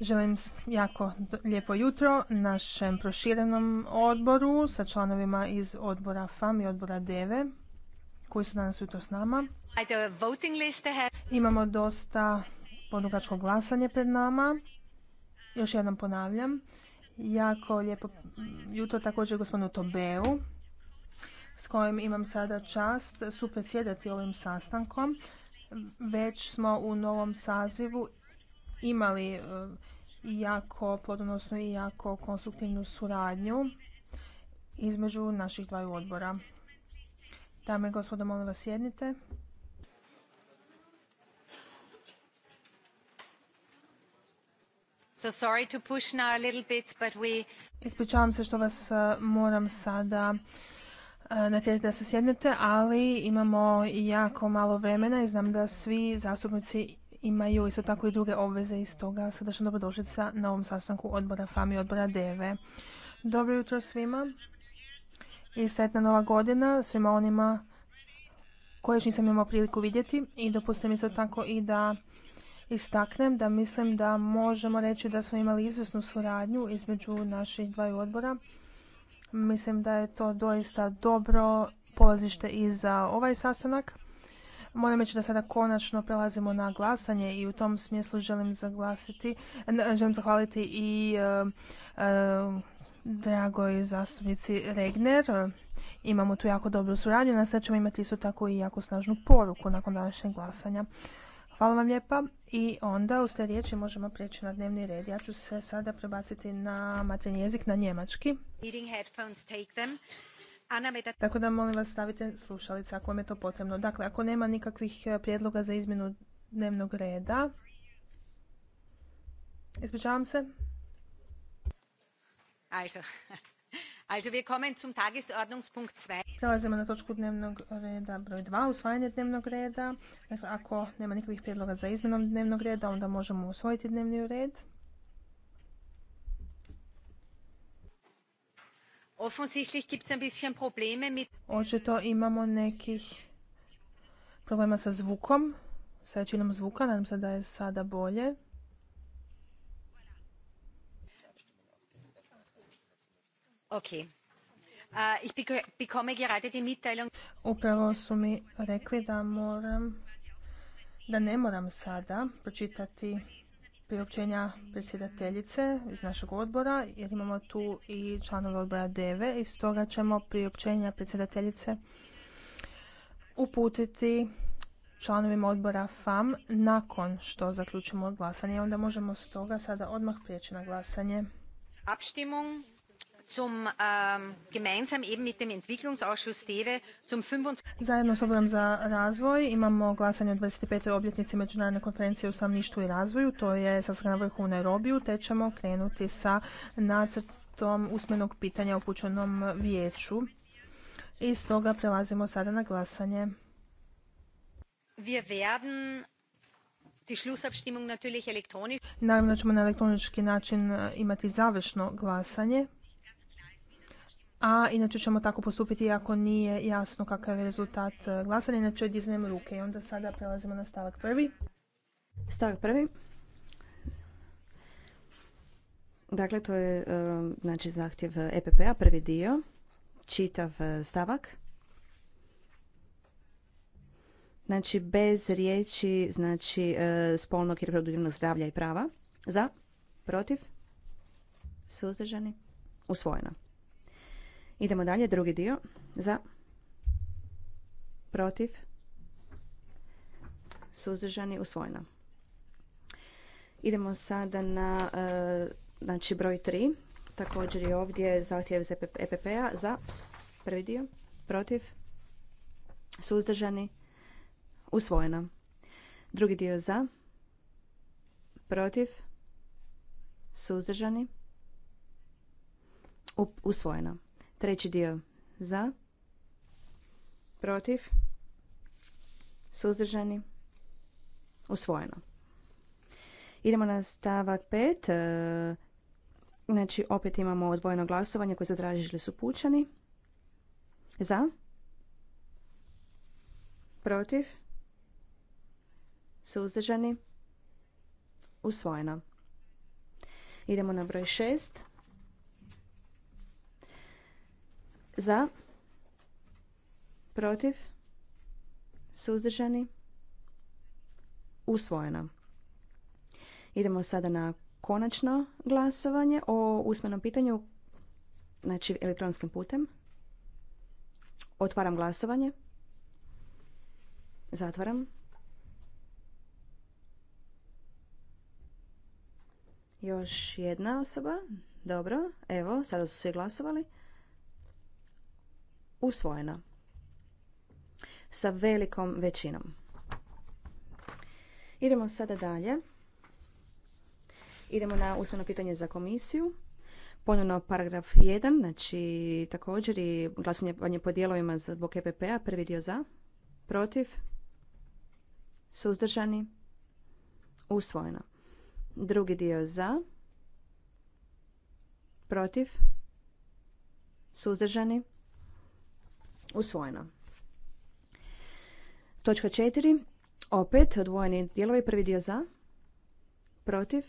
Želim jako lijepo jutro našem proširenom odboru sa članovima iz odbora FAM i odbora DEVE koji su danas jutro s nama. Imamo dosta podugačko glasanje pred nama. Još jednom ponavljam. Jako lijepo jutro također gospodinu Tobeu s kojim imam sada čast supredsjedati ovim sastankom. Već smo u novom sazivu imali e, jako plodonosnu i jako konstruktivnu suradnju između naših dvaju odbora. Dame i gospodo, molim vas sjednite. So sorry to push now a little bit, but we... Ispričavam se što vas e, moram sada znači da se sjednete, ali imamo jako malo vremena i znam da svi zastupnici imaju isto tako i druge obveze iz toga. dobro dobrodošlica na novom sastanku odbora FAMI i odbora DEVE. Dobro jutro svima i sretna nova godina svima onima koje još nisam imao priliku vidjeti i dopustim isto tako i da istaknem da mislim da možemo reći da smo imali izvesnu suradnju između naših dvaju odbora Mislim da je to doista dobro polazište i za ovaj sastanak. Moram reći da sada konačno prelazimo na glasanje i u tom smislu želim zaglasiti, želim zahvaliti i e, e, dragoj zastupnici Regner. Imamo tu jako dobru suradnju, na sve ćemo imati isto tako i jako snažnu poruku nakon današnjeg glasanja. Hvala vam lijepa. I onda u te možemo prijeći na dnevni red. Ja ću se sada prebaciti na materni jezik, na njemački. Tako da molim vas stavite slušalice ako vam je to potrebno. Dakle, ako nema nikakvih e, prijedloga za izmjenu dnevnog reda... Ispričavam se. Also wir kommen zum Tagesordnungspunkt 2. Prelazimo na točku dnevnog reda broj 2, usvajanje dnevnog reda. Dakle, ako nema nikakvih prijedloga za izmenom dnevnog reda, onda možemo usvojiti dnevni red. Offensichtlich gibt's ein bisschen Probleme mit Očito imamo nekih problema sa zvukom, sa jačinom zvuka, nadam se da je sada bolje. Upravo su mi rekli da moram, da ne moram sada pročitati priopćenja predsjedateljice iz našeg odbora, jer imamo tu i članove odbora DEVE i stoga ćemo priopćenja predsjedateljice uputiti članovima odbora FAM nakon što zaključimo glasanje. Onda možemo stoga sada odmah prijeći na glasanje. Abstimmung. Ähm, Zajedno s Odborom za razvoj imamo glasanje o 25. obljetnici Međunarodne konferencije o samništvu i razvoju. To je sastanak na vrhu u Nairobiju, te ćemo krenuti sa nacrtom usmenog pitanja upućenom vijeću. I stoga prelazimo sada na glasanje. Wir werden Naravno ćemo na elektronički način e, imati završno glasanje a inače ćemo tako postupiti ako nije jasno kakav je rezultat e, glasanja, inače odiznem ruke i onda sada prelazimo na stavak prvi. Stavak prvi. Dakle, to je e, znači, zahtjev EPP-a, prvi dio, čitav e, stavak. Znači, bez riječi, znači, spolnog i reproduktivnog zdravlja i prava. Za, protiv, suzdržani, usvojeno. Idemo dalje, drugi dio. Za. Protiv. Suzdržani. Usvojeno. Idemo sada na e, znači broj 3. Također je ovdje zahtjev za EPP-a e za prvi dio, protiv, suzdržani, usvojeno. Drugi dio za, protiv, suzdržani, usvojeno. Treći dio za, protiv, suzdržani, usvojeno. Idemo na stavak 5. E, znači, opet imamo odvojeno glasovanje koje zatražili su pučani. Za, protiv, suzdržani, usvojeno. Idemo na broj šest. za protiv suzdržani usvojena idemo sada na konačno glasovanje o usmenom pitanju znači elektronskim putem otvaram glasovanje zatvaram još jedna osoba dobro evo sada su svi glasovali usvojena sa velikom većinom. Idemo sada dalje. Idemo na usmeno pitanje za komisiju. Ponovno paragraf 1, znači također i glasovanje po dijelovima zbog EPP-a. Prvi dio za, protiv, suzdržani, usvojeno. Drugi dio za, protiv, suzdržani, Usvojeno. Točka četiri. Opet odvojeni dijelovi. Prvi dio za. Protiv.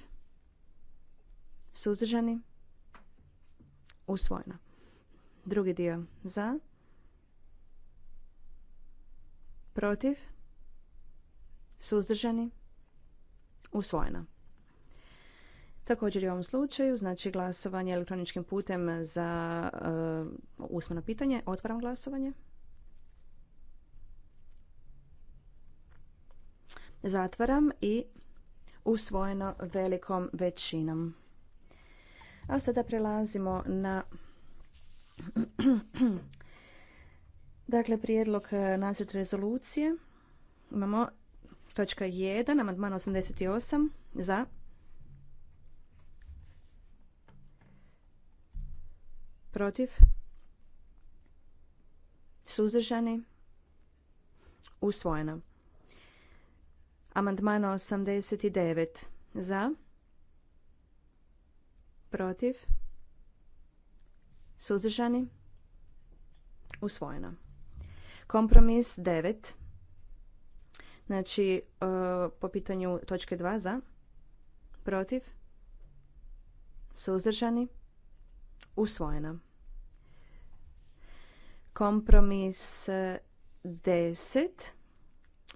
Suzdržani. Usvojeno. Drugi dio za. Protiv. Suzdržani. Usvojeno. Također i u ovom slučaju, znači glasovanje elektroničkim putem za uh, usmeno pitanje. Otvaram glasovanje. Zatvaram i usvojeno velikom većinom. A sada prelazimo na dakle prijedlog e, nacrt rezolucije. Imamo točka 1, amandman 88 za protiv, suzdržani, usvojeno. Amandman 89 za, protiv, suzdržani, usvojeno. Kompromis 9, znači e, po pitanju točke 2 za, protiv, suzdržani, usvojeno. Kompromis 10 e,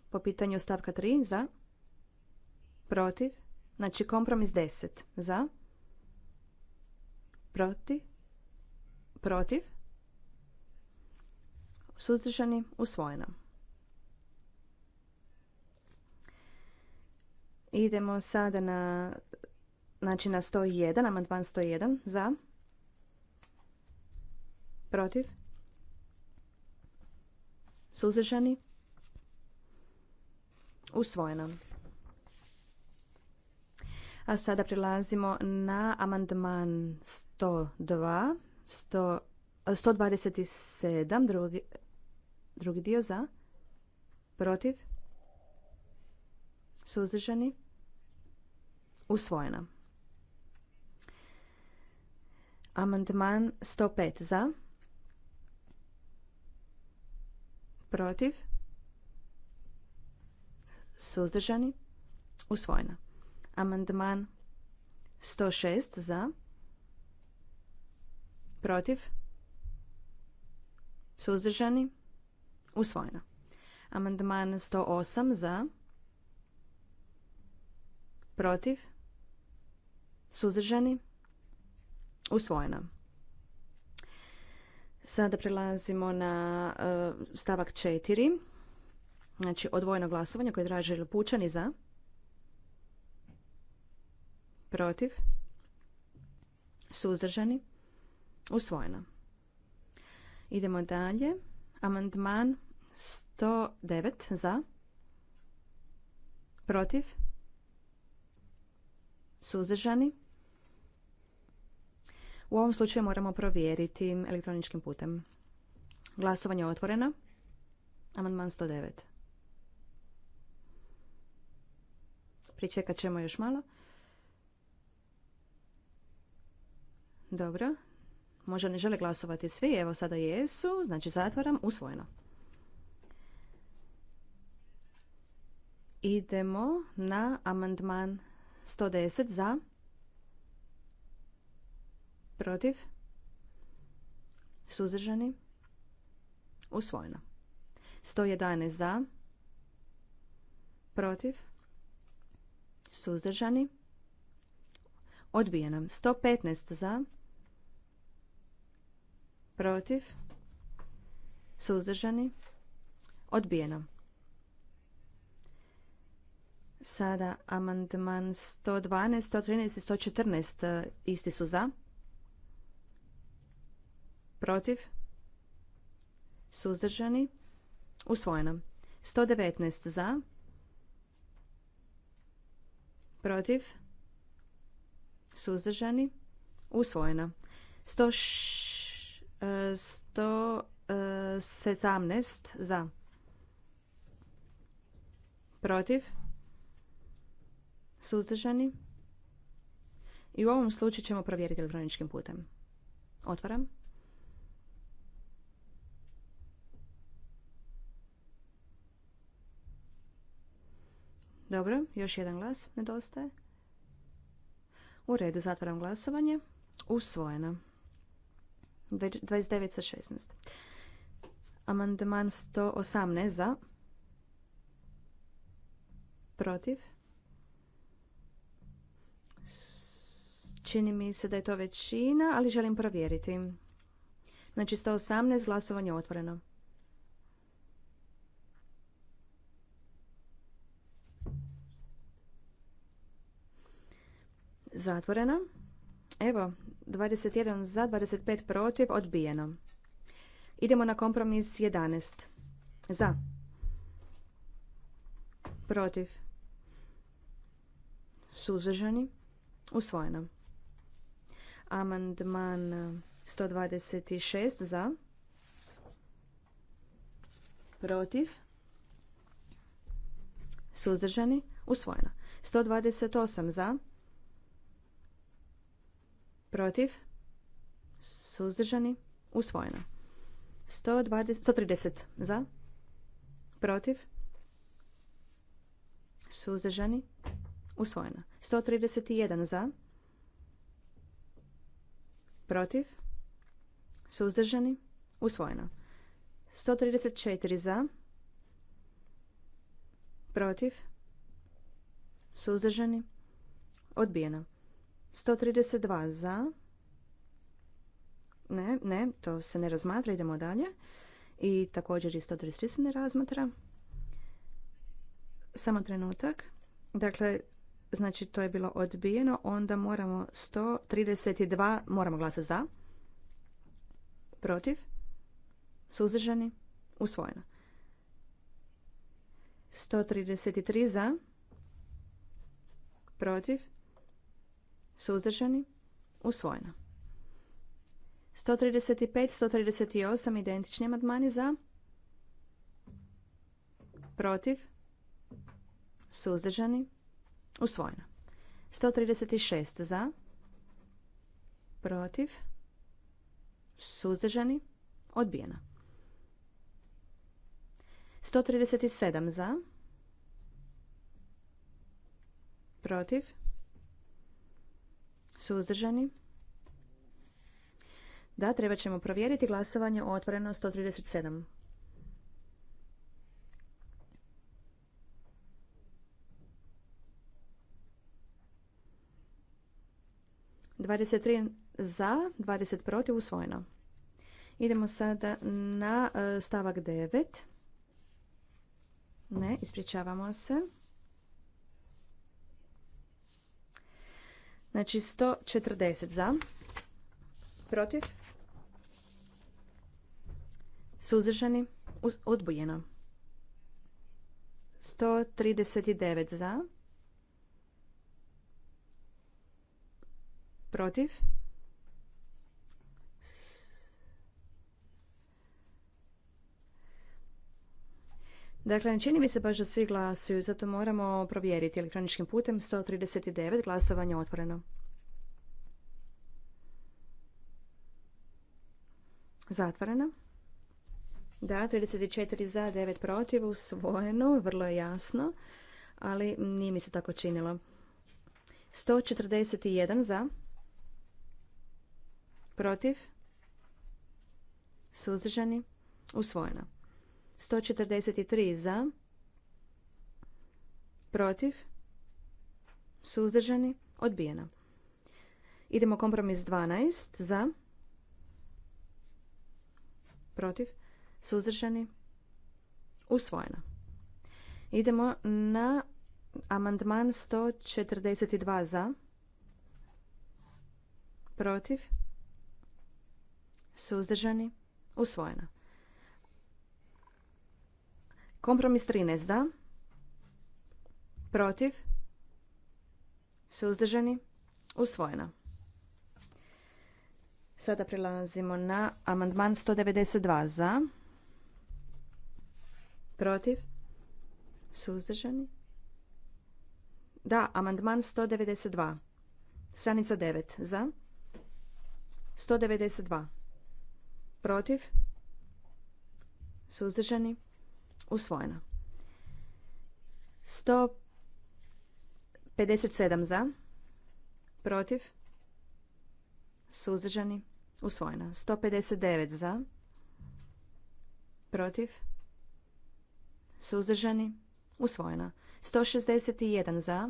po pitanju stavka 3 za. Protiv. Znači kompromis 10 za. Protiv. Protiv. Suzdržani usvojeno. Idemo sada na znači na 101, amandman 101 za. Protiv. Suzdržani? Usvojeno. A sada prilazimo na amandman 102, 100, 127, drugi, drugi dio za, protiv, suzdržani, Usvojeno. Amandman 105 za, protiv, suzdržani, usvojena. Amandman 106 za, protiv, suzdržani, usvojena. Amandman 108 za, protiv, suzdržani, usvojena. Sada prelazimo na e, stavak četiri. Znači, odvojeno glasovanje koje traži pučani za. Protiv. Suzdržani. Usvojeno. Idemo dalje. Amandman 109 za. Protiv. Suzdržani. U ovom slučaju moramo provjeriti elektroničkim putem. Glasovanje je otvoreno. Amandman 109. Pričekat ćemo još malo. Dobro. Možda ne žele glasovati svi. Evo sada jesu. Znači zatvaram. Usvojeno. Idemo na amandman 110 za protiv, suzdržani, usvojeno. 111 za, protiv, suzdržani, odbijeno. 115 za, protiv, suzdržani, odbijeno. Sada amandman 112, 113 i 114 eh, isti su za protiv, suzdržani, usvojeno. 119 za, protiv, suzdržani, usvojeno. 117 e, e, za, protiv, suzdržani. I u ovom slučaju ćemo provjeriti elektroničkim putem. Otvaram. Dobro, još jedan glas nedostaje. U redu, zatvaram glasovanje. Usvojeno. 29 sa 16. Amandman 118 za. Protiv. Čini mi se da je to većina, ali želim provjeriti. Znači 118 glasovanje otvoreno. zatvorena Evo, 21 za, 25 protiv, odbijeno. Idemo na kompromis 11. Za. Protiv. Suzržani. Usvojeno. Amandman 126 za. Protiv. Suzržani. Usvojeno. 128 za protiv, suzdržani, usvojeno. 120, 130 za, protiv, suzdržani, usvojeno. 131 za, protiv, suzdržani, usvojeno. 134 za, protiv, suzdržani, odbijeno. 132 za. Ne, ne, to se ne razmatra, idemo dalje. I također i 133 se ne razmatra. Samo trenutak. Dakle, znači to je bilo odbijeno, onda moramo 132, moramo glasa za. Protiv. Suzdržani. Usvojeno. 133 za. Protiv. Suzdržani? Usvojena. 135, 138 identični amandmani za. Protiv? Suzdržani? Usvojeno. 136 za. Protiv? Suzdržani? Odbijeno. 137 za. Protiv? Suzdržani? Da, treba ćemo provjeriti glasovanje o otvoreno 137. Dvadeset tri za, 20 protiv, usvojeno. Idemo sada na e, stavak 9. Ne, ispričavamo se. Znači 140 za, protiv, suzdržani, odbojeno. 139 za, protiv, Dakle, ne čini mi se baš da svi glasuju, zato moramo provjeriti elektroničkim putem 139 glasovanje otvoreno. Zatvoreno. Da, 34 za, 9 protiv, usvojeno, vrlo je jasno, ali nije mi se tako činilo. 141 za, protiv, suzdržani, usvojeno. 143 za, protiv, suzdržani, odbijeno. Idemo kompromis 12 za, protiv, suzdržani, usvojena. Idemo na amandman 142 za, protiv, suzdržani, usvojena. Kompromis 13 za. Protiv. Suzdržani. Usvojena. Sada prilazimo na amandman 192 za. Protiv. Suzdržani. Da, amandman 192. Stranica 9 za. 192. Protiv. Suzdržani usvojena. 157 za. Protiv. Suzdržani. Usvojena. 159 za. Protiv. Suzdržani. Usvojena. 161 za.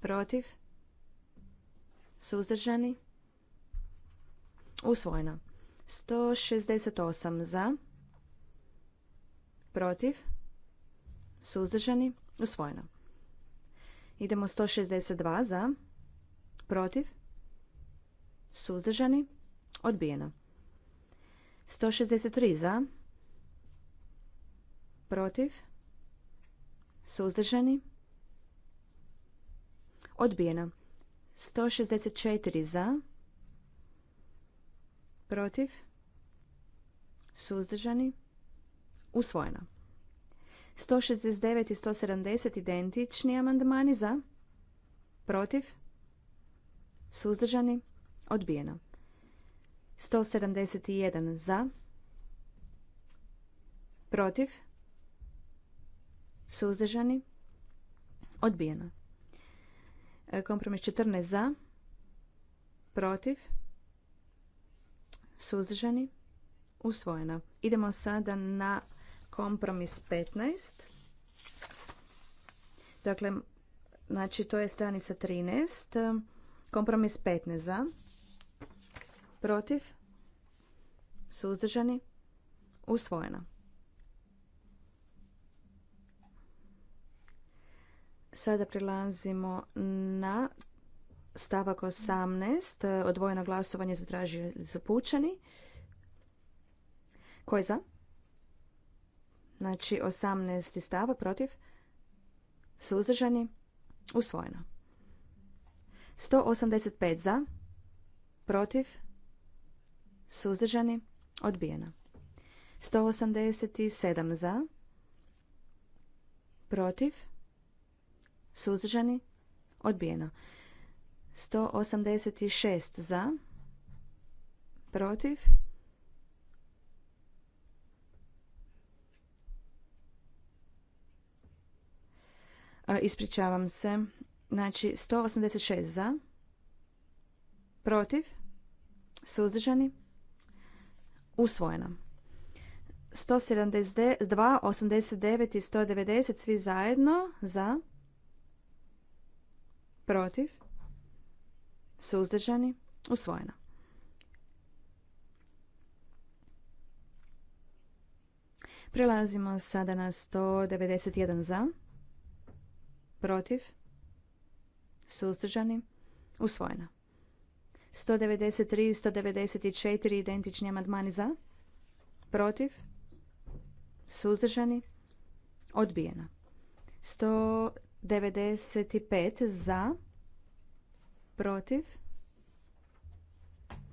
Protiv. Suzdržani. Usvojena. 168 za protiv, suzdržani, usvojeno. Idemo 162 za, protiv, suzdržani, odbijeno. 163 za, protiv, suzdržani, odbijeno. 164 za, protiv, suzdržani, Usvojeno. 169 i 170 identični amandmani za, protiv, suzdržani, odbijeno. 171 za, protiv, suzdržani, odbijeno. E, kompromis 14 za, protiv, suzdržani, usvojeno. Idemo sada na Kompromis 15. Dakle, znači to je stranica 13. Kompromis 15 za. Protiv. Suzdržani. Usvojena. Sada prelazimo na stavak 18. Odvojeno glasovanje zatražili su pučani. Ko je za? Znači 18. stavak protiv, suzdržani, usvojeno. 185 za, protiv, suzdržani, odbijeno. 187 za, protiv, suzdržani, odbijeno. 186 za, protiv, Ispričavam se. Znači, 186 za. Protiv. Suzdržani. Usvojena. 172, 89 i 190 svi zajedno za. Protiv. Suzdržani. Usvojena. Prelazimo sada na 191 za protiv, suzdržani, Usvojena. 193 i 194 identični amandmani za, protiv, suzdržani, Odbijena. 195 za, protiv,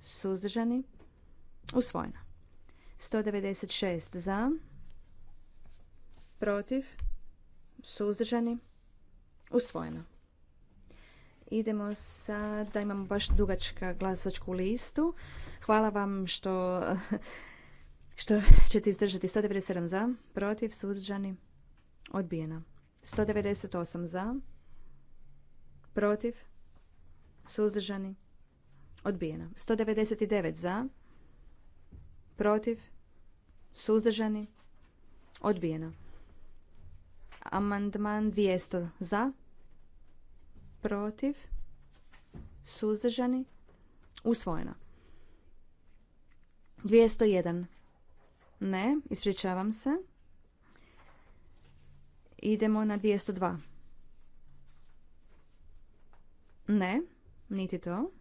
suzdržani, Usvojena. 196 za, protiv, suzdržani, Usvojeno. Idemo da imamo baš dugačka glasačku listu. Hvala vam što, što ćete izdržati. 197 za, protiv, suzdržani, odbijeno. 198 za, protiv, suzdržani, odbijeno. 199 za, protiv, suzdržani, odbijeno. Amandman 200 za, protiv, suzdržani, usvojeno. 201. Ne, ispričavam se. Idemo na 202. Ne, niti to.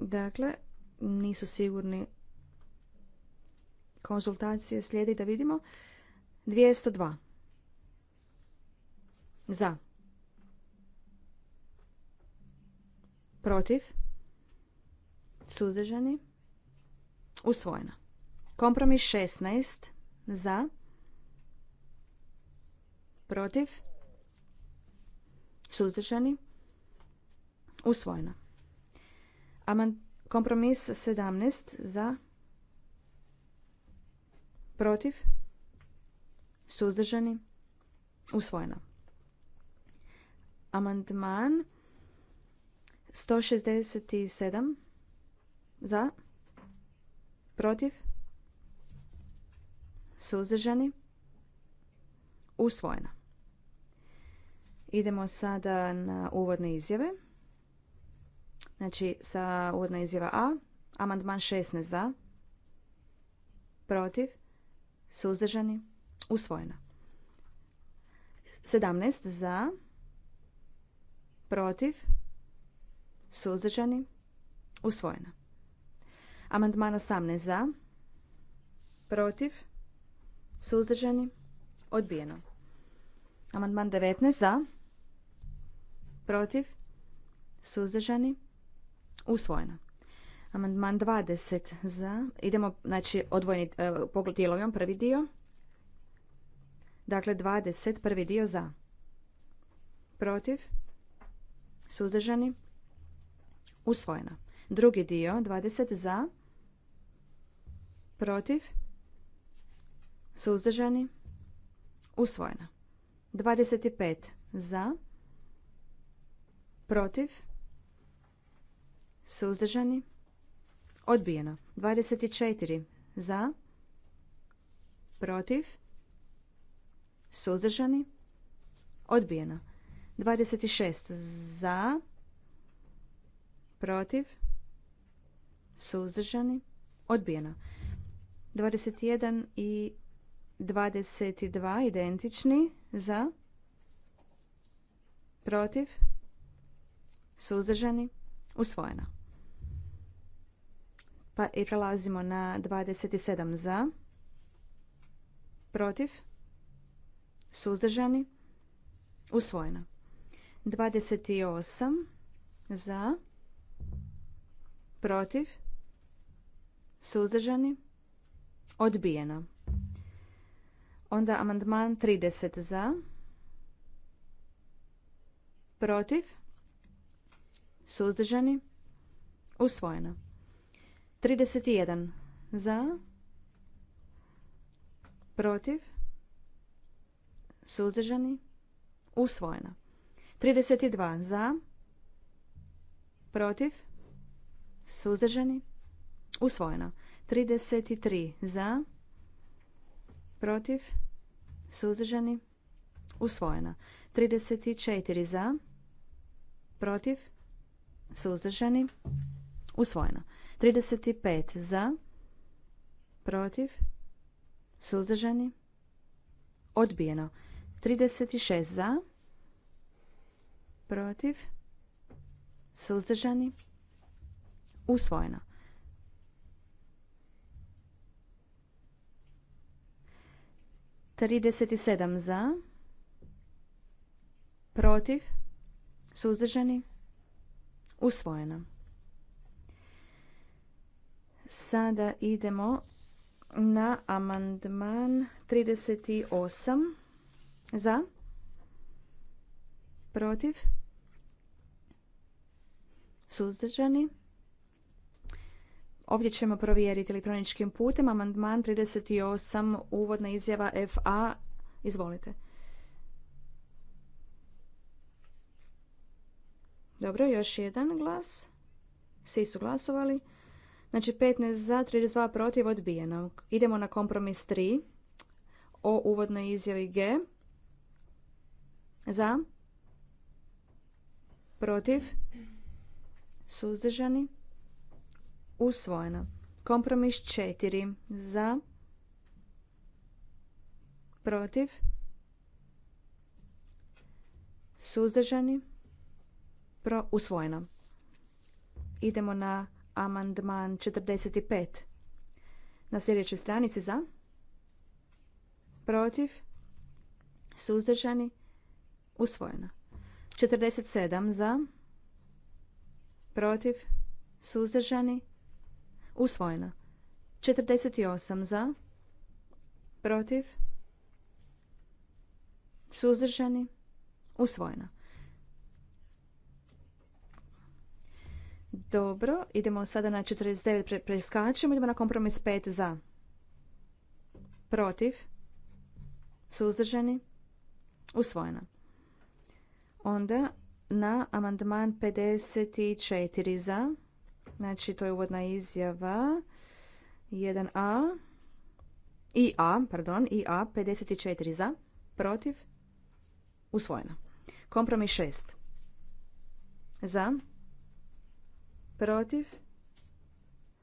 Dakle, nisu sigurni konzultacije slijedi da vidimo. 202. Za. Protiv. Suzdržani. Usvojena. Kompromis 16. Za. Protiv. Suzdržani. Usvojena. Kompromis 17. Za protiv, suzdržani, usvojeno. Amandman 167 za, protiv, suzdržani, usvojeno. Idemo sada na uvodne izjave. Znači sa uvodna izjava A, amandman 16 za, protiv, Suzdržani? Usvojena. 17 za. Protiv? Suzdržani? Usvojena. Amandman 18 za. Protiv? Suzdržani? Odbijeno. Amandman 19 za. Protiv? Suzdržani? usvojeno. Amandman 20 za. Idemo, znači, odvojeni e, pogled Prvi dio. Dakle, 20, prvi dio za. Protiv. Suzdržani. Usvojena. Drugi dio, 20 za. Protiv. Suzdržani. Usvojena. 25 za. Protiv. Suzdržani. Odbijeno. 24 za, protiv, suzdržani, odbijeno. 26 za, protiv, suzdržani, odbijeno. 21 i 22 identični za, protiv, suzdržani, usvojeno. Pa i prelazimo na 27 za. Protiv. Suzdržani. Usvojeno. 28 za. Protiv. Suzdržani. Odbijeno. Onda amandman 30 za. Protiv. Suzdržani. Usvojeno. 31 za, protiv, suzdržani, usvojena. 32 za, protiv, suzdržani, usvojena. 33 za, protiv, suzdržani, usvojena. 34 za, protiv, suzdržani, usvojena. 35 za, protiv, suzdržani, odbijeno. 36 za, protiv, suzdržani, usvojeno. 37 sedam za, protiv, suzdržani, usvojeno. Sada idemo na amandman 38. Za? Protiv? Suzdržani? Ovdje ćemo provjeriti elektroničkim putem. Amandman 38. Uvodna izjava FA. Izvolite. Dobro, još jedan glas. Svi su glasovali. Znači 15 za, 32 protiv, odbijeno. Idemo na kompromis 3 o uvodnoj izjavi G. Za, protiv, suzdržani, usvojeno. Kompromis 4 za, protiv, suzdržani, pro, usvojeno. Idemo na amandman 45. Na sljedećoj stranici za, protiv, suzdržani, usvojena. 47 za, protiv, suzdržani, usvojena. 48 za, protiv, suzdržani, usvojena. Dobro, idemo sada na 49, preskačemo, idemo na kompromis 5 za. Protiv, suzdržani, usvojeno. Onda na amandman 54 za, znači to je uvodna izjava 1a i a, pardon, i a 54 za, protiv, usvojeno. Kompromis 6 za, protiv,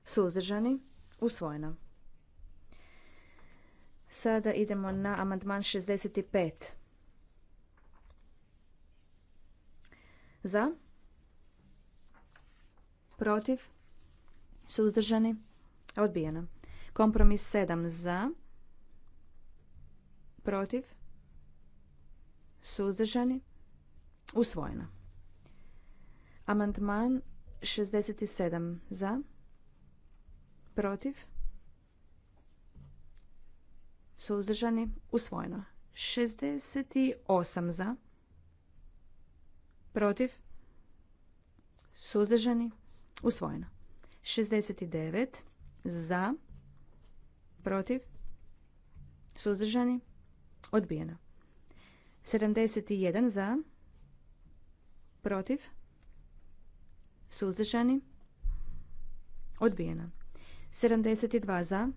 suzdržani, usvojeno. Sada idemo na amandman 65. Za, protiv, suzdržani, odbijeno. Kompromis 7 za, protiv, suzdržani, usvojeno. Amandman 67 za, protiv, suzdržani, usvojeno. 68 za, protiv, suzdržani, usvojeno. 69 za, protiv, suzdržani, odbijeno. 71 za, protiv, Suzdržani? Odbijeno. 72 za.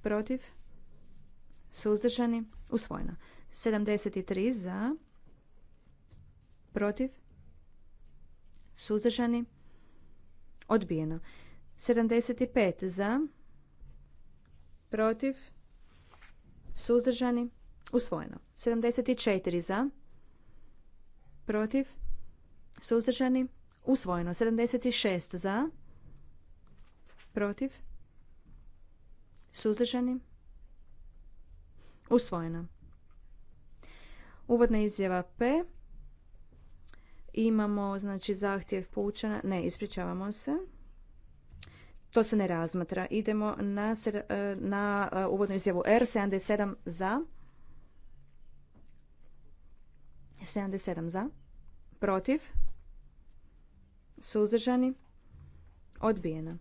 Protiv? Suzdržani? Usvojeno. 73 za. Protiv? Suzdržani? Odbijeno. 75 za. Protiv? Suzdržani? Usvojeno. 74 za. Protiv? Suzdržani? Usvojeno. 76 za. Protiv. Suzdržani. Usvojeno. Uvodna izjava P. Imamo znači zahtjev poučena. Ne, ispričavamo se. To se ne razmatra. Idemo na, e, na e, uvodnu izjavu R. 77 za. 77 za. Protiv. Suzdržani? Odbijeno.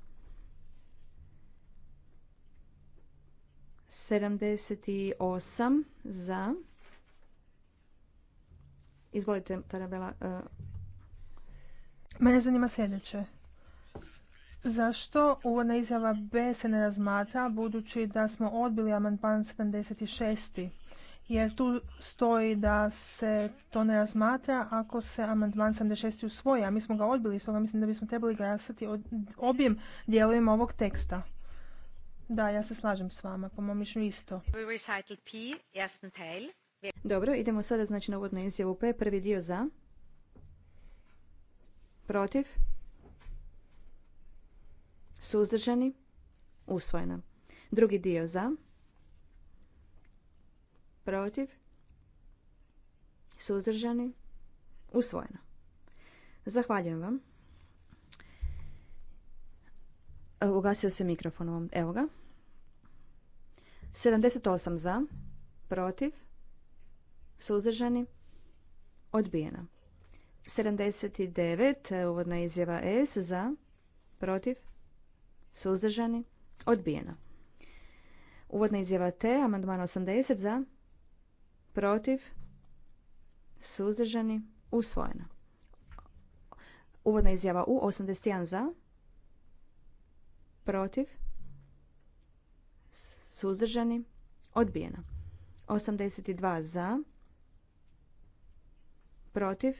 78 za. Izvolite, Tarabela. E, Mene zanima sljedeće. Zašto uvodna izjava B se ne razmatra, budući da smo odbili amandman 76 jer tu stoji da se to ne razmatra ako se amandman 76. usvoji, a mi smo ga odbili, stoga mislim da bismo trebali glasati objem dijelovima ovog teksta. Da, ja se slažem s vama, po mom isto. Dobro, idemo sada znači na uvodnu izjavu P. Prvi dio za. Protiv. Suzdržani. Usvojeno. Drugi dio za protiv, suzdržani, usvojeno. Zahvaljujem vam. Ugasio se mikrofon Evo ga. 78 za, protiv, suzdržani, odbijeno. 79, e, uvodna izjava S, za, protiv, suzdržani, odbijeno. Uvodna izjava T, amandman 80 za, protiv, suzdržani, usvojena. Uvodna izjava U, 81 za, protiv, suzdržani, odbijena. 82 za, protiv,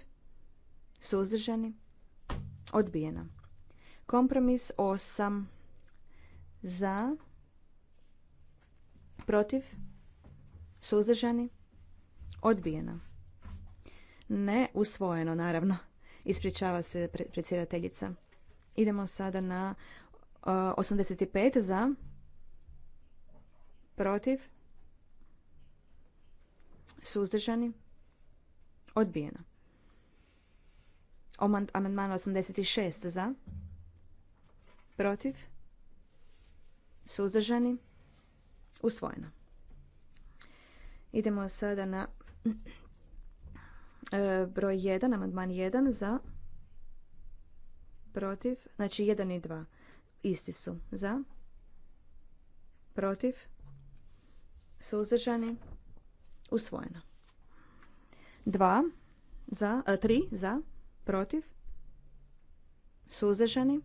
suzdržani, odbijena. Kompromis 8 za, protiv, suzdržani, Odbijeno. Ne usvojeno, naravno. Ispričava se predsjedateljica. Idemo sada na 85 e, za, protiv, suzdržani, odbijeno. Amandman 86 za, protiv, suzdržani, usvojeno. Idemo sada na E, broj 1, amandman 1 za, protiv, znači 1 i 2 isti su za, protiv, suzdržani, usvojeno. 2 za, 3 e, za, protiv, suzdržani.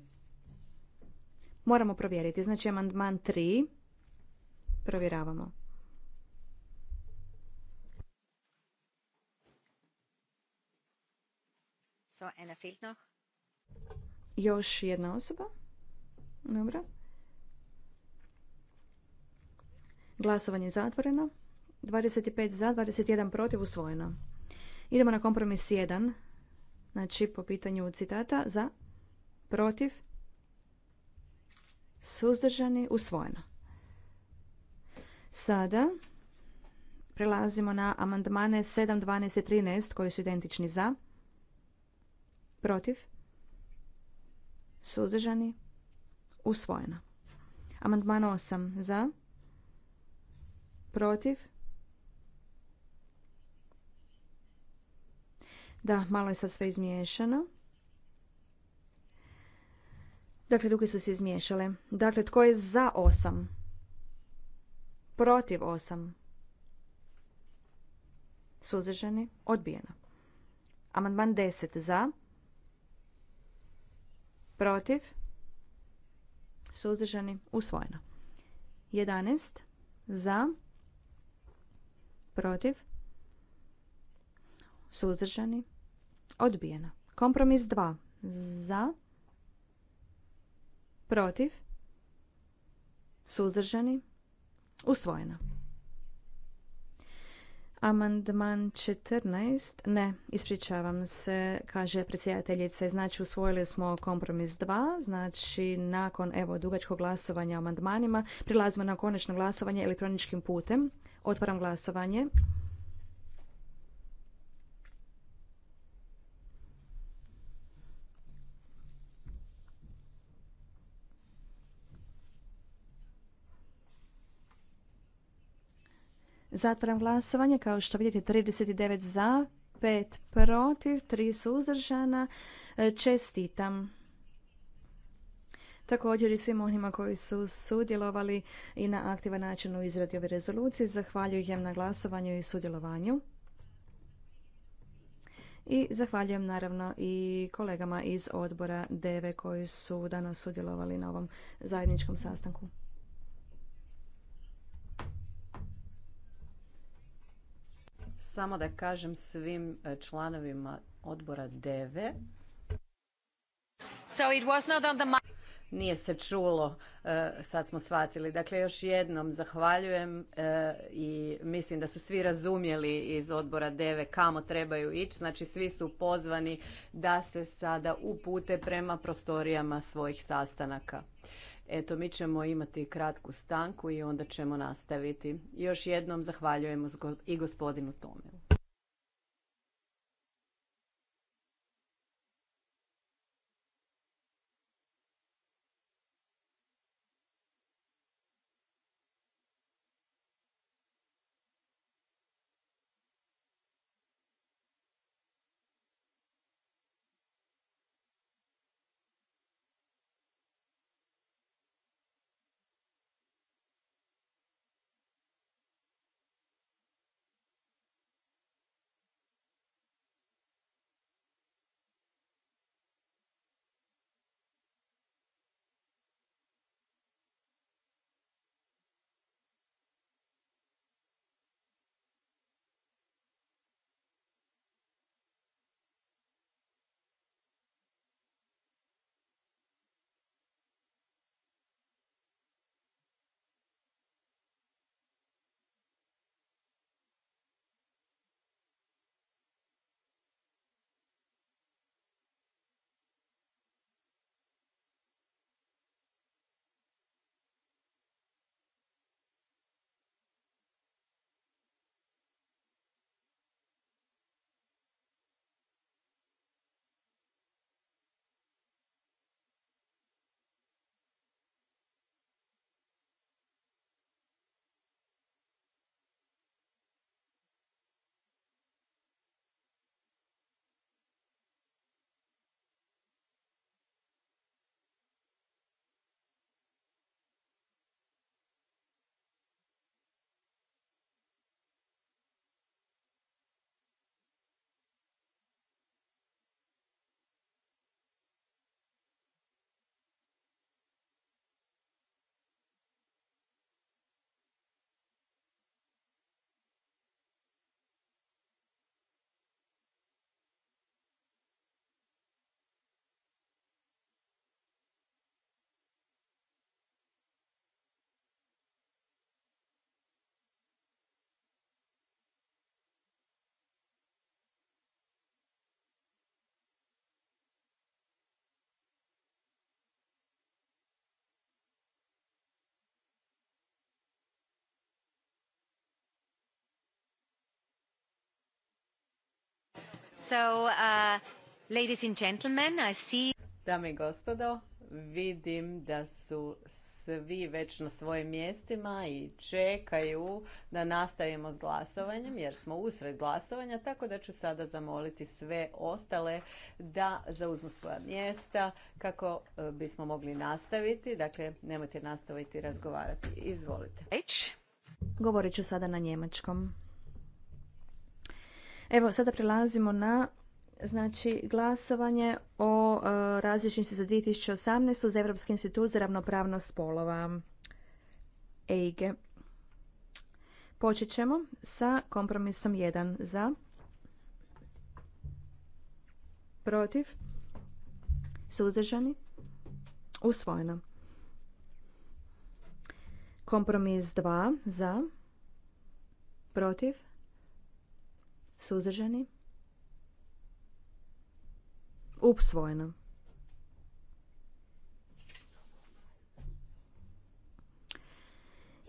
Moramo provjeriti, znači amandman 3 provjeravamo. So, fehlt noch. Još jedna osoba. Dobro. Glasovanje zatvoreno. 25 za, 21 protiv, usvojeno. Idemo na kompromis 1. Znači, po pitanju citata, za, protiv, suzdržani, usvojeno. Sada prelazimo na amandmane 7, 12 i 13 koji su identični za, Protiv? Suzdržani? Usvojeno. Amandman 8. Za? Protiv? Da, malo je sad sve izmiješano. Dakle, ruke su se izmiješale. Dakle, tko je za 8? Protiv 8? Suzdržani? Odbijeno. Amandman 10. Za? protiv, suzdržani, usvojeno. 11 za, protiv, suzdržani, odbijeno. Kompromis 2 za, protiv, suzdržani, usvojeno. Amandman 14, ne, ispričavam se, kaže predsjedateljice znači usvojili smo kompromis 2, znači nakon evo dugačkog glasovanja o amandmanima, prilazimo na konačno glasovanje elektroničkim putem. Otvaram glasovanje. Zatvaram glasovanje. Kao što vidite 39 za, 5 protiv, 3 suzdržana. E, čestitam. Također i svim onima koji su sudjelovali i na aktivan način u izradi ove rezolucije. Zahvaljujem na glasovanju i sudjelovanju. I zahvaljujem naravno i kolegama iz odbora DEVE koji su danas sudjelovali na ovom zajedničkom sastanku. Samo da kažem svim e, članovima odbora DEVE. So it was nije se čulo, e, sad smo shvatili. Dakle, još jednom zahvaljujem e, i mislim da su svi razumjeli iz odbora DEVE kamo trebaju ići. Znači, svi su pozvani da se sada upute prema prostorijama svojih sastanaka. Eto, mi ćemo imati kratku stanku i onda ćemo nastaviti. Još jednom zahvaljujemo i gospodinu Tomeu. So, uh, Dame i gospodo, vidim da su svi već na svojim mjestima i čekaju da nastavimo s glasovanjem jer smo usred glasovanja, tako da ću sada zamoliti sve ostale da zauzmu svoja mjesta kako e, bismo mogli nastaviti. Dakle, nemojte nastaviti razgovarati. Izvolite. Govorit ću sada na njemačkom. Evo, sada prelazimo na znači glasovanje o e, različnici za 2018. za Europski institut za ravnopravnost spolova. EIGE. Počet ćemo sa kompromisom 1 za protiv suzdržani usvojeno. Kompromis 2 za protiv Suzdržani? Upsvojeno.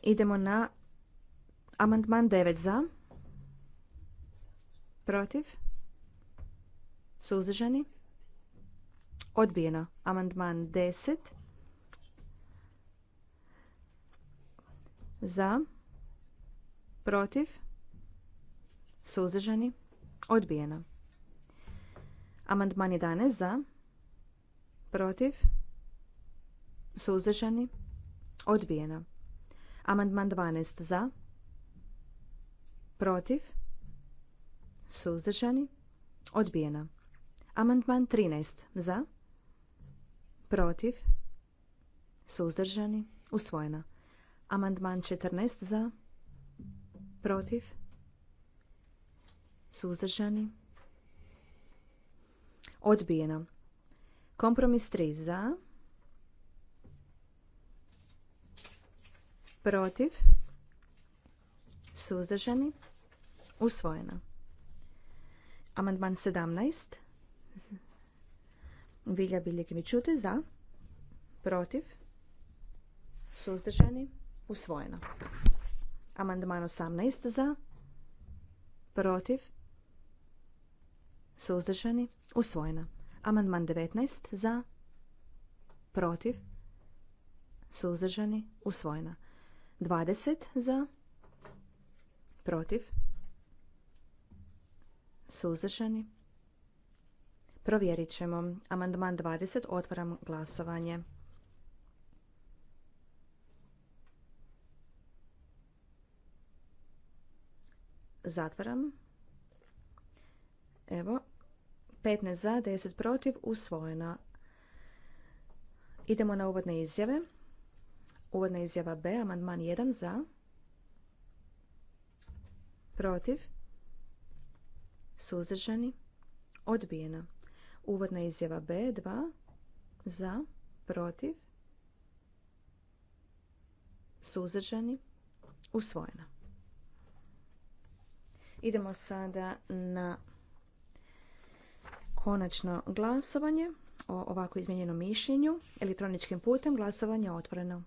Idemo na amandman 9 za. Protiv? Suzdržani? Odbijeno. Amandman 10. Za. Protiv? Suzdržani? Odbijeno. Amandman 11 za. Protiv? Suzdržani? Odbijeno. Amandman 12 za. Protiv? Suzdržani? Odbijeno. Amandman 13 za. Protiv? Suzdržani? Usvojeno. Amandman 14 za. Protiv? Suzdržani? Odbijeno. Kompromis 3 za. Protiv? Suzdržani? Usvojeno. Amandman 17. Vilja Biljeg čute za. Protiv? Suzdržani? Usvojeno. Amandman 18 za. Protiv? Suzdržani? Usvojena. Amandman 19. Za? Protiv? Suzdržani? Usvojena. 20. Za? Protiv? Suzdržani? Provjerit ćemo. Amandman 20. Otvaram glasovanje. Zatvaram Evo, 15 za, 10 protiv, usvojena. Idemo na uvodne izjave. Uvodna izjava B, amandman 1 za, protiv, suzdržani, odbijena. Uvodna izjava B, 2 za, protiv, suzdržani, usvojena. Idemo sada na Konačno glasovanje o ovako izmijenjenom mišljenju elektroničkim putem glasovanje otvoreno.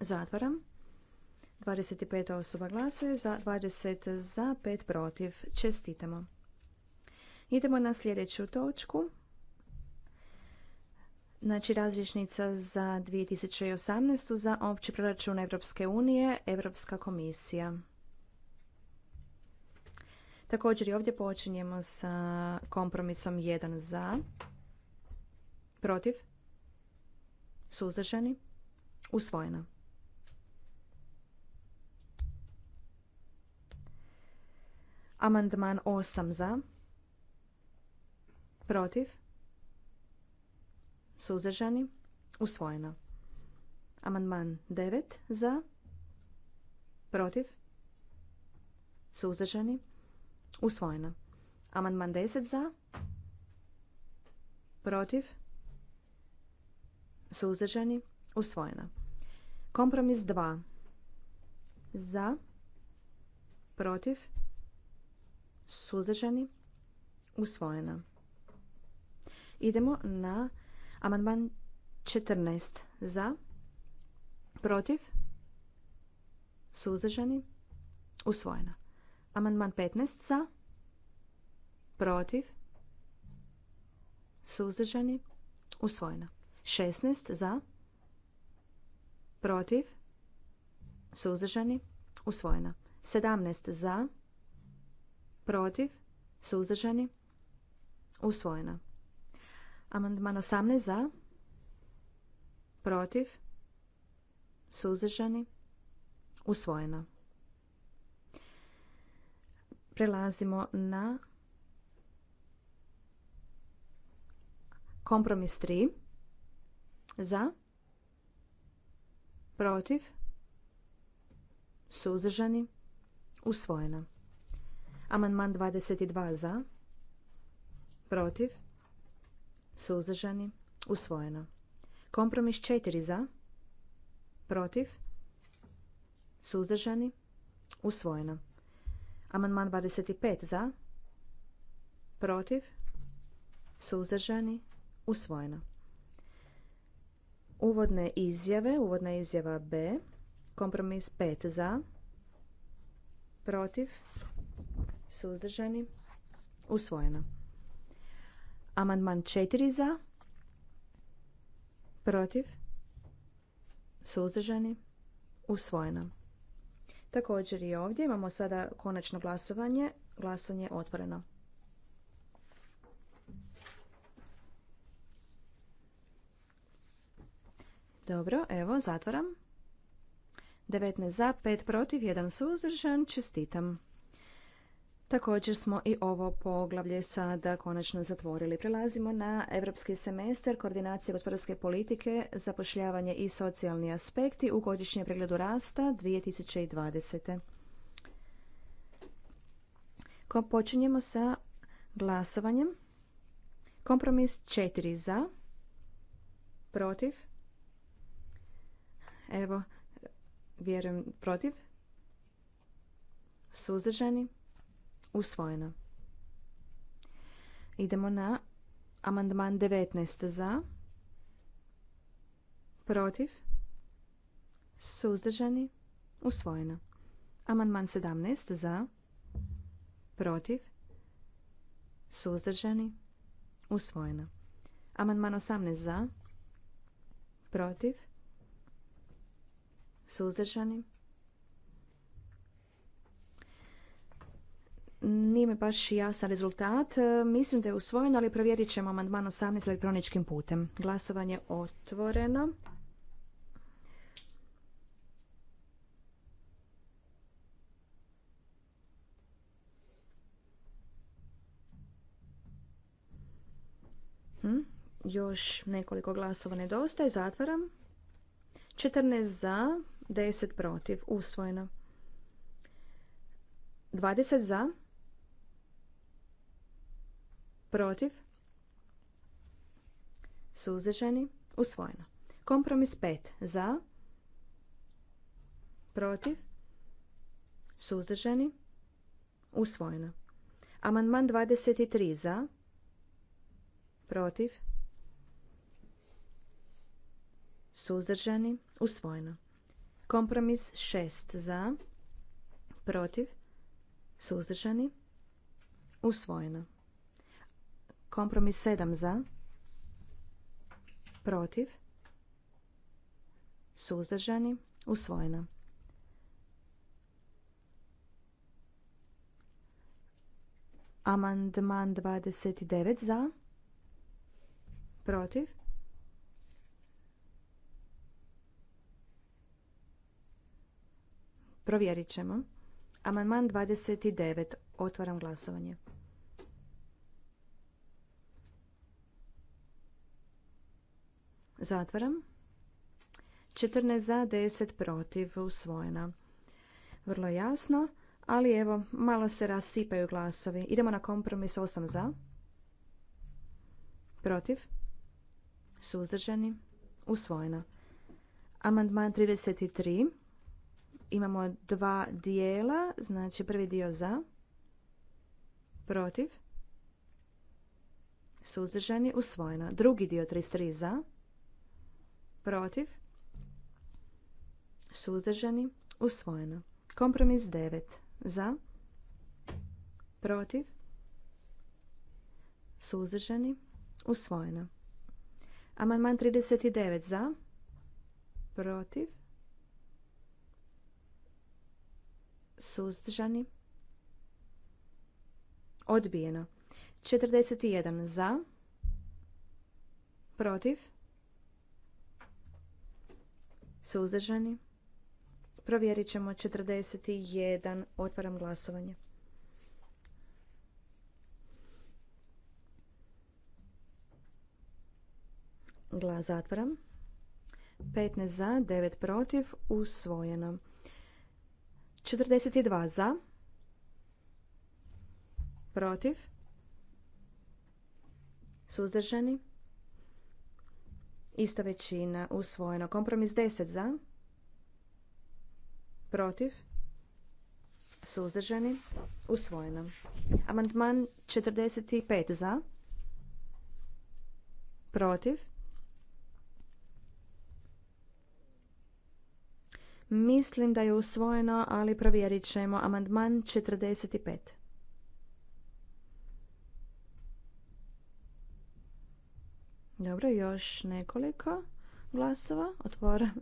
Zatvaram. 25 osoba glasuje za, 20 za, 5 protiv. Čestitamo. Idemo na sljedeću točku. Znači različnica za 2018. za opći proračun Europske unije, Europska komisija. Također i ovdje počinjemo sa kompromisom 1 za, protiv, suzdržani, usvojena. Amandman 8 za, protiv, Suzdržani? Usvojeno. Amandman 9 za? Protiv? Suzdržani? Usvojeno. Amandman 10 za? Protiv? Suzdržani? Usvojeno. Kompromis 2. Za? Protiv? Suzdržani? Usvojeno. Idemo na Amandman 14 za, protiv, suzdržani, usvojena. Amandman 15 za, protiv, suzdržani, usvojena. 16 za, protiv, suzdržani, usvojena. 17 za, protiv, suzdržani, usvojena. Amandman 18 za. Protiv. Suzdržani. Usvojeno. Prelazimo na kompromis 3. Za. Protiv. Suzdržani. Usvojeno. Amandman 22 za. Protiv suzdržani, usvojeno. Kompromis 4 za, protiv, suzdržani, usvojeno. Amandman 25 za, protiv, suzdržani, usvojeno. Uvodne izjave, uvodna izjava B, kompromis 5 za, protiv, suzdržani, usvojeno. Amandman 4 za. Protiv. Suzdržani. Usvojeno. Također i ovdje imamo sada konačno glasovanje. Glasovanje je otvoreno. Dobro, evo, zatvaram. 19 za, 5 protiv, 1 suzdržan. Čestitam. Također smo i ovo poglavlje sada konačno zatvorili. Prelazimo na Europski semestar, koordinacije gospodarske politike, zapošljavanje i socijalni aspekti u godišnjem pregledu rasta 2020. Ko počinjemo sa glasovanjem. Kompromis 4 za, protiv, evo, vjerujem protiv, suzdržani, Usvojena. Idemo na amandman 19 za. Protiv. Suzdržani. usvojena. Amandman 17 za. Protiv. Suzdržani. Usvojena. Amandman 18 za. Protiv. Suzdržani. nije mi baš jasan rezultat. E, mislim da je usvojeno, ali provjerit ćemo amandman 18 elektroničkim putem. Glasovanje otvoreno. Hm? Još nekoliko glasova nedostaje. Zatvaram. 14 za, 10 protiv. Usvojeno. 20 za, protiv, suzdržani, usvojeno. Kompromis 5 za, protiv, suzdržani, usvojeno. Amandman 23 za, protiv, suzdržani, usvojeno. Kompromis 6 za, protiv, suzdržani, usvojeno. Kompromis 7 za. Protiv. Suzdržani. Usvojeno. Amandman 29 za. Protiv. Provjerit ćemo. Amandman 29. Otvaram glasovanje. Zatvaram. 14 za, 10 protiv, usvojena. Vrlo jasno, ali evo, malo se rasipaju glasovi. Idemo na kompromis 8 za. Protiv. Suzdržani. Usvojena. Amandman 33. Imamo dva dijela, znači prvi dio za. Protiv. Suzdržani. Usvojena. Drugi dio 33 za protiv, suzdržani, usvojeno. Kompromis 9 za, protiv, suzdržani, usvojeno. Amandman 39 za, protiv, suzdržani, odbijeno. 41 za, protiv, Suzdržani? Provjerit ćemo 41. Otvaram glasovanje. Glas zatvaram. 15 za, 9 protiv, usvojeno. 42 za, protiv, suzdržani, Ista većina usvojeno. Kompromis 10 za. Protiv. Suzdržani. Usvojeno. Amandman 45 za. Protiv. Mislim da je usvojeno, ali provjerit ćemo. Amandman 45. Dobro, još nekoliko glasova. Otvoram.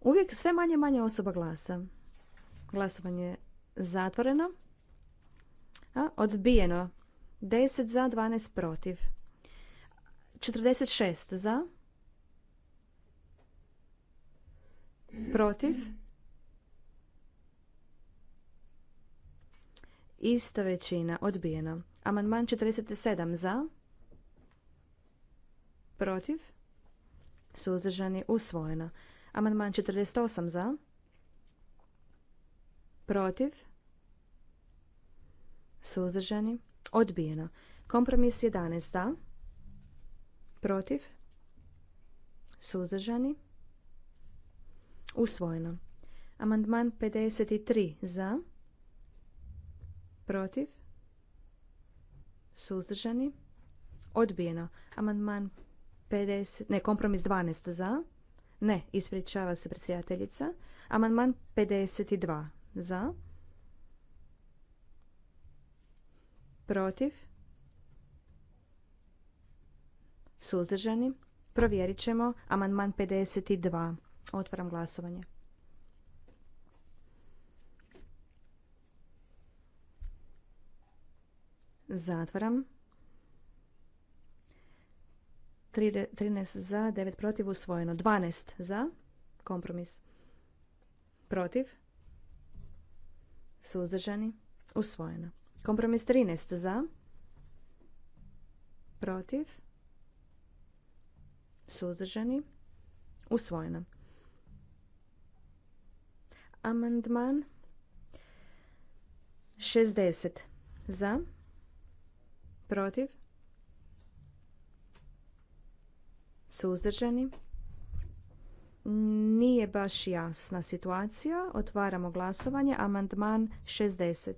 Uvijek sve manje manje osoba glasa. Glasovanje je zatvoreno. A, odbijeno. 10 za, 12 protiv. 46 za. Protiv. Ista većina. Odbijeno. Amandman 47 za. Protiv? Suzdržani? Usvojeno. Amandman 48 za? Protiv? Suzdržani? Odbijeno. Kompromis 11 za? Protiv? Suzdržani? Usvojeno. Amandman 53 za? Protiv? Suzdržani? Odbijeno. Amandman 50, ne, kompromis 12 za. Ne, ispričava se predsjedateljica. Amandman 52 za. Protiv. Suzdržani. Provjerit ćemo amandman 52. Otvaram glasovanje. Zatvaram. 13 za, 9 protiv, usvojeno. 12 za, kompromis. Protiv, suzdržani, usvojeno. Kompromis 13 za, protiv, suzdržani, usvojeno. Amandman 60 za, protiv, Suzdržani? Nije baš jasna situacija. Otvaramo glasovanje. Amandman 60.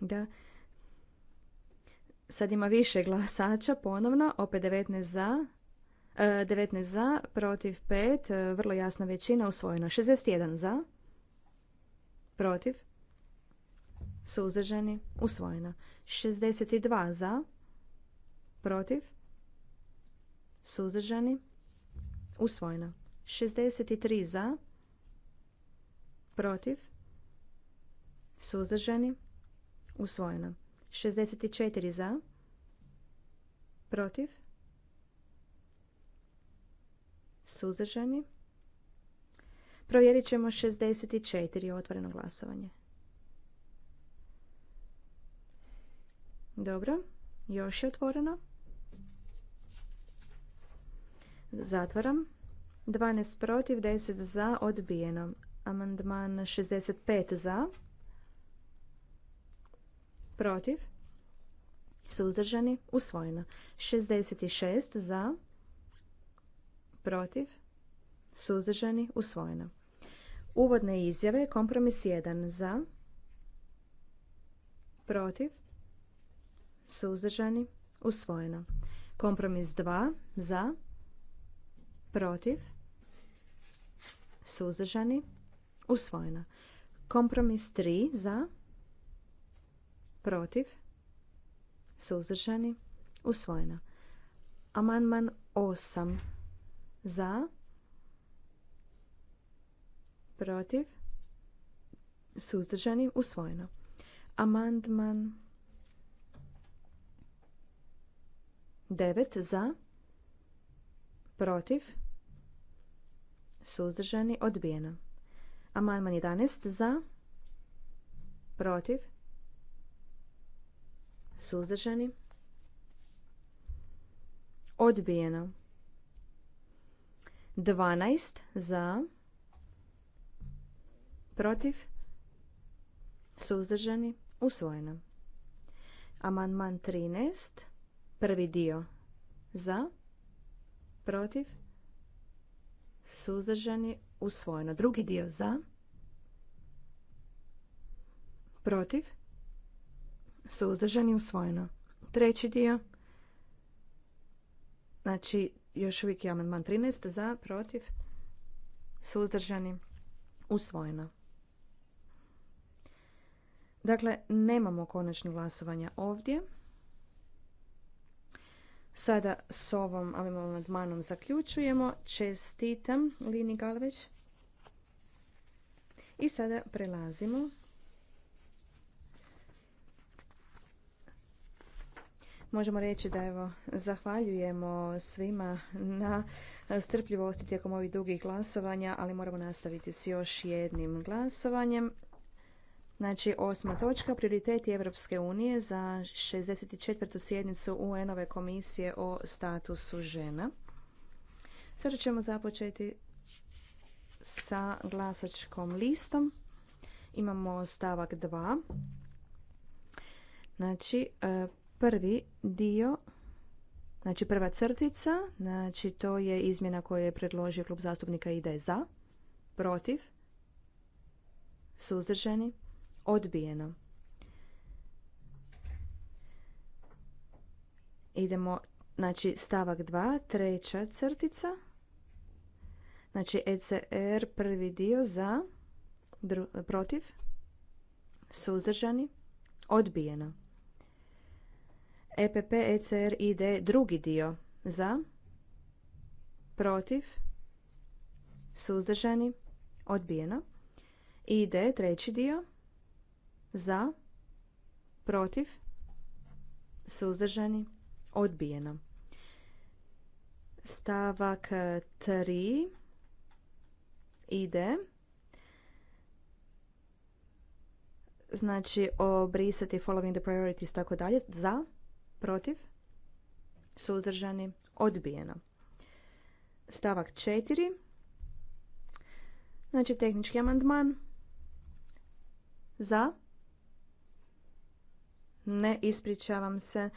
Da. Sad ima više glasača ponovno. Opet 19 za. 19 e, za, protiv 5, e, vrlo jasna većina, usvojena. 61 za, protiv, suzdržani, Usvojena. 62 za, protiv, suzdržani, Usvojena. 63 za, protiv, suzdržani, Usvojena. 64 za, protiv, suzdržani. Provjerit ćemo 64 otvoreno glasovanje. Dobro, još je otvoreno. Zatvaram. 12 protiv, 10 za, odbijeno. Amandman 65 za. Protiv. Suzdržani, usvojeno. 66 za. Protiv. Suzdržani, usvojeno. Uvodne izjave, kompromis 1 za. Protiv suzdržani, usvojeno. Kompromis 2 za, protiv, suzdržani, usvojeno. Kompromis 3 za, protiv, suzdržani, usvojeno. Amandman 8 za, protiv, suzdržani, usvojeno. Amandman 9 za, protiv, suzdržani, odbijeno. Amandman 11 za, protiv, suzdržani, odbijeno. 12 za, protiv, suzdržani, usvojeno. Amandman 13 Prvi dio za, protiv, suzdržani, usvojeno. Drugi dio za, protiv, suzdržani, usvojeno. Treći dio, znači još uvijek je amandman 13 za, protiv, suzdržani, usvojeno. Dakle, nemamo konačno glasovanja ovdje. Sada s ovom amandmanom zaključujemo. Čestitam Lini Galveć. I sada prelazimo možemo reći da evo zahvaljujemo svima na strpljivosti tijekom ovih dugih glasovanja, ali moramo nastaviti s još jednim glasovanjem. Znači, osma točka, prioriteti Evropske unije za 64. sjednicu UN-ove komisije o statusu žena. Sada ćemo započeti sa glasačkom listom. Imamo stavak 2. Znači, e, prvi dio, znači prva crtica, znači to je izmjena koju je predložio klub zastupnika ide za, protiv, suzdržani, odbijeno idemo znači stavak 2 treća crtica znači ECR prvi dio za protiv suzdržani odbijeno EPP ECR ide drugi dio za protiv suzdržani odbijeno ide treći dio za, protiv, suzdržani, odbijeno. Stavak 3 ide. Znači, obrisati following the priorities, tako dalje. Za, protiv, suzdržani, odbijeno. Stavak 4. Znači, tehnički amandman. Za, ne, ispričavam se.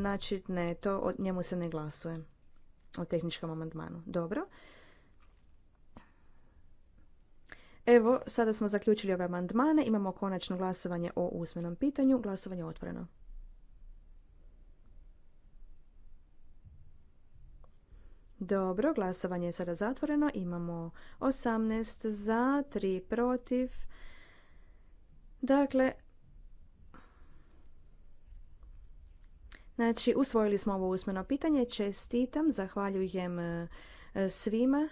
Znači, ne, to od njemu se ne glasuje. O tehničkom amandmanu. Dobro. Evo, sada smo zaključili ove amandmane. Imamo konačno glasovanje o usmenom pitanju. Glasovanje je otvoreno. Dobro, glasovanje je sada zatvoreno. Imamo 18 za, 3 protiv. Dakle, Znači, usvojili smo ovo usmeno pitanje. Čestitam, zahvaljujem e, svima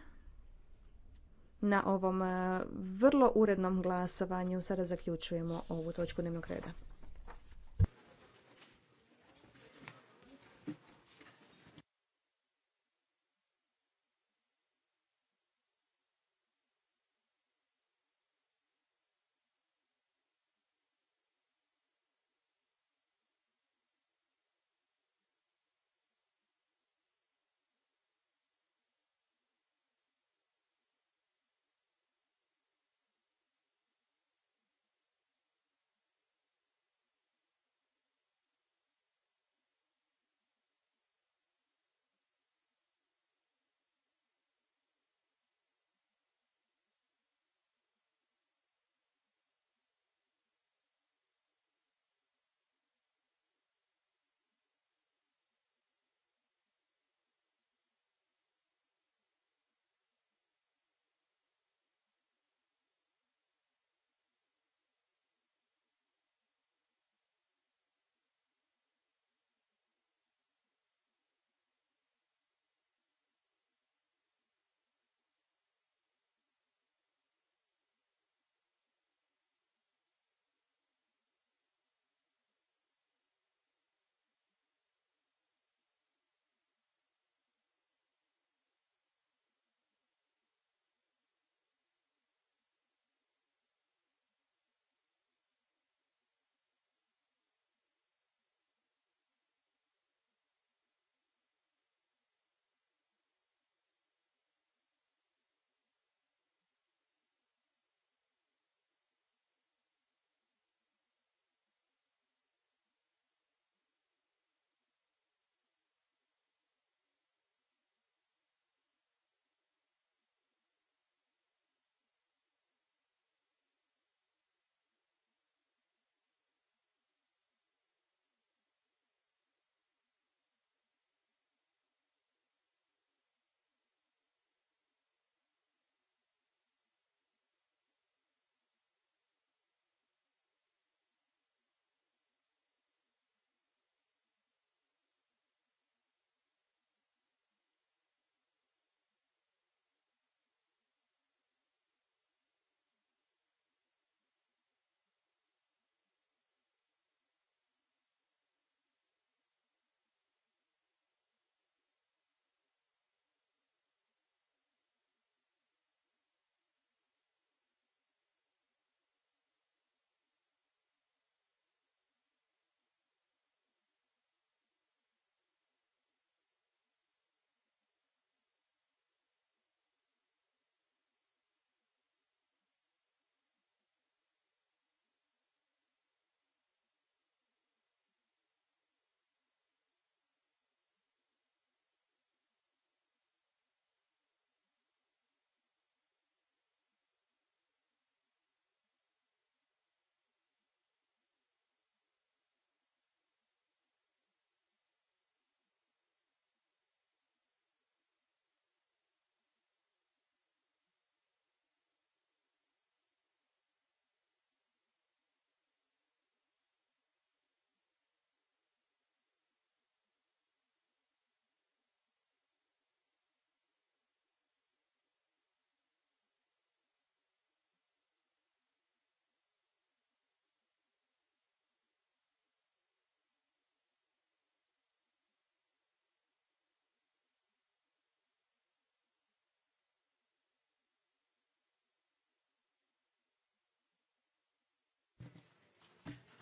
na ovom e, vrlo urednom glasovanju. Sada zaključujemo ovu točku dnevnog reda.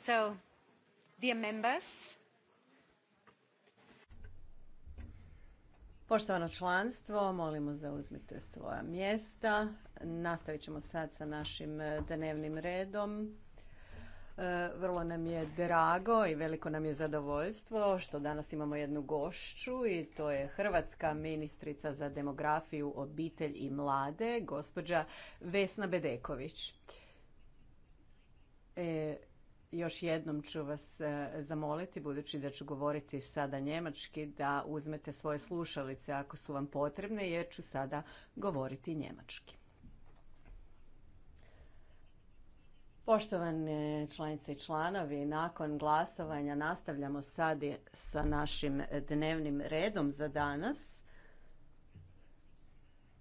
So, dear members. Poštovano članstvo, molimo zauzmite svoja mjesta. Nastavit ćemo sad sa našim e, dnevnim redom. E, vrlo nam je drago i veliko nam je zadovoljstvo što danas imamo jednu gošću i to je Hrvatska ministrica za demografiju, obitelj i mlade, gospođa Vesna Bedeković. E, još jednom ću vas e, zamoliti, budući da ću govoriti sada njemački, da uzmete svoje slušalice ako su vam potrebne, jer ću sada govoriti njemački. Poštovane članice i članovi, nakon glasovanja nastavljamo sad sa našim dnevnim redom za danas.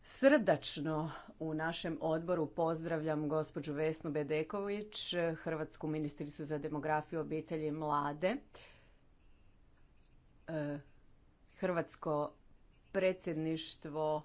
Srdačno u našem odboru pozdravljam gospođu Vesnu Bedeković, Hrvatsku ministricu za demografiju, obitelji i mlade. E, Hrvatsko predsjedništvo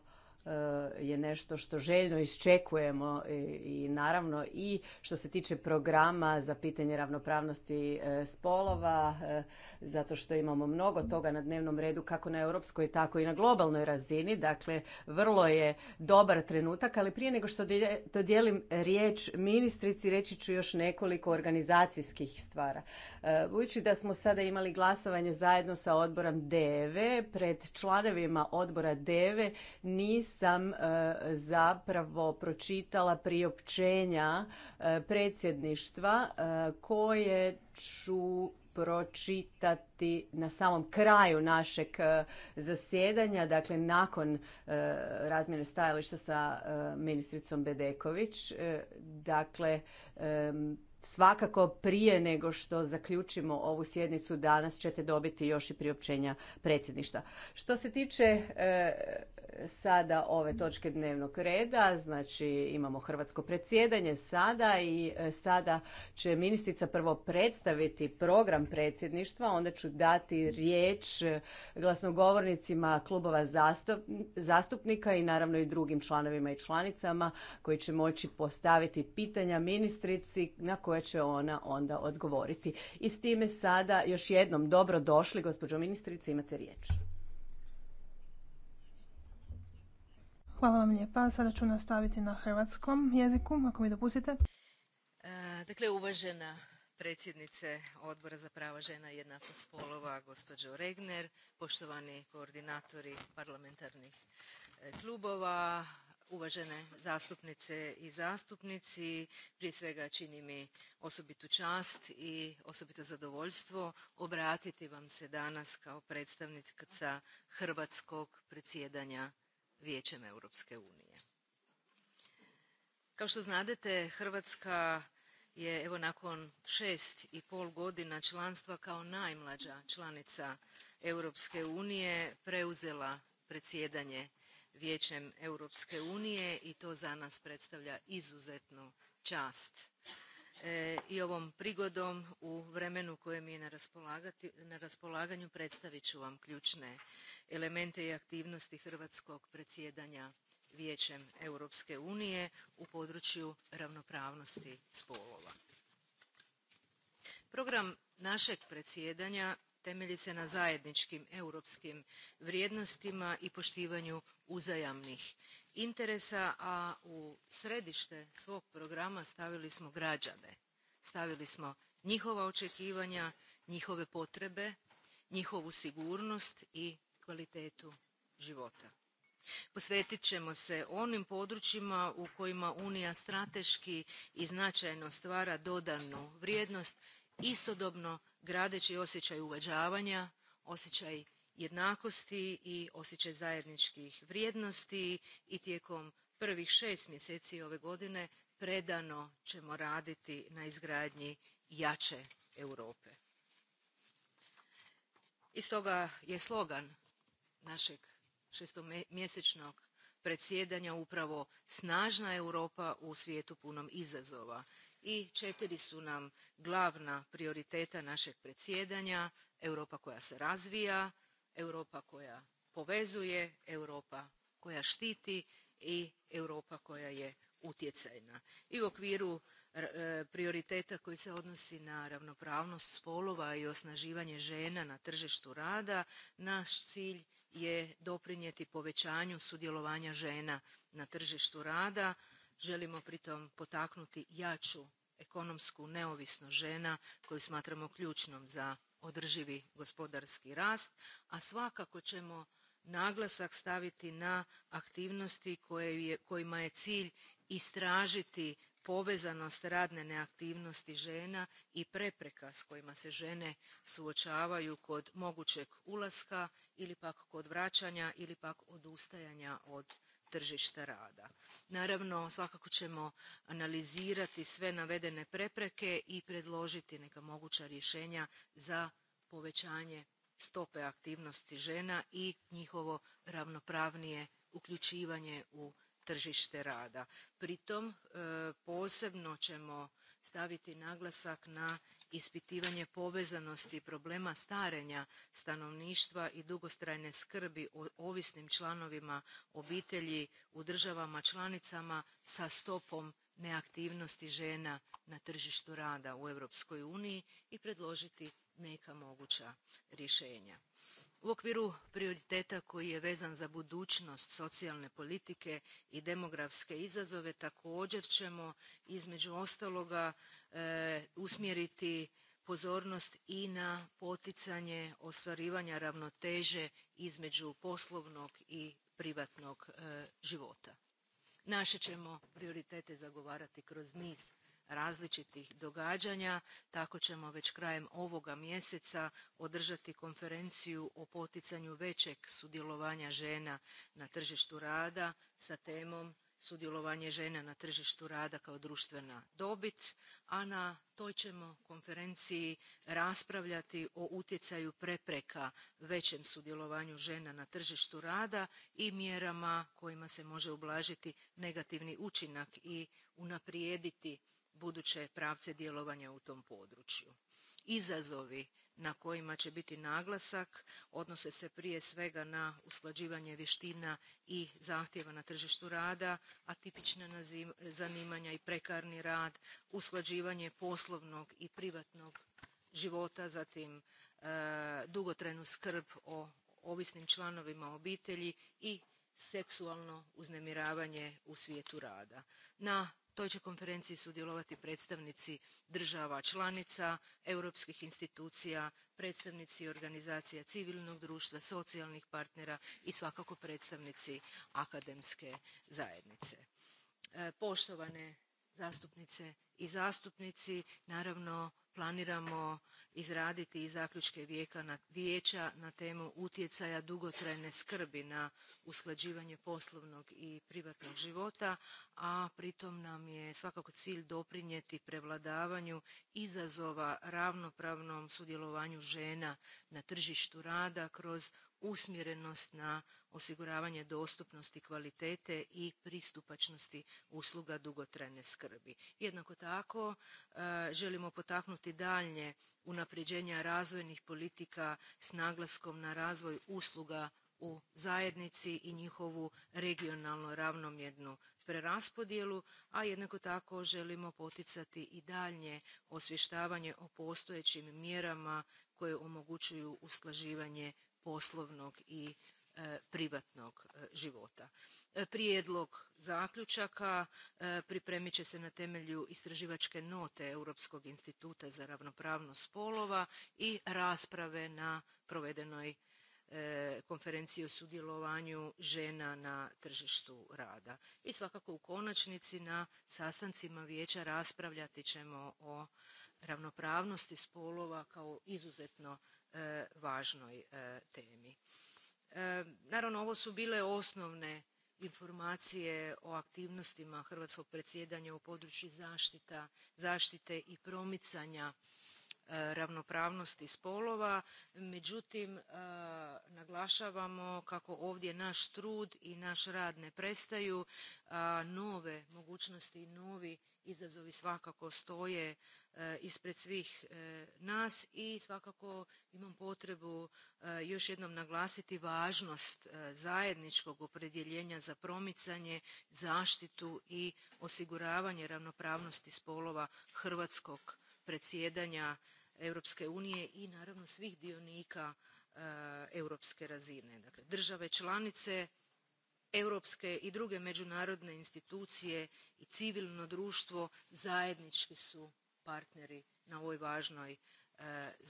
Eh, je nešto što željno iščekujemo i naravno i što se tiče programa za pitanje ravnopravnosti eh, spolova, eh, zato što imamo mnogo toga na dnevnom redu kako na europskoj tako i na globalnoj razini. Dakle, vrlo je dobar trenutak, ali prije nego što dodijelim riječ ministrici, reći ću još nekoliko organizacijskih stvara. Budući da smo sada imali glasovanje zajedno sa odborom DEVE, e, pred članovima odbora DEVE nis sam e, zapravo pročitala priopćenja e, predsjedništva e, koje ću pročitati na samom kraju našeg zasjedanja, dakle nakon razmjene stajališta sa ministricom Bedeković. Dakle, svakako prije nego što zaključimo ovu sjednicu danas ćete dobiti još i priopćenja predsjedništva. Što se tiče sada ove točke dnevnog reda, znači imamo hrvatsko predsjedanje sada i e, sada će ministrica prvo predstaviti program predsjedništva, onda ću dati riječ e, glasnogovornicima klubova zastupnika i naravno i drugim članovima i članicama koji će moći postaviti pitanja ministrici na koje će ona onda odgovoriti. I s time sada još jednom dobro došli, gospođo ministrici imate riječ. Hvala vam lijepa. Sada ću nastaviti na hrvatskom jeziku, ako mi dopustite. E, dakle, uvažena predsjednice Odbora za prava žena i jednakost spolova, gospođo Regner, poštovani koordinatori parlamentarnih e, klubova, uvažene zastupnice i zastupnici. Prije svega čini mi osobitu čast i osobito zadovoljstvo obratiti vam se danas kao predstavnica hrvatskog predsjedanja Vijećem Europske unije. Kao što znadete, Hrvatska je evo nakon šest i pol godina članstva kao najmlađa članica Europske unije preuzela predsjedanje Vijećem Europske unije i to za nas predstavlja izuzetnu čast E, i ovom prigodom u vremenu koje mi je na, na raspolaganju predstavit ću vam ključne elemente i aktivnosti hrvatskog predsjedanja Vijećem Europske unije u području ravnopravnosti spolova. Program našeg predsjedanja temelji se na zajedničkim europskim vrijednostima i poštivanju uzajamnih interesa, a u središte svog programa stavili smo građane. Stavili smo njihova očekivanja, njihove potrebe, njihovu sigurnost i kvalitetu života. Posvetit ćemo se onim područjima u kojima Unija strateški i značajno stvara dodanu vrijednost, istodobno gradeći osjećaj uvažavanja, osjećaj jednakosti i osjećaj zajedničkih vrijednosti i tijekom prvih šest mjeseci ove godine predano ćemo raditi na izgradnji jače Europe. I stoga je slogan našeg šestomjesečnog predsjedanja upravo snažna Europa u svijetu punom izazova i četiri su nam glavna prioriteta našeg predsjedanja Europa koja se razvija, Europa koja povezuje, Europa koja štiti i Europa koja je utjecajna. I u okviru e, prioriteta koji se odnosi na ravnopravnost spolova i osnaživanje žena na tržištu rada, naš cilj je doprinijeti povećanju sudjelovanja žena na tržištu rada. Želimo pritom potaknuti jaču ekonomsku neovisnost žena koju smatramo ključnom za održivi gospodarski rast, a svakako ćemo naglasak staviti na aktivnosti koje kojima je cilj istražiti povezanost radne neaktivnosti žena i prepreka s kojima se žene suočavaju kod mogućeg ulaska ili pak kod vraćanja ili pak odustajanja od tržišta rada. Naravno, svakako ćemo analizirati sve navedene prepreke i predložiti neka moguća rješenja za povećanje stope aktivnosti žena i njihovo ravnopravnije uključivanje u tržište rada. Pritom e, posebno ćemo staviti naglasak na ispitivanje povezanosti problema starenja stanovništva i dugostrajne skrbi o ovisnim članovima obitelji u državama članicama sa stopom neaktivnosti žena na tržištu rada u Europskoj uniji i predložiti neka moguća rješenja. U okviru prioriteta koji je vezan za budućnost socijalne politike i demografske izazove također ćemo između ostaloga e, usmjeriti pozornost i na poticanje ostvarivanja ravnoteže između poslovnog i privatnog e, života. Naše ćemo prioritete zagovarati kroz niz različitih događanja. Tako ćemo već krajem ovoga mjeseca održati konferenciju o poticanju većeg sudjelovanja žena na tržištu rada sa temom sudjelovanje žena na tržištu rada kao društvena dobit, a na toj ćemo konferenciji raspravljati o utjecaju prepreka većem sudjelovanju žena na tržištu rada i mjerama kojima se može ublažiti negativni učinak i unaprijediti buduće pravce djelovanja u tom području. Izazovi na kojima će biti naglasak odnose se prije svega na usklađivanje vještina i zahtjeva na tržištu rada, atipična zanimanja i prekarni rad, usklađivanje poslovnog i privatnog života, zatim e, dugotrajnu skrb o ovisnim članovima obitelji i seksualno uznemiravanje u svijetu rada. Na toj će konferenciji sudjelovati predstavnici država članica, europskih institucija, predstavnici organizacija civilnog društva, socijalnih partnera i svakako predstavnici akademske zajednice. E, poštovane zastupnice i zastupnici, naravno planiramo izraditi i zaključke vijeća na temu utjecaja dugotrajne skrbi na usklađivanje poslovnog i privatnog života, a pritom nam je svakako cilj doprinijeti prevladavanju izazova ravnopravnom sudjelovanju žena na tržištu rada kroz usmjerenost na osiguravanje dostupnosti kvalitete i pristupačnosti usluga dugotrajne skrbi. Jednako tako e, želimo potaknuti daljnje unapređenje razvojnih politika s naglaskom na razvoj usluga u zajednici i njihovu regionalno ravnomjernu preraspodjelu, a jednako tako želimo poticati i daljnje osvještavanje o postojećim mjerama koje omogućuju usklađivanje poslovnog i e, privatnog e, života. E, prijedlog zaključaka pripremit će se na temelju istraživačke note Europskog instituta za ravnopravnost spolova i rasprave na provedenoj konferenciji o sudjelovanju žena na tržištu rada. I svakako u konačnici na sastancima vijeća raspravljati ćemo o ravnopravnosti spolova kao izuzetno E, važnoj e, temi. E, naravno ovo su bile osnovne informacije o aktivnostima hrvatskog predsjedanja u području zaštita, zaštite i promicanja ravnopravnosti spolova. Međutim, naglašavamo kako ovdje naš trud i naš rad ne prestaju. Nove mogućnosti i novi izazovi svakako stoje E, ispred svih e, nas i svakako imam potrebu e, još jednom naglasiti važnost zajedničkog opredjeljenja za promicanje, zaštitu i osiguravanje ravnopravnosti spolova hrvatskog predsjedanja Europske unije i naravno svih dionika europske razine. Dakle, države članice, europske i druge međunarodne institucije i civilno društvo zajednički su partneri na ovoj važnoj e,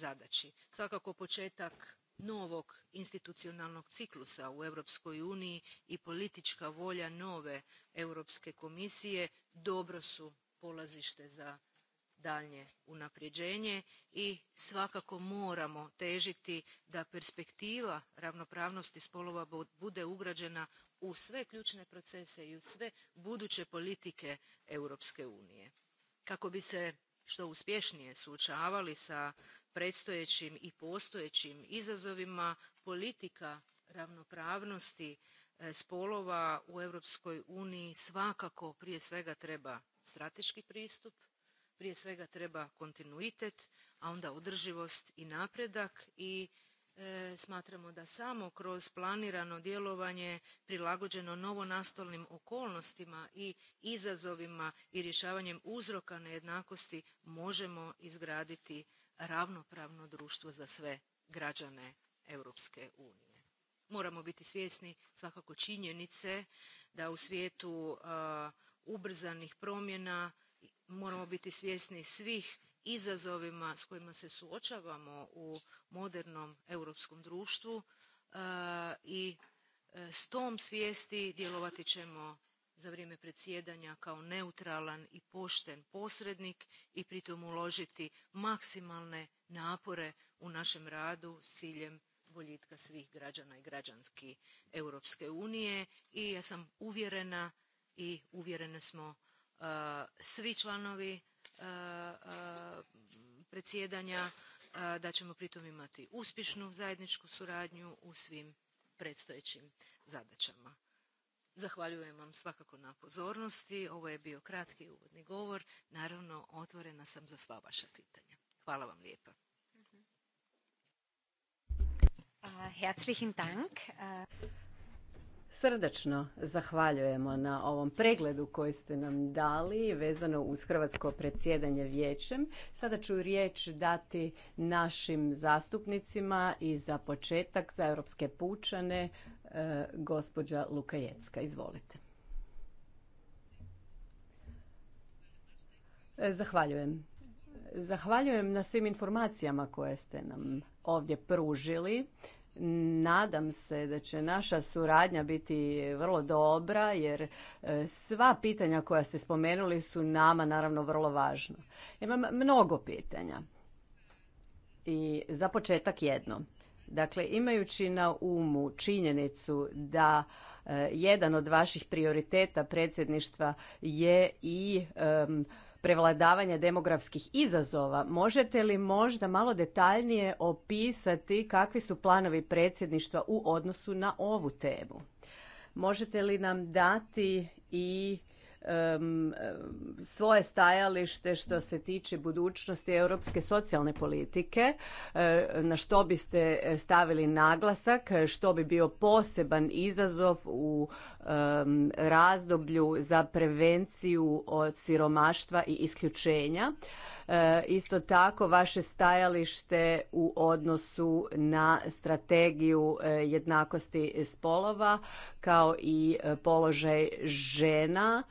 zadaći. Svakako početak novog institucionalnog ciklusa u Europskoj uniji i politička volja nove Europske komisije dobro su polazište za daljnje unapređenje i svakako moramo težiti da perspektiva ravnopravnosti spolova bude ugrađena u sve ključne procese i u sve buduće politike Europske unije. Kako bi se što uspješnije suočavali sa predstojećim i postojećim izazovima politika ravnopravnosti e, spolova u Europskoj uniji svakako prije svega treba strateški pristup, prije svega treba kontinuitet, a onda održivost i napredak i E, smatramo da samo kroz planirano djelovanje prilagođeno novonastalim okolnostima i izazovima i rješavanjem uzroka nejednakosti možemo izgraditi ravnopravno društvo za sve građane Europske unije. Moramo biti svjesni svakako činjenice da u svijetu ubrzanih promjena moramo biti svjesni svih izazovima s kojima se suočavamo u modernom europskom društvu eh, i eh, s tom svijesti djelovati ćemo za vrijeme predsjedanja kao neutralan i pošten posrednik i pritom uložiti maksimalne napore u našem radu s ciljem boljitka svih građana i građanski Europske unije i ja sam uvjerena i uvjerene smo eh, svi članovi E, e, predsjedanja e, da ćemo pritom imati uspješnu zajedničku suradnju u svim predstojećim zadaćama. Zahvaljujem vam svakako na pozornosti. Ovo je bio kratki uvodni govor. Naravno, otvorena sam za sva vaša pitanja. Hvala vam lijepa. Mhm. Srdačno zahvaljujemo na ovom pregledu koji ste nam dali vezano uz hrvatsko predsjedanje vijećem. Sada ću riječ dati našim zastupnicima i za početak za europske pučane e, gospođa Lukajecka. Izvolite. E, zahvaljujem. Zahvaljujem na svim informacijama koje ste nam ovdje pružili. Nadam se da će naša suradnja biti vrlo dobra jer e, sva pitanja koja ste spomenuli su nama naravno vrlo važna. Imam mnogo pitanja. I za početak jedno. Dakle, imajući na umu činjenicu da e, jedan od vaših prioriteta predsjedništva je i prevladavanja demografskih izazova. Možete li možda malo detaljnije opisati kakvi su planovi predsjedništva u odnosu na ovu temu? Možete li nam dati i svoje stajalište što se tiče budućnosti europske socijalne politike, e, na što biste e, stavili naglasak, e, što bi bio poseban izazov u razdoblju za prevenciju od siromaštva i isključenja. E, isto tako vaše stajalište u odnosu na strategiju e, jednakosti spolova kao i e, položaj žena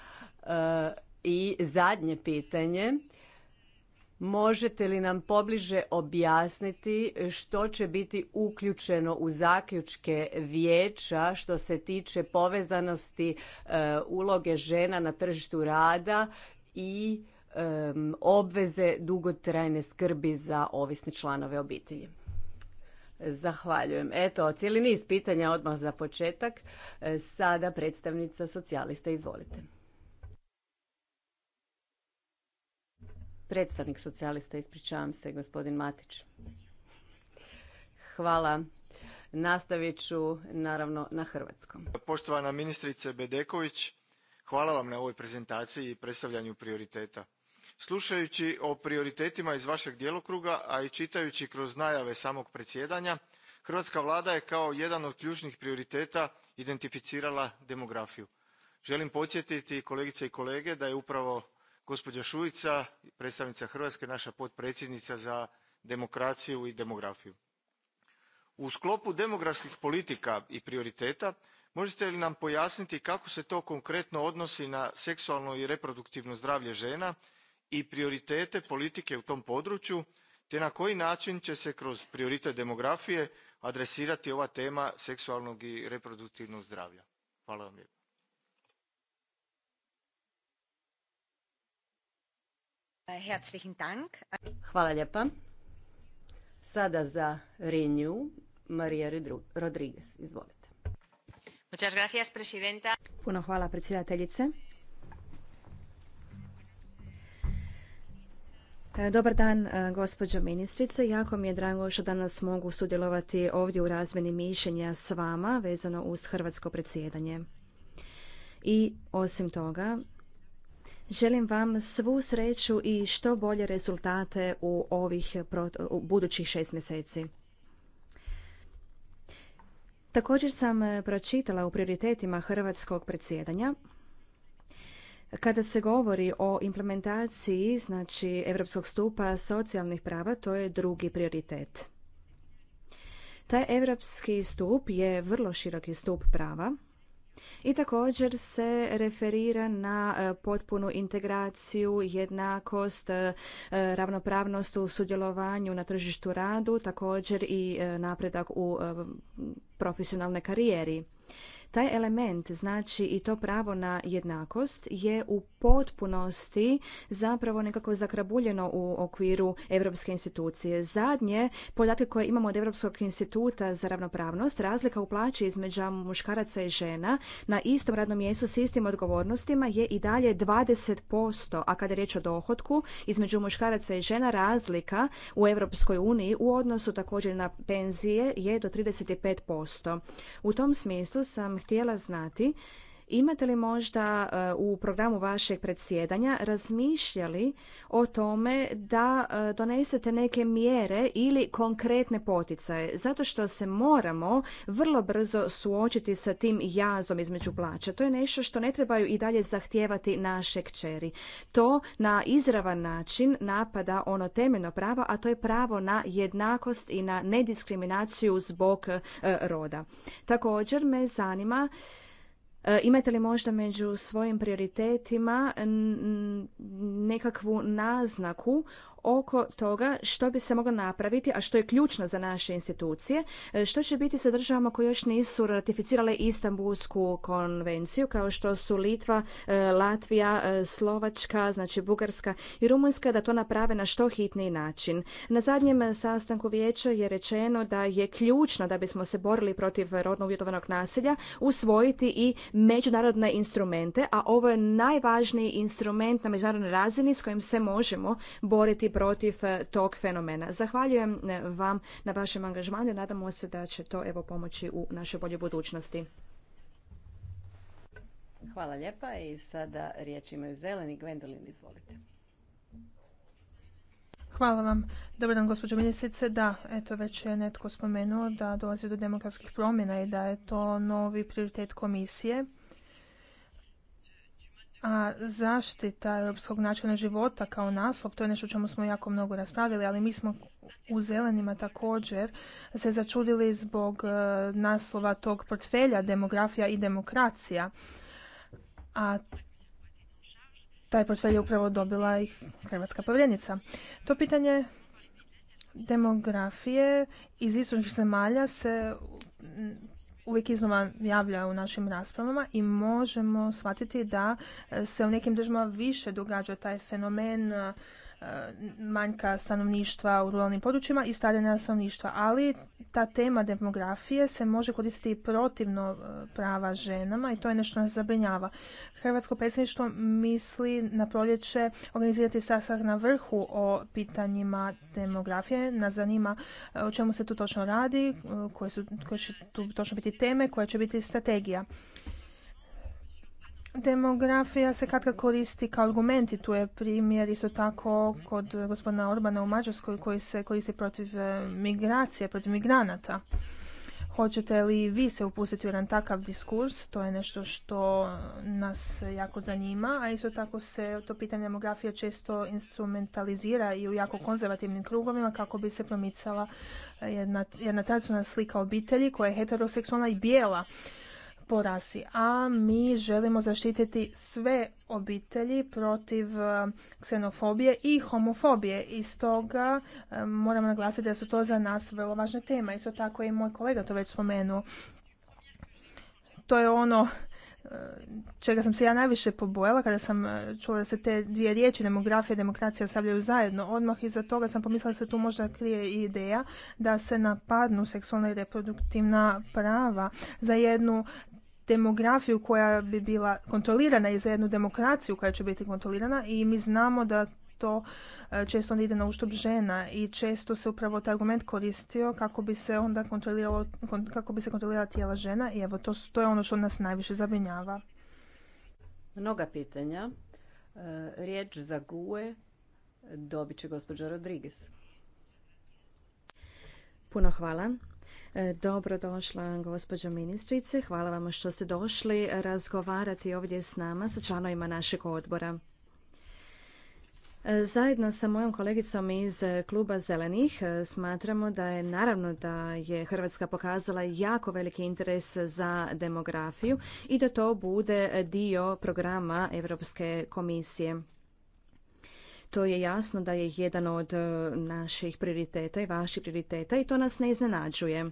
i zadnje pitanje Možete li nam pobliže objasniti što će biti uključeno u zaključke vijeća što se tiče povezanosti uloge žena na tržištu rada i obveze dugotrajne skrbi za ovisne članove obitelji. Zahvaljujem. Eto, cijeli niz pitanja odmah za početak. E, sada predstavnica socijalista, izvolite. Predstavnik socijalista, ispričavam se, gospodin Matić. Hvala. Nastavit ću, naravno, na hrvatskom. Poštovana ministrice Bedeković, hvala vam na ovoj prezentaciji i predstavljanju prioriteta slušajući o prioritetima iz vašeg djelokruga a i čitajući kroz najave samog predsjedanja hrvatska vlada je kao jedan od ključnih prioriteta identificirala demografiju. želim podsjetiti kolegice i kolege da je upravo gospođa šuica predstavnica hrvatske naša potpredsjednica za demokraciju i demografiju. u sklopu demografskih politika i prioriteta možete li nam pojasniti kako se to konkretno odnosi na seksualno i reproduktivno zdravlje žena i prioritete politike u tom području te na koji način će se kroz prioritet demografije adresirati ova tema seksualnog i reproduktivnog zdravlja. Hvala vam lijepo. Hvala lijepa. Sada za Renew Marija Rodriguez. Izvolite. Puno hvala predsjedateljice. E, dobar dan, e, gospođo ministrice. Jako mi je drago što danas mogu sudjelovati ovdje u razmeni mišljenja s vama vezano uz hrvatsko predsjedanje. I osim toga, želim vam svu sreću i što bolje rezultate u ovih budućih šest mjeseci. Također sam e, pročitala u prioritetima hrvatskog predsjedanja kada se govori o implementaciji znači europskog stupa socijalnih prava, to je drugi prioritet. Taj europski stup je vrlo široki stup prava i također se referira na e, potpunu integraciju, jednakost, e, ravnopravnost u sudjelovanju na tržištu radu, također i e, napredak u profesionalnoj karijeri. Taj element, znači i to pravo na jednakost, je u potpunosti zapravo nekako zakrabuljeno u okviru Europske institucije. Zadnje podatke koje imamo od Europskog instituta za ravnopravnost, razlika u plaći između muškaraca i žena na istom radnom mjestu s istim odgovornostima je i dalje 20%, a kada je riječ o dohotku, između muškaraca i žena razlika u Europskoj uniji u odnosu također na penzije je do 35%. U tom smislu sam htjela znati Imate li možda e, u programu vašeg predsjedanja razmišljali o tome da e, donesete neke mjere ili konkretne poticaje? Zato što se moramo vrlo brzo suočiti sa tim jazom između plaća. To je nešto što ne trebaju i dalje zahtijevati naše kćeri. To na izravan način napada ono temeljno pravo, a to je pravo na jednakost i na nediskriminaciju zbog e, roda. Također me zanima E, imate li možda među svojim prioritetima nekakvu naznaku oko toga što bi se moglo napraviti, a što je ključno za naše institucije, e, što će biti sa državama koje još nisu ratificirale Istanbulsku konvenciju, kao što su Litva, e, Latvija, e, Slovačka, znači Bugarska i Rumunjska, da to naprave na što hitniji način. Na zadnjem sastanku vijeća je rečeno da je ključno da bismo se borili protiv rodno uvjetovanog nasilja usvojiti i međunarodne instrumente, a ovo je najvažniji instrument na međunarodnoj razini s kojim se možemo boriti protiv e, tog fenomena. Zahvaljujem e, vam na vašem angažmanu. Nadamo se da će to evo pomoći u našoj boljoj budućnosti. Hvala lijepa i sada riječ imaju zeleni. Gwendolin, izvolite. Hvala vam. Dobar dan, gospođo ministrice. Da, eto, već je netko spomenuo da dolazi do demografskih promjena i da je to novi prioritet komisije a zaštita europskog načina života kao naslov, to je nešto o čemu smo jako mnogo raspravili, ali mi smo u zelenima također se začudili zbog e, naslova tog portfelja demografija i demokracija. A taj portfelj je upravo dobila i hrvatska povjerenica. To pitanje demografije iz istočnih zemalja se uvijek iznova javlja u našim raspravama i možemo shvatiti da e, se u nekim državama više događa taj fenomen E, manjka stanovništva u ruralnim područjima i starenja stanovništva, ali ta tema demografije se može koristiti protivno e, prava ženama i to je nešto nas zabrinjava. Hrvatsko predsjedništvo misli na proljeće organizirati sasak na vrhu o pitanjima demografije. Nas zanima e, o čemu se tu točno radi, koje, su, koje će tu točno biti teme, koja će biti strategija. Demografija se katkad koristi kao argument i tu je primjer isto tako kod gospodina Orbana u Mađarskoj koji se koristi protiv e, migracije, protiv migranata. Hoćete li vi se upustiti u jedan takav diskurs? To je nešto što nas jako zanima, a isto tako se to pitanje demografije često instrumentalizira i u jako konzervativnim krugovima kako bi se promicala e, jedna, jedna tradicionalna slika obitelji koja je heteroseksualna i bijela po a mi želimo zaštititi sve obitelji protiv e, ksenofobije i homofobije. I stoga e, moramo naglasiti da su to za nas vrlo važne tema. Isto tako je i moj kolega to već spomenuo. To je ono e, čega sam se ja najviše pobojala kada sam čula da se te dvije riječi demografija i demokracija stavljaju zajedno. Odmah iza toga sam pomislila da se tu možda krije i ideja da se napadnu seksualna i reproduktivna prava za jednu demografiju koja bi bila kontrolirana i za jednu demokraciju koja će biti kontrolirana i mi znamo da to e, često onda ide na uštup žena i često se upravo taj argument koristio kako bi se onda kontroliralo, kako bi se kontrolirala tijela žena i evo to, to je ono što nas najviše zabrinjava. Mnoga pitanja. E, riječ za GUE dobit će gospođa Rodriguez. Puno hvala. E, dobrodošla gospođo ministrice. Hvala vam što ste došli razgovarati ovdje s nama, sa članovima našeg odbora. E, zajedno sa mojom kolegicom iz kluba Zelenih e, smatramo da je naravno da je Hrvatska pokazala jako veliki interes za demografiju i da to bude dio programa Europske komisije. To je jasno da je jedan od eh, naših prioriteta i vaših prioriteta i to nas ne iznenađuje.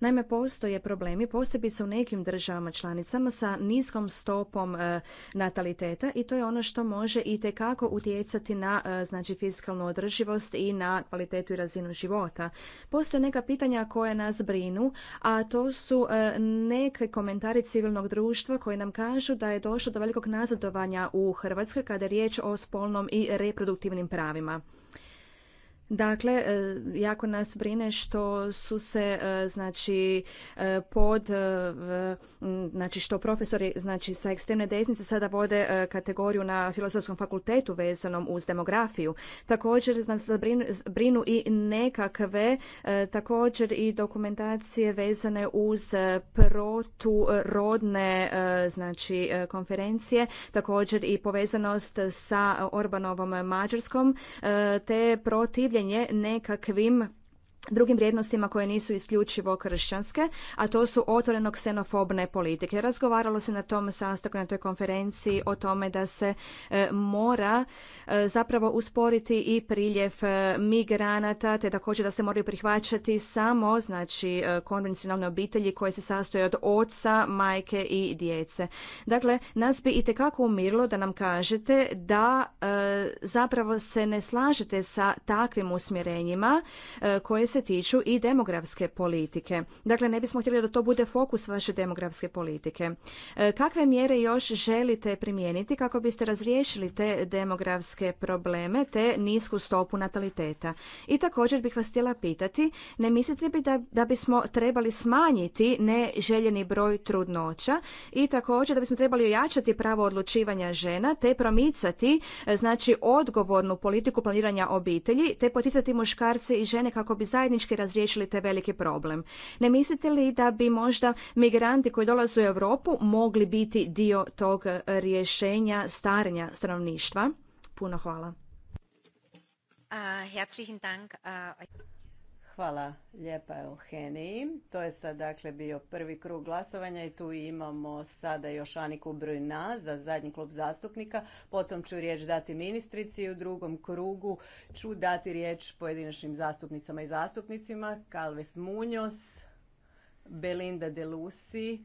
Naime, postoje problemi, posebice u nekim državama članicama sa niskom stopom e, nataliteta i to je ono što može i tekako utjecati na e, znači, fiskalnu održivost i na kvalitetu i razinu života. Postoje neka pitanja koja nas brinu, a to su e, neke komentari civilnog društva koji nam kažu da je došlo do velikog nazadovanja u Hrvatskoj kada je riječ o spolnom i reproduktivnim pravima. Dakle, e, jako nas brine što su se e, znači e, pod znači što profesori znači sa ekstremne desnice sada vode kategoriju na filozofskom fakultetu vezanom uz demografiju. Također nas brinu i nekakve također i dokumentacije vezane uz proturodne znači konferencije, također i povezanost sa Orbanovom Mađarskom te protiv nje nekakvim drugim vrijednostima koje nisu isključivo kršćanske, a to su otvoreno ksenofobne politike. Razgovaralo se na tom sastanku, na toj konferenciji o tome da se e, mora e, zapravo usporiti i priljev e, migranata, te također da se moraju prihvaćati samo znači konvencionalne obitelji koje se sastoje od oca, majke i djece. Dakle, nas bi itekako umirilo da nam kažete da zapravo se ne slažete sa takvim usmjerenjima koje se tiču i demografske politike. Dakle, ne bismo htjeli da to bude fokus vaše demografske politike. E, kakve mjere još želite primijeniti kako biste razriješili te demografske probleme te nisku stopu nataliteta? I također bih vas htjela pitati, ne mislite bi da, bismo trebali smanjiti neželjeni broj trudnoća i također da bismo trebali ojačati pravo odlučivanja žena te promicati e, znači odgovornu politiku planiranja obitelji te poticati muškarce i žene kako bi zajedno zajednički razriješili te veliki problem. Ne mislite li da bi možda migranti koji dolaze u Europu mogli biti dio tog rješenja starenja stanovništva? Puno hvala. Uh, uh Hvala lijepa Euheniji. To je sad dakle bio prvi krug glasovanja i tu imamo sada još Aniku Brujna za zadnji klub zastupnika. Potom ću riječ dati ministrici i u drugom krugu ću dati riječ pojedinačnim zastupnicama i zastupnicima. Kalves Munjos, Belinda Delusi,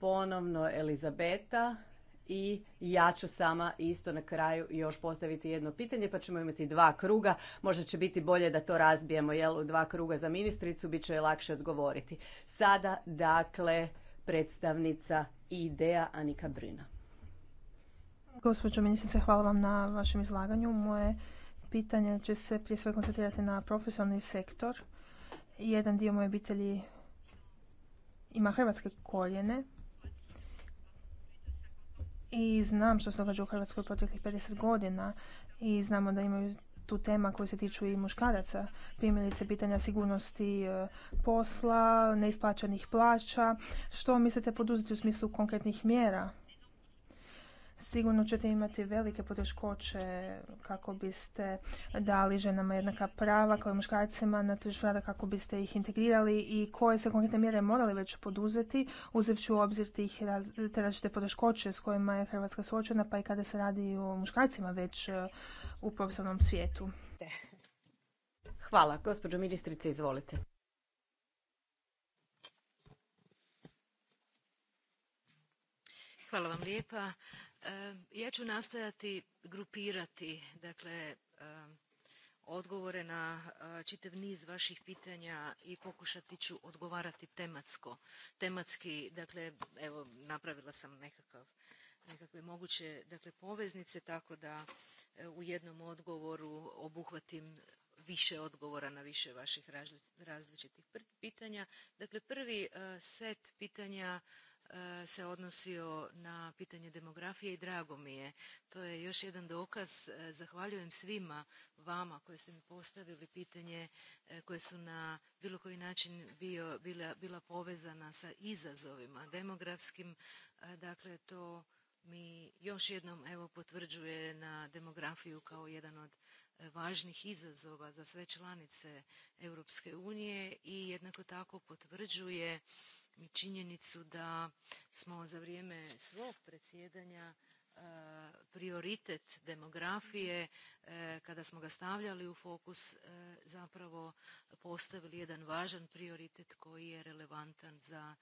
ponovno Elizabeta, i ja ću sama isto na kraju još postaviti jedno pitanje pa ćemo imati dva kruga. Možda će biti bolje da to razbijemo jel, u dva kruga za ministricu, bit će je lakše odgovoriti. Sada dakle predstavnica ideja, Anika Brina. Gospođo ministrice, hvala vam na vašem izlaganju. Moje pitanje će se prije sve koncentrirati na profesionalni sektor. Jedan dio moje obitelji ima hrvatske korijene, i znam što se događa u Hrvatskoj proteklih 50 godina i znamo da imaju tu tema koje se tiču i muškaraca, primjerice pitanja sigurnosti e, posla, neisplaćenih plaća. Što mislite poduzeti u smislu konkretnih mjera sigurno ćete imati velike poteškoće kako biste dali ženama jednaka prava kao i muškarcima na tržištu rada kako biste ih integrirali i koje se konkretne mjere morali već poduzeti uzevši u obzir tih različite poteškoće s kojima je Hrvatska suočena pa i kada se radi o muškarcima već e, u profesionalnom svijetu. Hvala. Gospođo ministrice, izvolite. Hvala vam lijepa. Ja ću nastojati grupirati dakle odgovore na e, čitav niz vaših pitanja i pokušati ću odgovarati tematsko, tematski, dakle evo napravila sam nekakav, nekakve moguće dakle poveznice tako da e, u jednom odgovoru obuhvatim više odgovora na više vaših različitih pitanja. Dakle prvi e, set pitanja E, se odnosio na pitanje demografije i drago mi je. To je još jedan dokaz. E, zahvaljujem svima vama koji ste mi postavili pitanje e, koje su na bilo koji način bio, bila, povezana sa izazovima demografskim. Dakle, to mi još jednom evo potvrđuje na demografiju kao jedan od važnih izazova za sve članice Europske unije i jednako tako potvrđuje činjenicu da smo za vrijeme svog predsjedanja e, prioritet demografije e, kada smo ga stavljali u fokus e, zapravo postavili jedan važan prioritet koji je relevantan za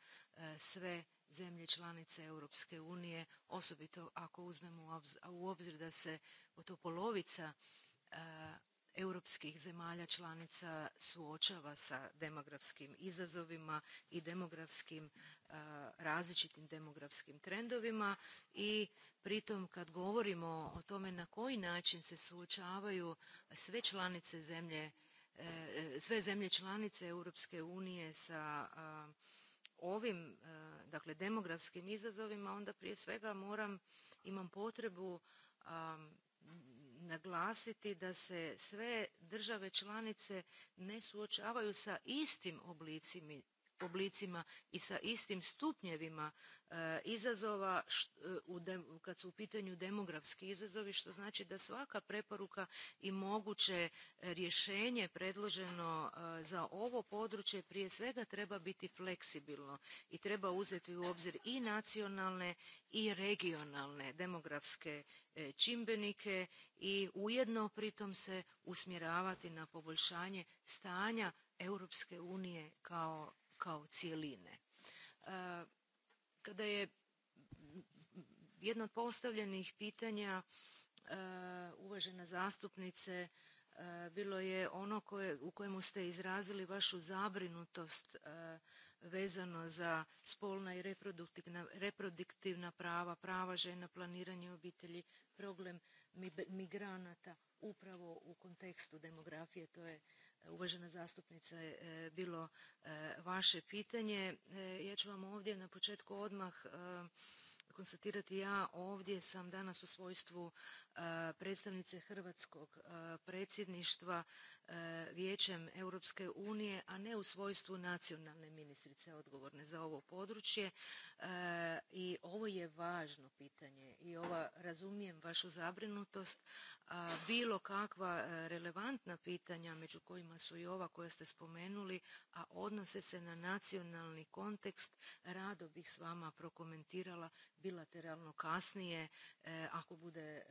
sve zemlje članice Europske unije osobito ako uzmemo u obzir da se gotovo polovica europskih zemalja članica suočava sa demografskim izazovima i demografskim e, različitim demografskim trendovima i pritom kad govorimo o tome na koji način se suočavaju sve članice zemlje e, e, sve zemlje članice Europske unije sa ovim dakle demografskim izazovima onda prije svega moram imam potrebu naglasiti da se sve države članice ne suočavaju sa istim oblicima, oblicima i sa istim stupnjevima e, izazova e, kad su u pitanju demografski izazovi što znači da svaka preporuka i moguće rješenje predloženo e, za ovo područje prije svega treba biti fleksibilno i treba uzeti u obzir i nacionalne i regionalne demografske čimbenike i ujedno pritom se usmjeravati na poboljšanje stanja Europske unije kao kao cijeline. E, kada je jedno od postavljenih pitanja e, uvažena zastupnice e, bilo je ono koje, u kojemu ste izrazili vašu zabrinutost vezano za spolna i reproduktivna, reproduktivna prava, prava žena, planiranje obitelji, problem migranata upravo u kontekstu demografije. To je uvažena zastupnice e, bilo e, vaše pitanje. E, ja ću vam ovdje na početku odmah konstatirati ja ovdje sam danas u svojstvu predstavnice hrvatskog predsjedništva E, Vijećem Europske unije, a ne u svojstvu nacionalne ministrice odgovorne za ovo područje. E, I ovo je važno pitanje i ova, razumijem vašu zabrinutost, bilo kakva e, relevantna pitanja među kojima su i ova koja ste spomenuli, a odnose se na nacionalni kontekst, rado bih s vama prokomentirala bilateralno kasnije, ako bude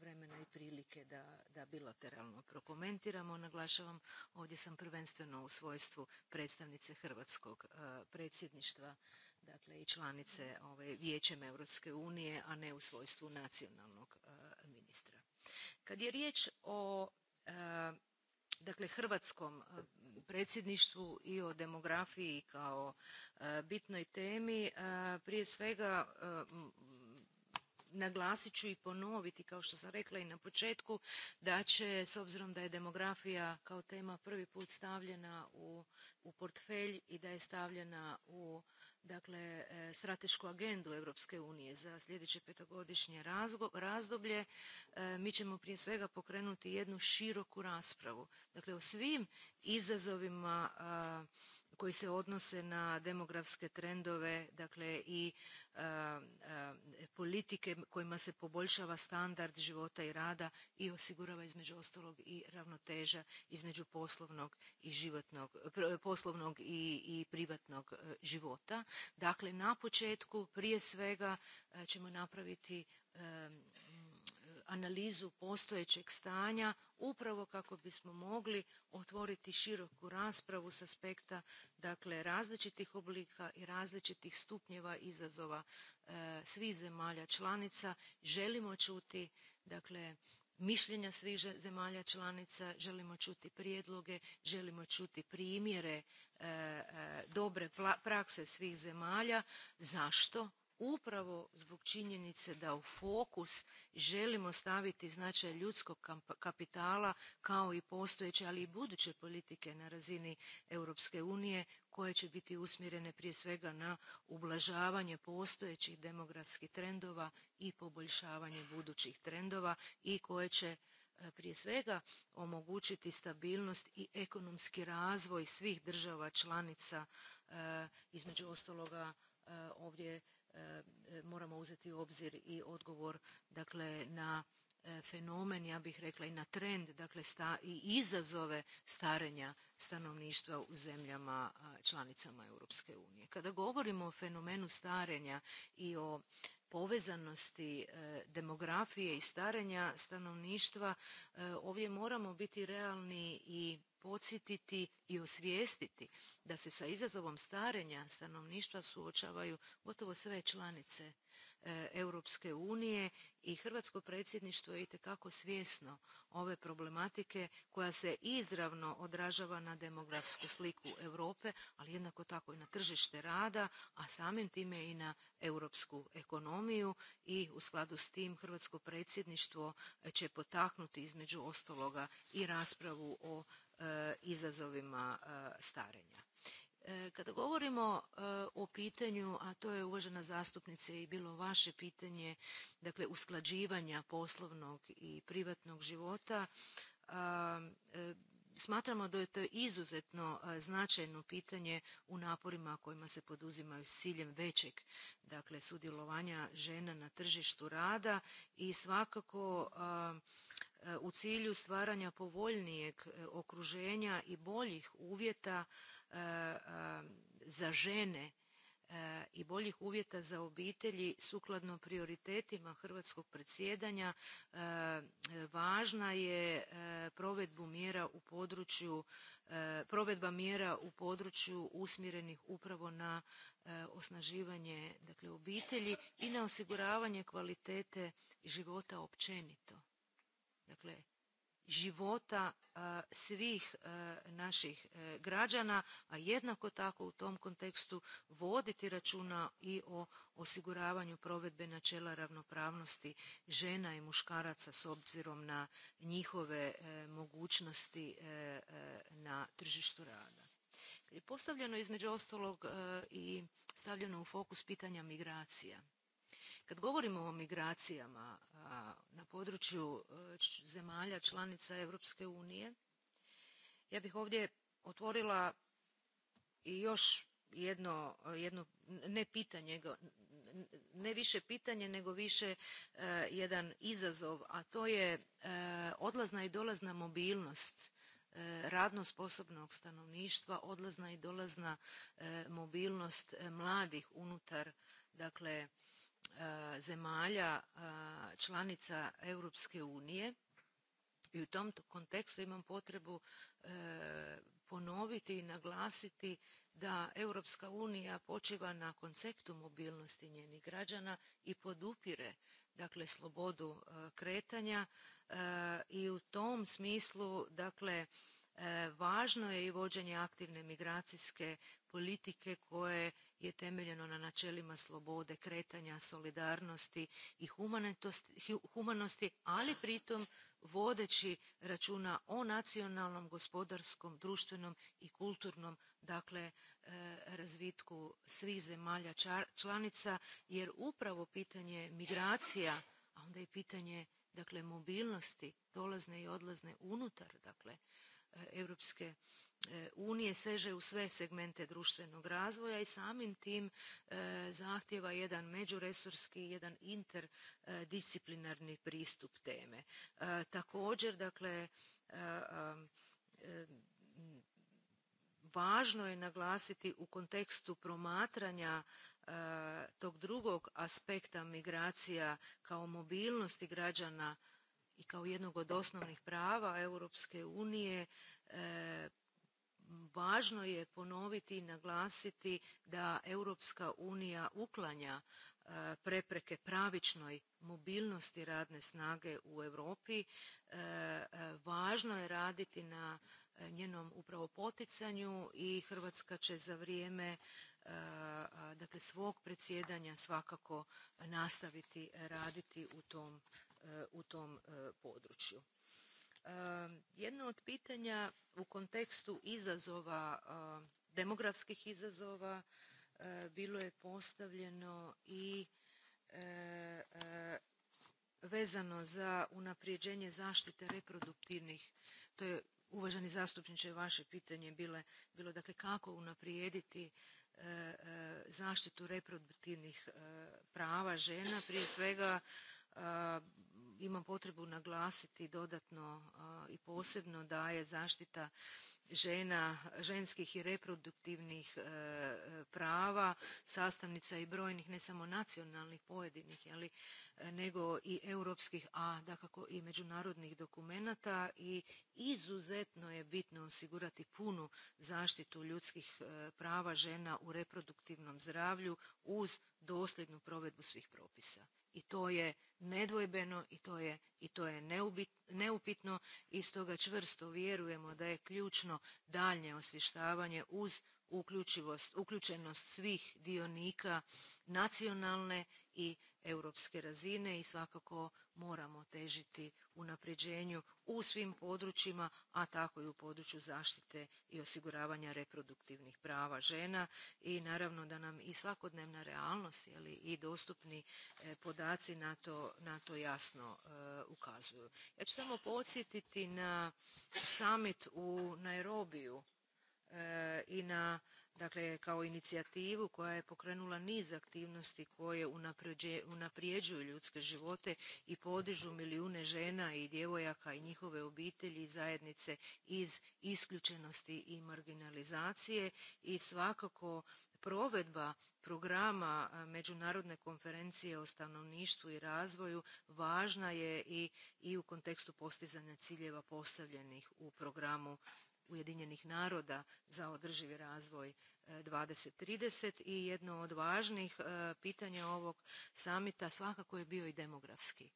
vremena i prilike da, da bilateralno prokomentiramo naglašavam, ovdje sam prvenstveno u svojstvu predstavnice Hrvatskog e, predsjedništva, dakle i članice ove ovaj, Vijećem Europske unije, a ne u svojstvu nacionalnog e, ministra. Kad je riječ o e, dakle hrvatskom predsjedništvu i o demografiji kao bitnoj temi. Prije svega naglasit ću i ponoviti kao što sam rekla i na početku da će s obzirom da je demografija kao tema prvi put stavljena u, u portfelj i da je stavljena u dakle e, stratešku agendu Europske unije za sljedeće petogodišnje razdoblje e, mi ćemo prije svega pokrenuti jednu široku raspravu dakle o svim izazovima koji se odnose na demografske trendove dakle i e, e, politike kojima se poboljšava standard života i rada i osigurava između ostalog i ravnoteža između poslovnog i životnog, poslovnog i privatnog e, života. Dakle, na početku prije svega ćemo napraviti analizu postojećeg stanja upravo kako bismo mogli otvoriti široku raspravu s aspekta dakle različitih oblika i različitih stupnjeva izazova e, svih zemalja članica. Želimo čuti dakle mišljenja svih zemalja članica, želimo čuti prijedloge, želimo čuti primjere e, e, dobre prakse svih zemalja. Zašto? upravo zbog činjenice da u fokus želimo staviti značaj ljudskog kapitala kao i postojeće, ali i buduće politike na razini Europske unije koje će biti usmjerene prije svega na ublažavanje postojećih demografskih trendova i poboljšavanje budućih trendova i koje će e, prije svega omogućiti stabilnost i ekonomski razvoj svih država članica, e, između ostaloga e, ovdje E, moramo uzeti u obzir i odgovor dakle na e, fenomen, ja bih rekla i na trend, dakle sta, i izazove starenja stanovništva u zemljama članicama Europske unije. Kada govorimo o fenomenu starenja i o povezanosti e, demografije i starenja stanovništva, ovdje moramo biti realni i podsjetiti i osvijestiti da se sa izazovom starenja stanovništva suočavaju gotovo sve članice e, Europske unije i hrvatsko predsjedništvo je itekako svjesno ove problematike koja se izravno odražava na demografsku sliku Europe, ali jednako tako i na tržište rada, a samim time i na europsku ekonomiju i u skladu s tim hrvatsko predsjedništvo će potaknuti između ostaloga i raspravu o E, izazovima e, starenja. E, kada govorimo o pitanju, a to je uvažena zastupnice i bilo vaše pitanje, dakle usklađivanja poslovnog i privatnog života, smatramo da je to izuzetno značajno pitanje u naporima kojima se poduzimaju s ciljem većeg dakle sudjelovanja žena na tržištu rada i svakako u cilju stvaranja povoljnijeg e, okruženja i boljih uvjeta e, e, za žene i boljih uvjeta za obitelji sukladno prioritetima hrvatskog predsjedanja važna je provedbu mjera u području, provedba mjera u području usmjerenih upravo na osnaživanje dakle obitelji i na osiguravanje kvalitete života općenito dakle života e, svih e, naših e, građana, a jednako tako u tom kontekstu voditi računa i o osiguravanju provedbe načela ravnopravnosti žena i muškaraca s obzirom na njihove mogućnosti na tržištu rada. Kad je postavljeno između ostalog i stavljeno u fokus pitanja migracija, kad govorimo o migracijama na području e, zemalja članica Europske unije, ja bih ovdje otvorila i još jedno, jedno ne pitanje, ne više pitanje nego više e, jedan izazov, a to je e, odlazna i dolazna mobilnost radno sposobnog stanovništva, odlazna i dolazna mobilnost mladih unutar dakle Eh, zemalja eh, članica Europske unije i u tom kontekstu imam potrebu eh, ponoviti i naglasiti da Europska unija počiva na konceptu mobilnosti njenih građana i podupire dakle slobodu kretanja i u tom smislu dakle E, važno je i vođenje aktivne migracijske politike koje je temeljeno na načelima slobode kretanja solidarnosti i humanosti ali pritom vodeći računa o nacionalnom gospodarskom društvenom i kulturnom dakle e, razvitku svih zemalja članica jer upravo pitanje migracija a onda i pitanje dakle mobilnosti dolazne i odlazne unutar dakle Europske e, unije seže u sve segmente društvenog razvoja i samim tim e, zahtjeva jedan međuresorski, jedan interdisciplinarni pristup teme. E, također dakle važno je naglasiti u kontekstu promatranja tog drugog aspekta migracija kao mobilnosti građana i kao jednog od osnovnih prava Europske unije e, važno je ponoviti i naglasiti da Europska unija uklanja e, prepreke pravičnoj mobilnosti radne snage u Europi. E, važno je raditi na njenom upravo poticanju i Hrvatska će za vrijeme dakle svog predsjedanja svakako nastaviti raditi u tom u tom e, području. E, jedno od pitanja u kontekstu izazova, e, demografskih izazova, bilo je postavljeno i vezano za unapređenje zaštite reproduktivnih, to je uvaženi zastupniče vaše pitanje bile, bilo dakle kako unaprijediti zaštitu reproduktivnih prava žena, prije svega imam potrebu naglasiti dodatno i posebno da je zaštita žena, ženskih i reproduktivnih e, prava sastavnica i brojnih ne samo nacionalnih pojedinih nego i europskih, a dakako i međunarodnih dokumenata i izuzetno je bitno osigurati punu zaštitu ljudskih e, prava žena u reproduktivnom zdravlju uz dosljednu provedbu svih propisa i to je nedvojbeno i to je, i to je neupitno i stoga čvrsto vjerujemo da je ključno daljnje osvještavanje uz uključivost, uključenost svih dionika nacionalne i europske razine i svakako moramo težiti unapređenju u svim područjima, a tako i u području zaštite i osiguravanja reproduktivnih prava žena i naravno da nam i svakodnevna realnost ali i dostupni e, podaci na to, na to jasno e, ukazuju. Ja ću samo podsjetiti na summit u Nairobiju e, i na dakle kao inicijativu koja je pokrenula niz aktivnosti koje unapređuju ljudske živote i podižu milijune žena i djevojaka i njihove obitelji i zajednice iz isključenosti i marginalizacije i svakako provedba programa Međunarodne konferencije o stanovništvu i razvoju važna je i, i u kontekstu postizanja ciljeva postavljenih u programu Ujedinjenih naroda za održivi razvoj 2030 e, i jedno od važnih e, pitanja ovog samita svakako je bio i demografski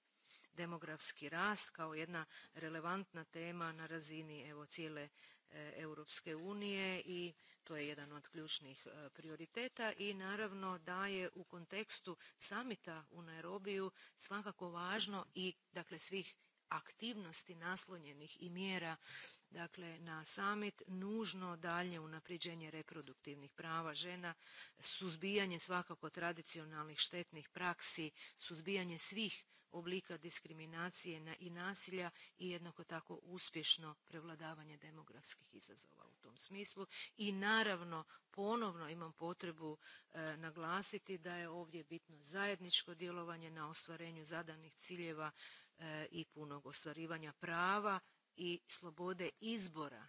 demografski rast kao jedna relevantna tema na razini evo cijele e, Europske unije i to je jedan od ključnih prioriteta i naravno da je u kontekstu samita u Nairobiju svakako važno i dakle svih aktivnosti naslonjenih i mjera dakle na summit nužno dalje unapređenje reproduktivnih prava žena, suzbijanje svakako tradicionalnih štetnih praksi, suzbijanje svih oblika diskriminacije i nasilja i jednako tako uspješno prevladavanje demografskih izazova u tom smislu. I naravno ponovno imam potrebu e, naglasiti da je ovdje bitno zajedničko djelovanje na ostvarenju zadanih ciljeva e, i punog ostvarivanja prava i slobode izbora,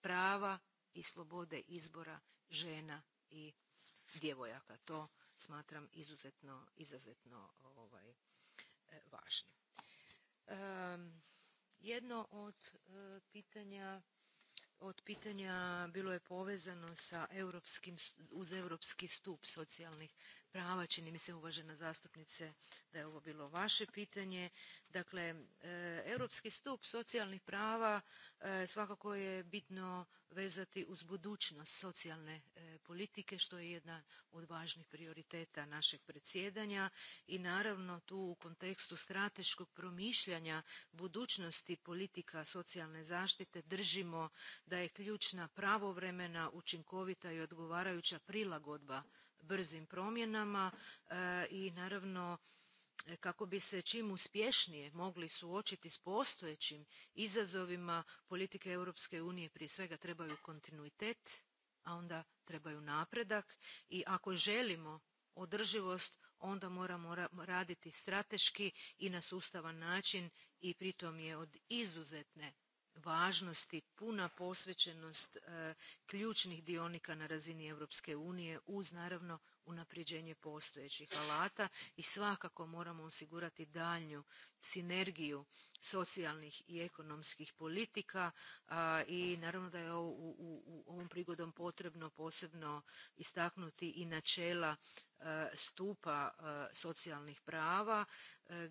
prava i slobode izbora žena i djevojaka. To smatram izuzetno, izuzetno ovaj, e, važnim. Um, jedno od e, pitanja od pitanja bilo je povezano sa europskim, uz europski stup socijalnih prava. Čini mi se uvažena zastupnice da je ovo bilo vaše pitanje. Dakle, e, europski stup socijalnih prava e, svakako je bitno vezati uz budućnost socijalne e, politike što je jedna od važnih prioriteta našeg predsjedanja i naravno tu u kontekstu strateškog promišljanja budućnosti politika socijalne zaštite držimo da je ključna pravovremena, učinkovita i odgovarajuća prilagodba brzim promjenama e, i naravno e, kako bi se čim uspješnije mogli suočiti s postojećim izazovima politike Europske unije prije svega trebaju kontinuitet, a onda trebaju napredak i ako želimo održivost onda moramo raditi strateški i na sustavan način i pritom je od izuzetne važnosti puna posvećenost e, ključnih dionika na razini Europske unije uz naravno unapređenje postojećih alata i svakako moramo osigurati daljnju sinergiju socijalnih i ekonomskih politika i naravno da je u, ovom prigodom potrebno posebno istaknuti i načela e, stupa e, socijalnih prava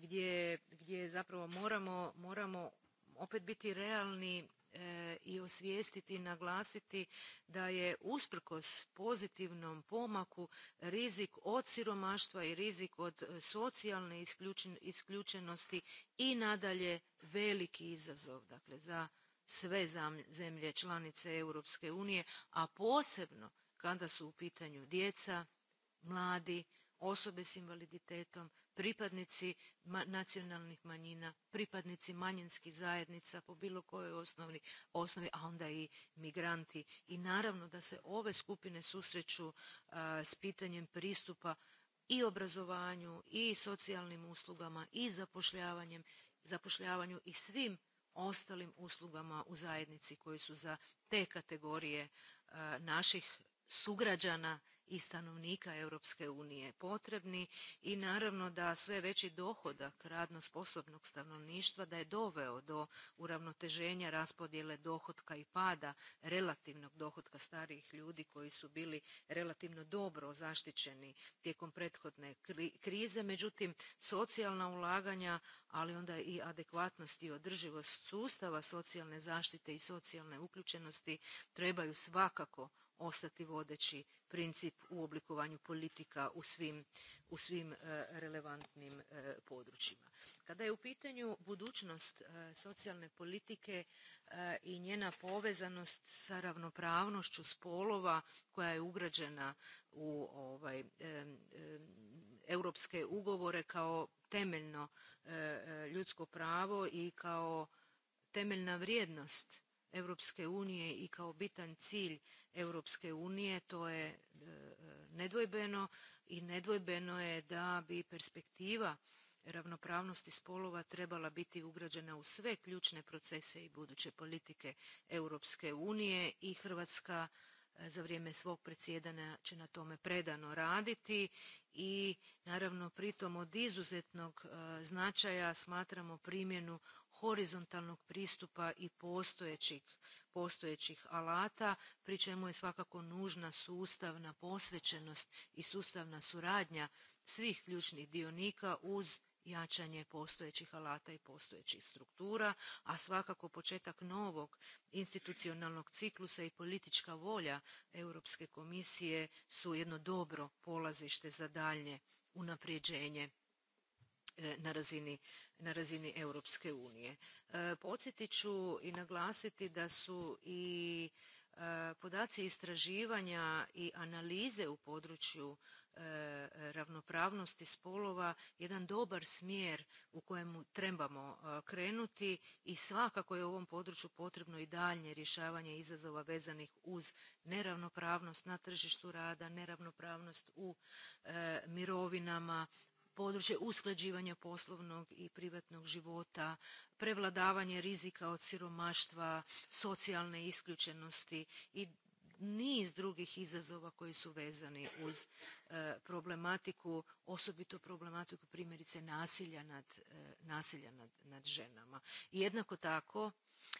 gdje, zapravo moramo, moramo opet biti realni e, i osvijestiti i naglasiti da je usprkos pozitivnom pomaku rizik od siromaštva i rizik od e, socijalne isključenosti i nadalje veliki izazov dakle za sve zemlje članice Europske unije, a posebno kada su u pitanju djeca, mladi, osobe s invaliditetom, pripadnici nacionalnih manjina, pripadnici manjinskih zajednica po bilo kojoj osnovi, a onda i migranti. I naravno da se ove skupine susreću s pitanjem pristupa i obrazovanju i socijalnim uslugama i zapošljavanjem, zapošljavanju i svim ostalim uslugama u zajednici koji su za te kategorije naših sugrađana i stanovnika Europske unije potrebni i naravno da sve veći dohodak radno sposobnog stanovništva da je doveo do uravnoteženja raspodjele dohotka i pada relativnog dohotka starijih ljudi koji su bili relativno dobro zaštićeni tijekom prethodne krize. Međutim, socijalna ulaganja, ali onda i adekvatnost i održivost sustava socijalne zaštite i socijalne uključenosti trebaju svakako ostati vodeći princip u oblikovanju politika u svim, u svim e, relevantnim e, područjima. Kada je u pitanju budućnost e, socijalne politike i njena povezanost sa ravnopravnošću spolova koja je ugrađena u ovaj, europske ugovore kao temeljno ljudsko pravo i kao temeljna vrijednost Europske unije i kao bitan cilj Europske unije, to je e, nedvojbeno i nedvojbeno je da bi perspektiva ravnopravnosti spolova trebala biti ugrađena u sve ključne procese i buduće politike Europske unije i Hrvatska e, za vrijeme svog predsjedanja će na tome predano raditi i naravno pritom od izuzetnog e, značaja smatramo primjenu horizontalnog pristupa i postojećih, postojećih alata pri čemu je svakako nužna sustavna posvećenost i sustavna suradnja svih ključnih dionika uz jačanje postojećih alata i postojećih struktura, a svakako početak novog institucionalnog ciklusa i politička volja Europske komisije su jedno dobro polazište za daljnje unapređenje e, na razini, na razini Europske unije. E, podsjetit ću i naglasiti da su i e, podaci istraživanja i analize u području E, ravnopravnosti spolova jedan dobar smjer u kojemu trebamo e, krenuti i svakako je u ovom području potrebno i daljnje rješavanje izazova vezanih uz neravnopravnost na tržištu rada, neravnopravnost u e, mirovinama, područje usklađivanja poslovnog i privatnog života, prevladavanje rizika od siromaštva, socijalne isključenosti i niz drugih izazova koji su vezani uz e, problematiku, osobito problematiku primjerice nasilja nad, e, nasilja nad, nad ženama. jednako tako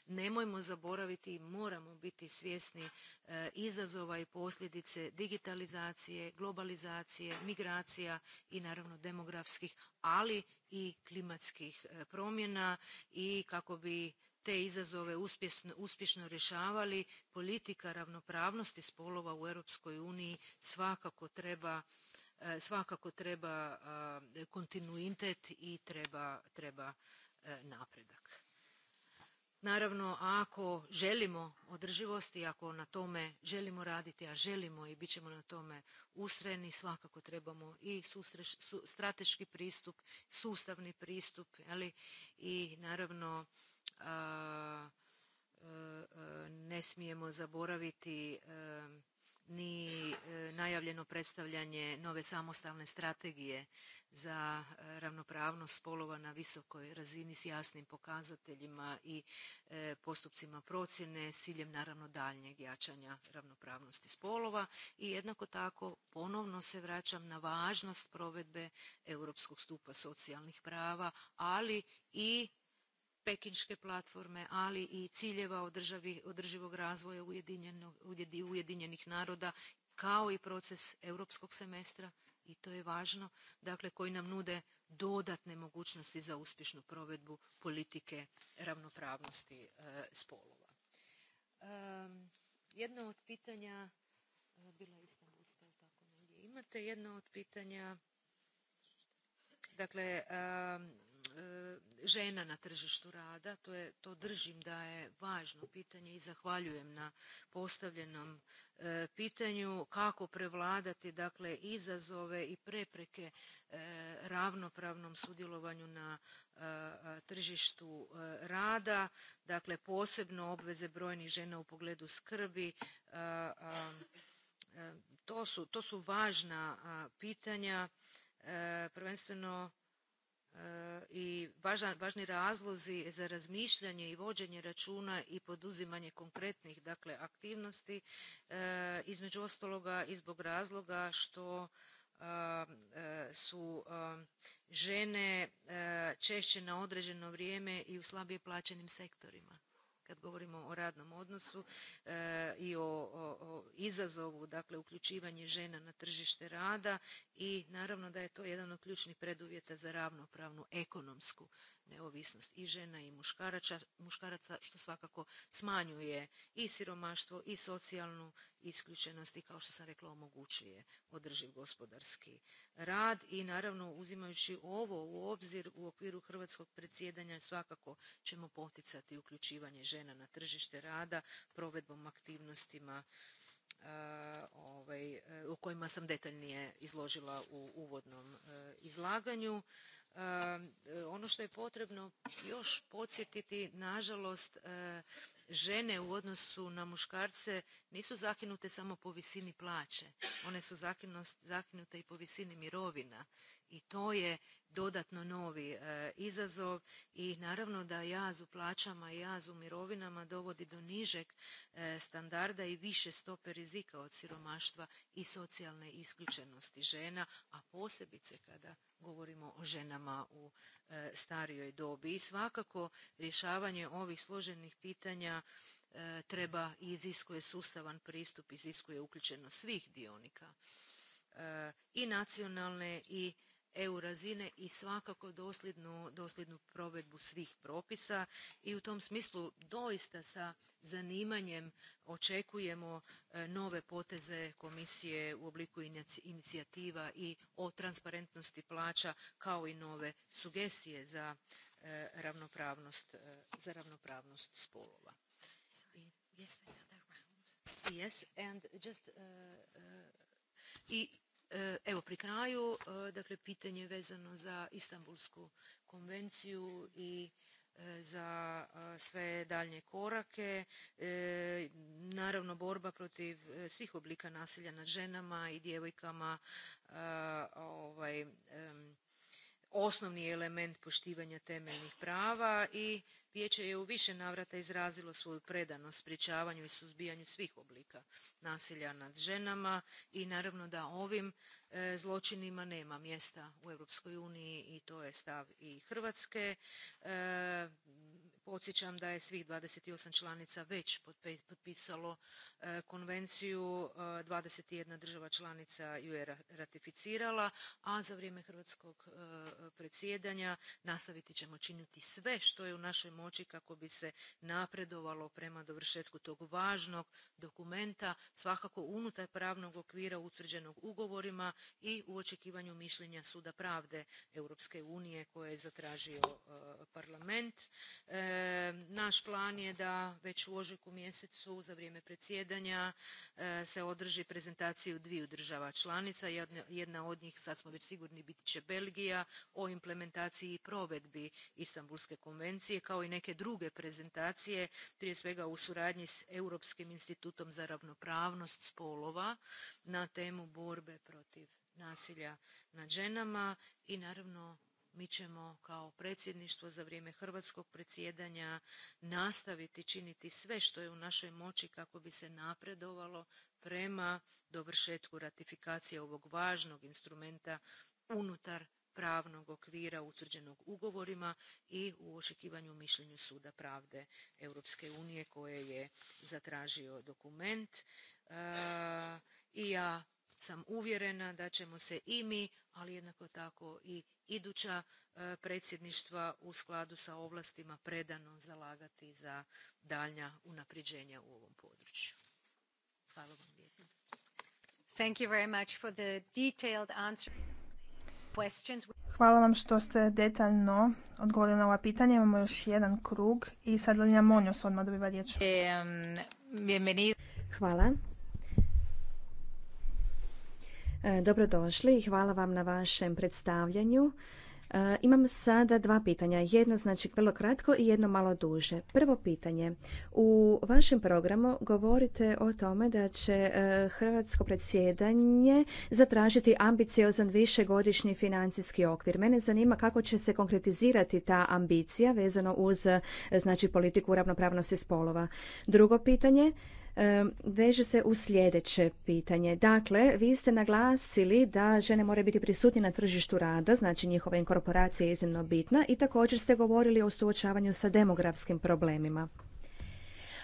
nemojmo zaboraviti i moramo biti svjesni e, izazova i posljedice digitalizacije, globalizacije, migracija i naravno demografskih, ali i klimatskih promjena i kako bi te izazove uspješno rješavali politika ravnopravnosti spolova u Europskoj uniji svakako treba e, svakako treba kontinuitet i treba, treba e, napredak. Naravno, ako želimo održivosti, i ako na tome želimo raditi, a želimo i bit ćemo na tome ustrajni, svakako trebamo i strateški pristup, sustavni pristup i naravno E, e, ne smijemo zaboraviti e, ni najavljeno predstavljanje nove samostalne strategije za ravnopravnost spolova na visokoj razini s jasnim pokazateljima i postupcima procjene s ciljem naravno daljnjeg jačanja ravnopravnosti spolova i jednako tako ponovno se vraćam na važnost provedbe europskog stupa socijalnih prava ali i pekinške platforme, ali i ciljeva održivog razvoja Ujedinjenih naroda kao i proces europskog semestra i to je važno, dakle koji nam nude dodatne mogućnosti za uspješnu provedbu politike ravnopravnosti e, spolova. jedno od pitanja e, imate jedno od pitanja dakle E, žena na tržištu rada. To, je, to držim da je važno pitanje i zahvaljujem na postavljenom e, pitanju kako prevladati dakle izazove i prepreke e, ravnopravnom sudjelovanju na tržištu rada, dakle posebno obveze brojnih žena u pogledu skrbi, to su, to su važna pitanja prvenstveno i važni razlozi za razmišljanje i vođenje računa i poduzimanje konkretnih dakle aktivnosti e, između ostaloga i zbog razloga što e, su žene e, češće na određeno vrijeme i u slabije plaćenim sektorima kad govorimo o radnom odnosu eh, i o, o izazovu dakle uključivanje žena na tržište rada i naravno da je to jedan od ključnih preduvjeta za ravnopravnu ekonomsku neovisnost i žena i muškaraca što svakako smanjuje i siromaštvo i socijalnu isključenost i kao što sam rekla omogućuje održiv gospodarski rad i naravno uzimajući ovo u obzir u okviru hrvatskog predsjedanja svakako ćemo poticati uključivanje žena na tržište rada provedbom aktivnostima u ovaj, e, kojima sam detaljnije izložila u uvodnom e, izlaganju. Ehm, ono što je potrebno još podsjetiti, nažalost, e, žene u odnosu na muškarce nisu zakinute samo po visini plaće. One su zakinute i po visini mirovina i to je dodatno novi e, izazov i naravno da jaz u plaćama i jaz u mirovinama dovodi do nižeg e, standarda i više stope rizika od siromaštva i socijalne isključenosti žena, a posebice kada govorimo o ženama u e, starijoj dobi. I svakako rješavanje ovih složenih pitanja treba i iziskuje sustavan pristup, iziskuje uključenost svih dionika i nacionalne i EU razine i svakako dosljednu, dosljednu provedbu svih propisa i u tom smislu doista sa zanimanjem očekujemo e, nove poteze komisije u obliku inicijativa i o transparentnosti plaća kao i nove sugestije za e, ravnopravnost, e, za ravnopravnost spolova. yes, and just, I E, evo pri kraju, e, dakle pitanje vezano za Istanbulsku konvenciju i e, za sve daljnje korake. naravno, borba protiv svih oblika nasilja nad ženama i djevojkama ovaj, osnovni element poštivanja temeljnih prava i Vijeće je u više navrata izrazilo svoju predanost sprječavanju i suzbijanju svih oblika nasilja nad ženama i naravno da ovim e, zločinima nema mjesta u Europskoj uniji i to je stav i Hrvatske. E, Podsjećam da je svih 28 članica već potpisalo e, konvenciju, 21 e, država članica ju je ratificirala, a za vrijeme hrvatskog e, predsjedanja nastaviti ćemo činiti sve što je u našoj moći kako bi se napredovalo prema dovršetku tog važnog dokumenta, svakako unutar pravnog okvira utvrđenog ugovorima i u očekivanju mišljenja Suda pravde Europske unije koje je zatražio parlament. E, naš plan je da već u ožujku mjesecu za vrijeme predsjedanja e, se održi prezentaciju dviju država članica. Jedna od njih, sad smo već sigurni, bit će Belgija o implementaciji i provedbi Istanbulske konvencije kao i neke druge prezentacije prije svega u suradnji s Europskim institutom za ravnopravnost spolova na temu borbe protiv nasilja nad ženama i naravno mi ćemo kao predsjedništvo za vrijeme hrvatskog predsjedanja nastaviti činiti sve što je u našoj moći kako bi se napredovalo prema dovršetku ratifikacije ovog važnog instrumenta unutar pravnog okvira utvrđenog ugovorima i u očekivanju mišljenju Suda pravde Europske unije koje je zatražio dokument. E, I ja sam uvjerena da ćemo se i mi, ali jednako tako i iduća e, predsjedništva u skladu sa ovlastima predano zalagati za daljnja unapređenja u ovom području. Hvala vam Thank Hvala vam što ste detaljno odgovorili na ova pitanja. Imamo još jedan krug i sad Lina Monjos odmah dobiva riječ. Hvala. E, dobrodošli i hvala vam na vašem predstavljanju. E, imam sada dva pitanja. Jedno znači vrlo kratko i jedno malo duže. Prvo pitanje. U vašem programu govorite o tome da će e, hrvatsko predsjedanje zatražiti ambiciozan višegodišnji financijski okvir. Mene zanima kako će se konkretizirati ta ambicija vezano uz znači, politiku ravnopravnosti spolova. Drugo pitanje veže se u sljedeće pitanje. Dakle, vi ste naglasili da žene moraju biti prisutnje na tržištu rada, znači njihova inkorporacija je iznimno bitna i također ste govorili o suočavanju sa demografskim problemima.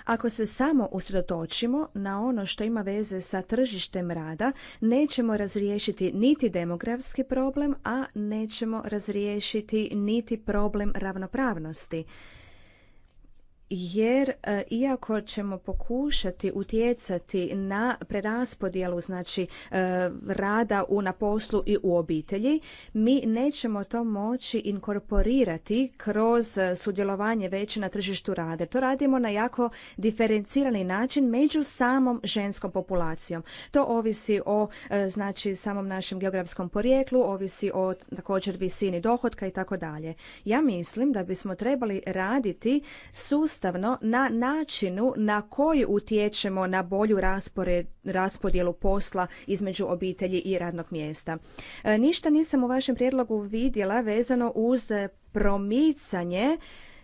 Ako se samo usredotočimo na ono što ima veze sa tržištem rada, nećemo razriješiti niti demografski problem, a nećemo razriješiti niti problem ravnopravnosti jer e, iako ćemo pokušati utjecati na preraspodjelu znači e, rada u, na poslu i u obitelji, mi nećemo to moći inkorporirati kroz e, sudjelovanje veće na tržištu rada. To radimo na jako diferencirani način među samom ženskom populacijom. To ovisi o znači samom našem geografskom porijeklu, ovisi o također visini dohotka i tako dalje. Ja mislim da bismo trebali raditi sustav jednostavno na načinu na koji utječemo na bolju raspored, raspodjelu posla između obitelji i radnog mjesta. E, ništa nisam u vašem prijedlogu vidjela vezano uz promicanje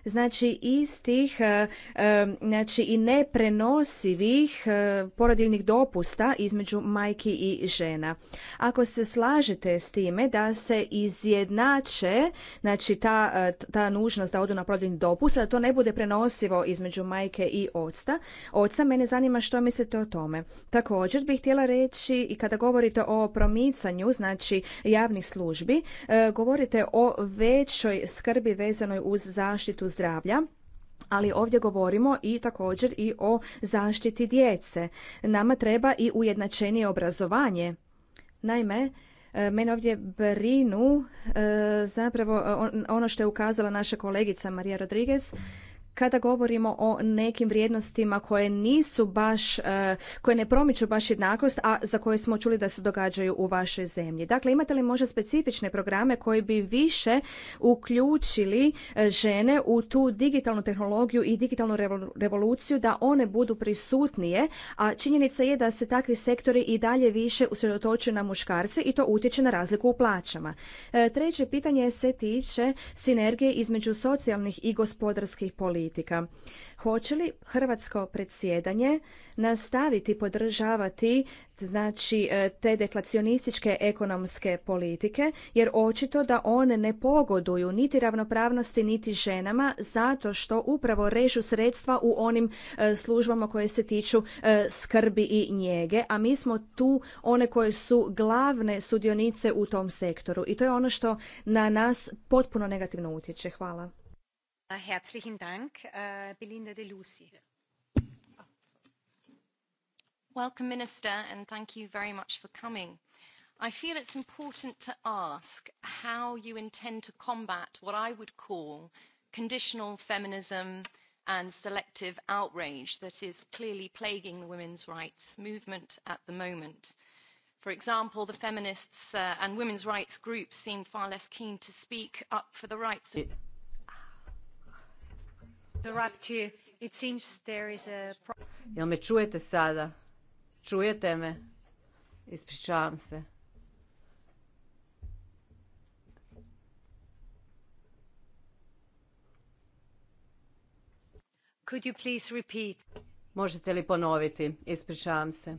znači istih e, e, znači i neprenosivih e, porodiljnih dopusta između majki i žena. Ako se slažete s time da se izjednače znači ta, ta nužnost da odu na porodiljni dopust, da to ne bude prenosivo između majke i oca, oca mene zanima što mislite o tome. Također bih htjela reći i kada govorite o promicanju znači javnih službi, govorite o većoj skrbi vezanoj uz zaštitu zdravlja ali ovdje govorimo i također i o zaštiti djece. Nama treba i ujednačenije obrazovanje. Naime, e, Mene ovdje brinu e, zapravo e, ono što je ukazala naša kolegica Marija Rodriguez, kada govorimo o nekim vrijednostima koje nisu baš, e, koje ne promiču baš jednakost, a za koje smo čuli da se događaju u vašoj zemlji. Dakle, imate li možda specifične programe koji bi više uključili e, žene u tu digitalnu tehnologiju i digitalnu revoluciju da one budu prisutnije, a činjenica je da se takvi sektori i dalje više usredotočuju na muškarce i to utječe na razliku u plaćama. E, treće pitanje se tiče sinergije između socijalnih i gospodarskih politika politika. Hoće li hrvatsko predsjedanje nastaviti podržavati znači e, te deflacionističke ekonomske politike jer očito da one ne pogoduju niti ravnopravnosti niti ženama zato što upravo režu sredstva u onim e, službama koje se tiču e, skrbi i njege a mi smo tu one koje su glavne sudionice u tom sektoru i to je ono što na nas potpuno negativno utječe hvala Äh, herzlichen Dank, äh, Belinda de Lucy. Welcome, Minister, and thank you very much for coming. I feel it's important to ask how you intend to combat what I would call conditional feminism and selective outrage that is clearly plaguing the women's rights movement at the moment. For example, the feminists uh, and women's rights groups seem far less keen to speak up for the rights of Jel me čujete sada? Čujete me? Ispričavam se. Možete li ponoviti? Ispričavam se.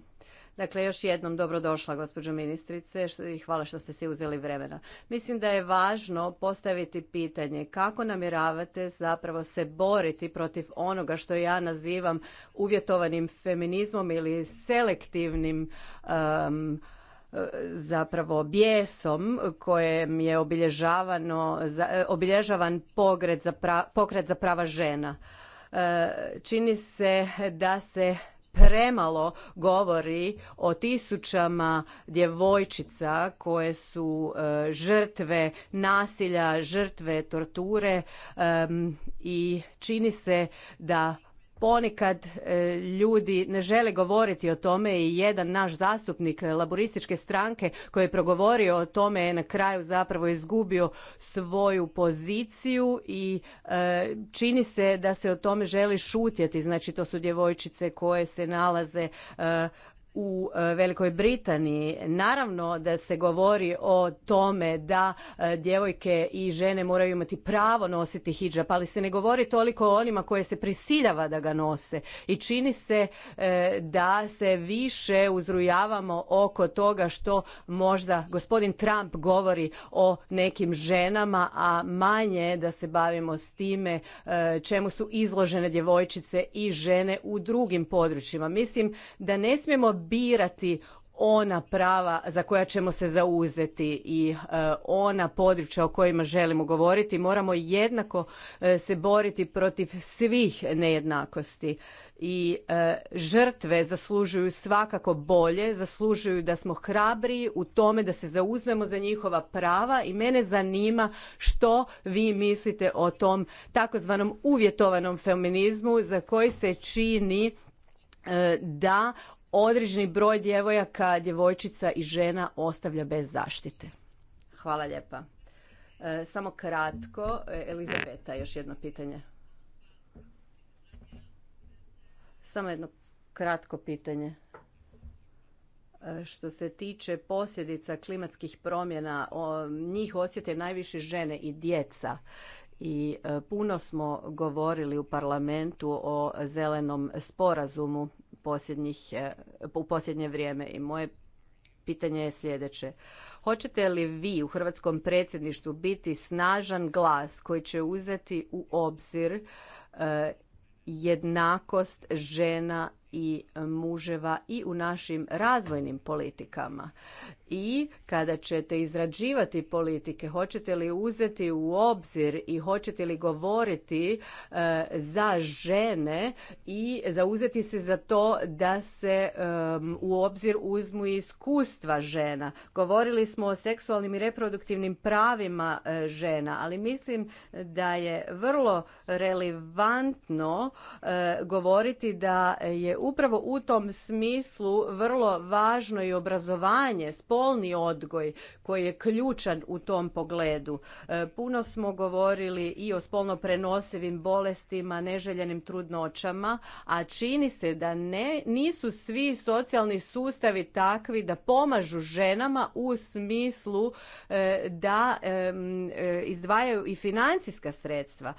Dakle, još jednom dobrodošla, gospođo ministrice, i hvala što ste si uzeli vremena. Mislim da je važno postaviti pitanje kako namjeravate zapravo se boriti protiv onoga što ja nazivam uvjetovanim feminizmom ili selektivnim zapravo bijesom kojem je obilježavano, obilježavan za, pokret za prava žena. E, čini se da se premalo govori o tisućama djevojčica koje su e, žrtve nasilja, žrtve torture i čini se da ponekad e, ljudi ne žele govoriti o tome i jedan naš zastupnik e, laborističke stranke koji je progovorio o tome je na kraju zapravo izgubio svoju poziciju i e, čini se da se o tome želi šutjeti znači to su djevojčice koje se nalaze u e, Velikoj Britaniji naravno da se govori o tome da e, djevojke i žene moraju imati pravo nositi hijab, ali se ne govori toliko o onima koje se prisiljava da ga nose. I čini se e, da se više uzrujavamo oko toga što možda gospodin Trump govori o nekim ženama, a manje da se bavimo s time čemu su izložene djevojčice i žene u drugim područjima. Mislim da ne smijemo birati ona prava za koja ćemo se zauzeti i e, ona područja o kojima želimo govoriti moramo jednako e, se boriti protiv svih nejednakosti i e, žrtve zaslužuju svakako bolje zaslužuju da smo hrabriji u tome da se zauzmemo za njihova prava i mene zanima što vi mislite o tom takozvanom uvjetovanom feminizmu za koji se čini da određeni broj djevojaka, djevojčica i žena ostavlja bez zaštite. Hvala lijepa. E, samo kratko, e, Elizabeta, još jedno pitanje. Samo jedno kratko pitanje. E, što se tiče posljedica klimatskih promjena, o, njih osjete najviše žene i djeca i puno smo govorili u parlamentu o zelenom sporazumu posljednjih, e, u posljednje vrijeme i moje pitanje je sljedeće. Hoćete li vi u Hrvatskom predsjedništvu biti snažan glas koji će uzeti u obzir e, jednakost žena i e, muževa i u našim razvojnim politikama. I kada ćete izrađivati politike, hoćete li uzeti u obzir i hoćete li govoriti e, za žene i zauzeti se za to da se e, u obzir uzmu iskustva žena. Govorili smo o seksualnim i reproduktivnim pravima žena, ali mislim da je vrlo relevantno govoriti da je upravo u tom smislu vrlo važno i obrazovanje, spolni odgoj koji je ključan u tom pogledu. E, puno smo govorili i o spolno prenosivim bolestima, neželjenim trudnoćama, a čini se da ne, nisu svi socijalni sustavi takvi da pomažu ženama u smislu e, da e, izdvajaju i financijska sredstva.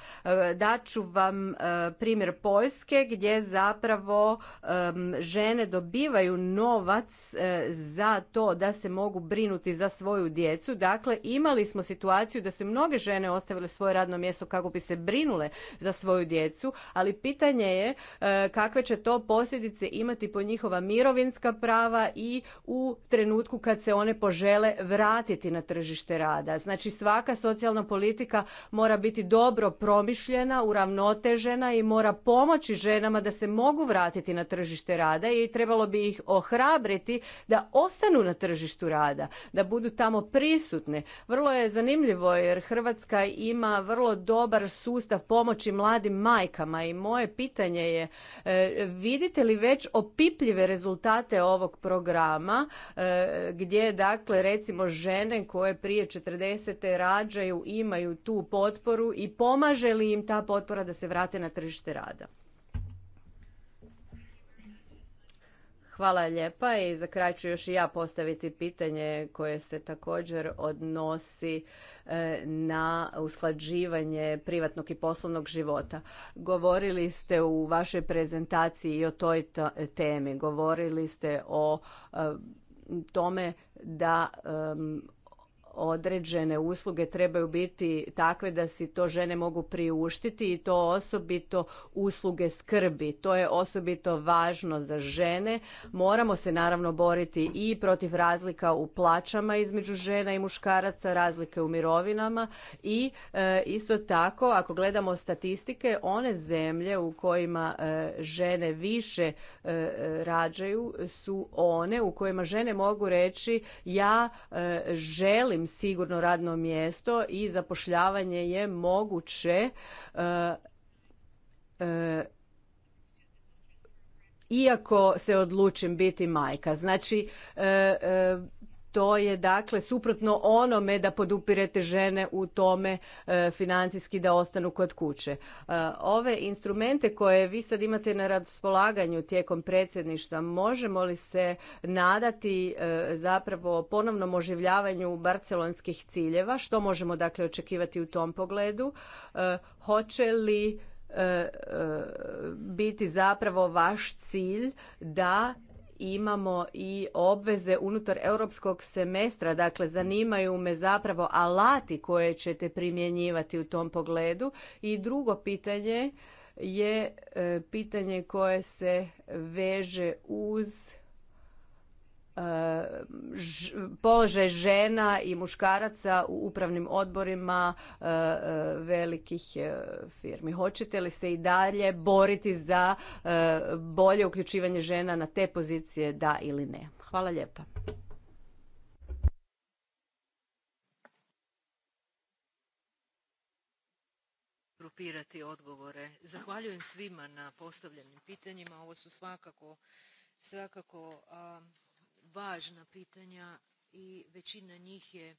Daću vam primjer Poljske gdje zapravo žene dobivaju novac e, za to da se mogu brinuti za svoju djecu. Dakle, imali smo situaciju da se mnoge žene ostavile svoje radno mjesto kako bi se brinule za svoju djecu, ali pitanje je e, kakve će to posljedice imati po njihova mirovinska prava i u trenutku kad se one požele vratiti na tržište rada. Znači, svaka socijalna politika mora biti dobro promišljena, uravnotežena i mora pomoći ženama da se mogu vratiti na na tržište rada i trebalo bi ih ohrabriti da ostanu na tržištu rada, da budu tamo prisutne. Vrlo je zanimljivo jer Hrvatska ima vrlo dobar sustav pomoći mladim majkama i moje pitanje je e, vidite li već opipljive rezultate ovog programa e, gdje dakle recimo žene koje prije 40. rađaju imaju tu potporu i pomaže li im ta potpora da se vrate na tržište rada? Hvala lijepa i za kraj ću još i ja postaviti pitanje koje se također odnosi e, na usklađivanje privatnog i poslovnog života. Govorili ste u vašoj prezentaciji i o toj temi. Govorili ste o e, tome da određene usluge trebaju biti takve da si to žene mogu priuštiti i to osobito usluge skrbi. To je osobito važno za žene. Moramo se naravno boriti i protiv razlika u plaćama između žena i muškaraca, razlike u mirovinama i e, isto tako ako gledamo statistike, one zemlje u kojima e, žene više e, rađaju su one u kojima žene mogu reći ja želim sigurno radno mjesto i zapošljavanje je moguće e, e, iako se odlučim biti majka. Znači, e, to je dakle suprotno onome da podupirete žene u tome e, financijski da ostanu kod kuće. E, ove instrumente koje vi sad imate na raspolaganju tijekom predsjedništva, možemo li se nadati e, zapravo ponovnom oživljavanju barcelonskih ciljeva? Što možemo dakle očekivati u tom pogledu? Hoće li biti zapravo vaš cilj da imamo i obveze unutar europskog semestra. Dakle, zanimaju me zapravo alati koje ćete primjenjivati u tom pogledu. I drugo pitanje je e, pitanje koje se veže uz E, položaj žena i muškaraca u upravnim odborima e, e, velikih firmi. Hoćete li se i dalje boriti za bolje uključivanje žena na te pozicije, da ili ne? Hvala lijepa. grupirati odgovore. Zahvaljujem svima na postavljenim pitanjima. Ovo su svakako, svakako važna pitanja i većina njih je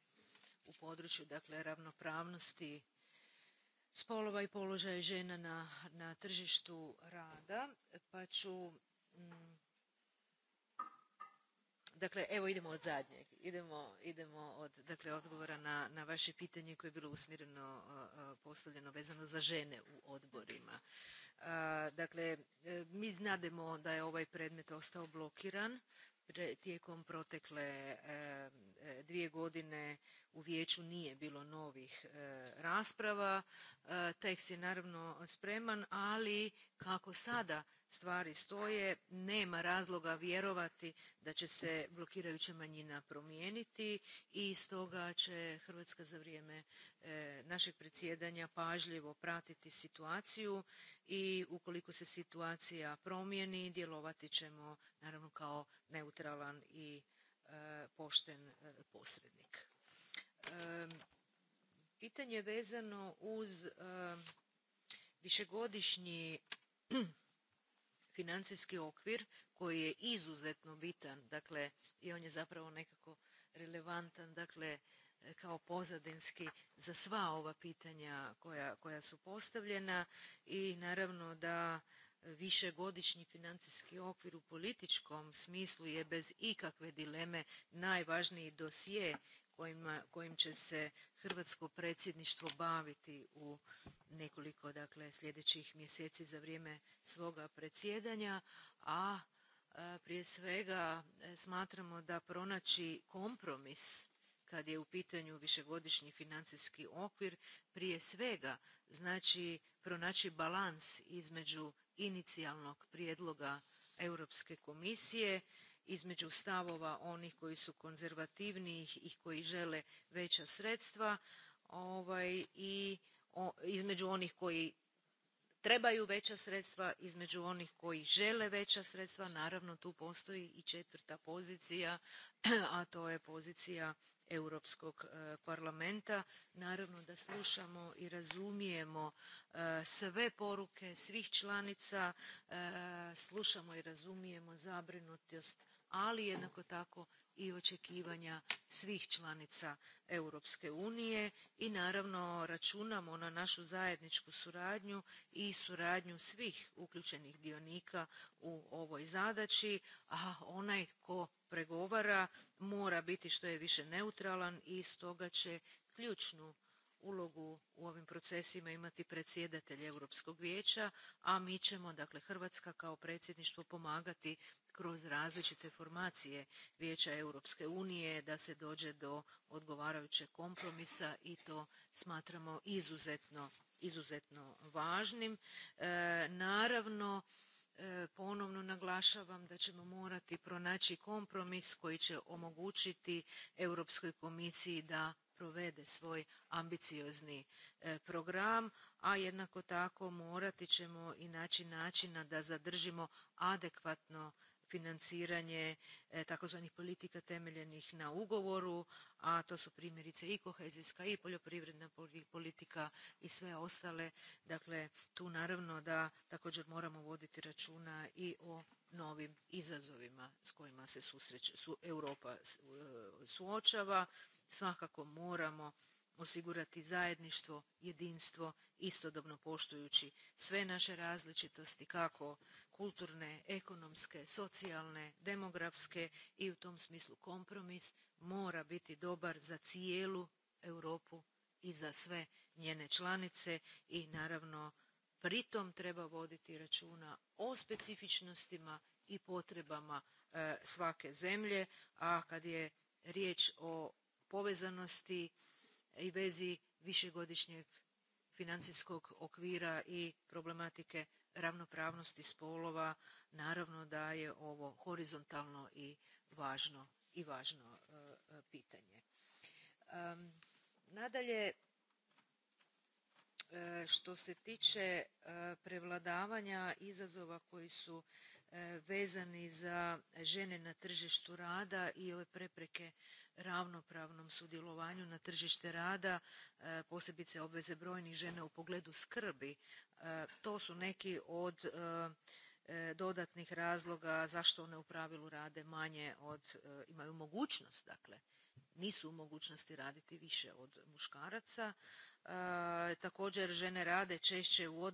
u području dakle ravnopravnosti spolova i položaja žena na, na tržištu rada pa ću mm, dakle evo idemo od zadnjeg idemo, idemo od dakle odgovora na, na vaše pitanje koje je bilo usmjereno postavljeno vezano za žene u odborima dakle e, mi znademo da je ovaj predmet ostao blokiran tijekom protekle eh, dvije godine u vijeću nije bilo novih eh, rasprava. Eh, tekst je naravno spreman, ali kako sada stvari stoje nema razloga vjerovati da će se blokirajuća manjina promijeniti i stoga će Hrvatska za vrijeme e, našeg predsjedanja pažljivo pratiti situaciju i ukoliko se situacija promijeni djelovati ćemo naravno kao neutralan i e, pošten e, posrednik. Pitanje vezano uz višegodišnji financijski okvir koji je izuzetno bitan, dakle i on je zapravo nekako relevantan, dakle kao pozadinski za sva ova pitanja koja, koja su postavljena i naravno da višegodišnji financijski okvir u političkom smislu je bez ikakve dileme najvažniji dosje kojim će se hrvatsko predsjedništvo baviti u nekoliko dakle sljedećih mjeseci za vrijeme svoga predsjedanja, a e, prije svega e, smatramo da pronaći kompromis kad je u pitanju višegodišnji financijski okvir prije svega znači pronaći balans između inicijalnog prijedloga Europske komisije između stavova onih koji su konzervativniji i koji žele veća sredstva ovaj, i između onih koji trebaju veća sredstva, između onih koji žele veća sredstva. Naravno tu postoji i četvrta pozicija, a to je pozicija Europskog e, parlamenta. Naravno da slušamo i razumijemo e, sve poruke svih članica, e, slušamo i razumijemo zabrinutost ali jednako tako i očekivanja svih članica Europske unije i naravno računamo na našu zajedničku suradnju i suradnju svih uključenih dionika u ovoj zadaći, a onaj tko pregovara mora biti što je više neutralan i stoga će ključnu ulogu u ovim procesima imati predsjedatelj Europskog vijeća, a mi ćemo dakle Hrvatska kao predsjedništvo pomagati kroz različite formacije Vijeća Europske unije da se dođe do odgovarajućeg kompromisa i to smatramo izuzetno, izuzetno važnim. E, naravno, e, ponovno naglašavam da ćemo morati pronaći kompromis koji će omogućiti Europskoj komisiji da provede svoj ambiciozni e, program, a jednako tako morati ćemo i naći načina da zadržimo adekvatno financiranje e, takozvanih politika temeljenih na ugovoru, a to su primjerice i kohezijska i poljoprivredna politika i sve ostale. Dakle, tu naravno da također moramo voditi računa i o novim izazovima s kojima se susreće, su, Europa e, suočava. Svakako moramo osigurati zajedništvo, jedinstvo, istodobno poštujući sve naše različitosti kako kulturne, ekonomske, socijalne, demografske i u tom smislu kompromis mora biti dobar za cijelu Europu i za sve njene članice i naravno pritom treba voditi računa o specifičnostima i potrebama e, svake zemlje, a kad je riječ o povezanosti i vezi višegodišnjeg financijskog okvira i problematike ravnopravnosti spolova naravno da je ovo horizontalno i važno i važno e, e, pitanje. nadalje, e, što se tiče prevladavanja izazova koji su vezani za žene na tržištu rada i ove prepreke ravnopravnom sudjelovanju na tržište rada, e, posebice obveze brojnih žena u pogledu skrbi. E, to su neki od e, dodatnih razloga zašto one u pravilu rade manje od, imaju mogućnost dakle, nisu u mogućnosti raditi više od muškaraca. Također žene rade češće u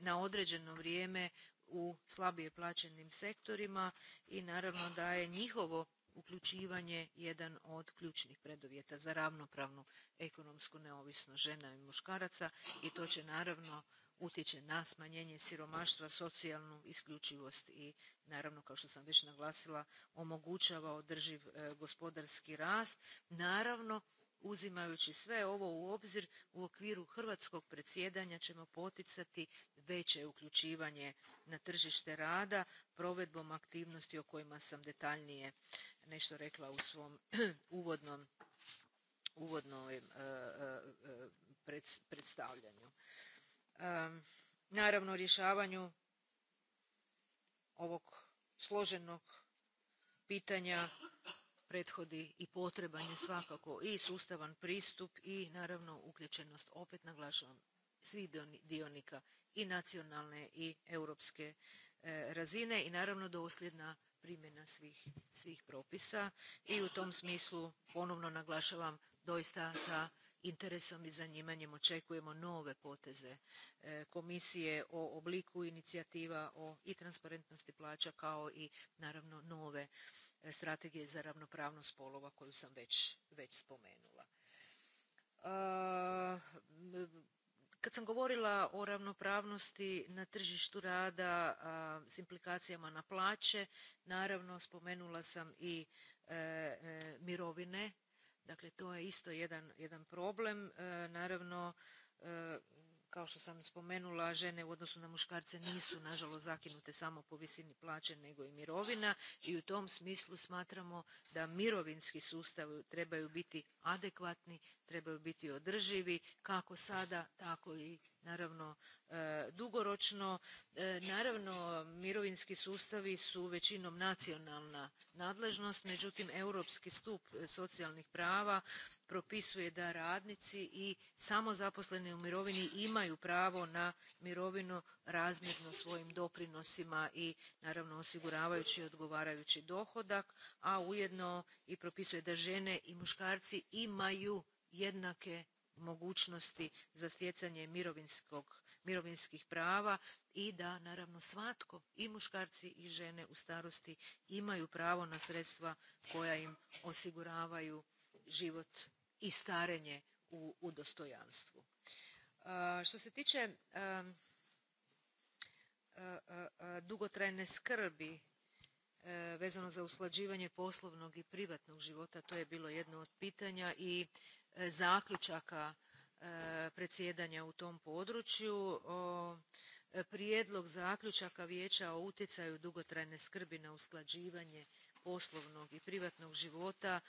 na određeno vrijeme u slabije plaćenim sektorima i naravno da je njihovo uključivanje jedan od ključnih preduvjeta za ravnopravnu ekonomsku neovisnost žena i muškaraca i to će naravno utječe na smanjenje siromaštva, socijalnu isključivost i naravno kao što sam već naglasila omogućava održiv e, gospodarski rast, naravno uzimajući sve ovo u obzir u okviru hrvatskog predsjedanja ćemo poticati veće uključivanje na tržište rada provedbom aktivnosti o kojima sam detaljnije nešto rekla u svom uvodnom e, e, e, predstavljanju. Naravno, rješavanju ovog složenog pitanja prethodi i potreban je svakako i sustavan pristup i naravno uključenost opet naglašavam svih dionika i nacionalne i europske e, razine i naravno dosljedna primjena svih, propisa i u tom smislu ponovno naglašavam doista sa interesom i zanimanjem očekujemo nove poteze e, komisije o obliku inicijativa o i transparentnosti plaća kao i naravno nove e, strategije za ravnopravnost spolova koju sam već, već spomenula. Kad sam govorila o ravnopravnosti na tržištu rada s implikacijama na plaće, naravno spomenula sam i e, e, mirovine. Dakle, to je isto jedan, problem. E, naravno, kao što sam spomenula, žene u odnosu na muškarce nisu, nažalost, zakinute samo po visini plaće, nego i mirovina. I u tom smislu smatramo da mirovinski sustav trebaju biti adekvatni, trebaju biti održivi kako sada, tako i naravno e, dugoročno. E, naravno, mirovinski sustavi su većinom nacionalna nadležnost, međutim europski stup e, socijalnih prava propisuje da radnici i samozaposleni u mirovini imaju pravo na mirovinu razmjerno svojim doprinosima i naravno osiguravajući odgovarajući dohodak, a ujedno i propisuje da žene i muškarci imaju jednake mogućnosti za stjecanje mirovinskih prava i da naravno svatko i muškarci i žene u starosti imaju pravo na sredstva koja im osiguravaju život i starenje u, dostojanstvu. što se tiče dugotrajne skrbi E, vezano za usklađivanje poslovnog i privatnog života. To je bilo jedno od pitanja i e, zaključaka e, predsjedanja u tom području. Prijedlog zaključaka Vijeća o utjecaju dugotrajne skrbi na usklađivanje poslovnog i privatnog života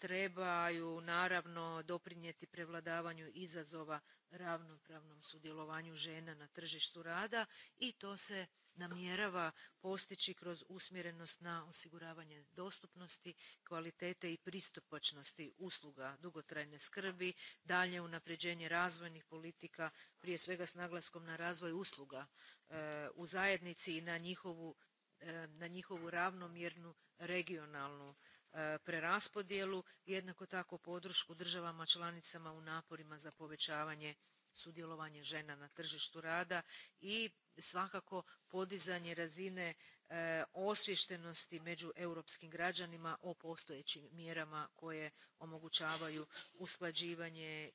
trebaju naravno doprinijeti prevladavanju izazova ravnopravnom sudjelovanju žena na tržištu rada i to se namjerava postići kroz usmjerenost na osiguravanje dostupnosti, kvalitete i pristupačnosti usluga dugotrajne skrbi, dalje unapređenje razvojnih politika prije svega s naglaskom na razvoj usluga e, u zajednici i na njihovu, e, na njihovu ravnomjernu regionalnu e, preraspodjelu, jednako tako podršku državama članicama u naporima za povećavanje sudjelovanje žena na tržištu rada i svakako podizanje razine e, osviještenosti među europskim građanima o postojećim mjerama koje omogućavaju usklađivanje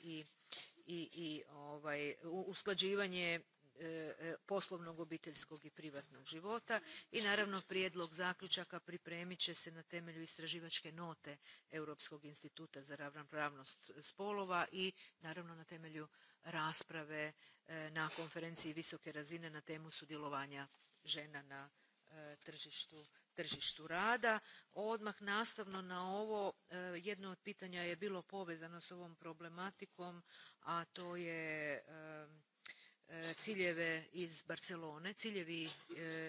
i, ovaj, usklađivanje e, poslovnog, obiteljskog i privatnog života. I naravno prijedlog zaključaka pripremit će se na temelju istraživačke note Europskog instituta za ravnopravnost spolova i naravno na temelju rasprave e, na konferenciji visoke razine na temu sudjelovanja žena na e, tržištu, tržištu rada. Odmah nastavno na ovo, e, jedno od pitanja je bilo povezano s ovom problematikom, a to je ciljeve iz Barcelone, ciljevi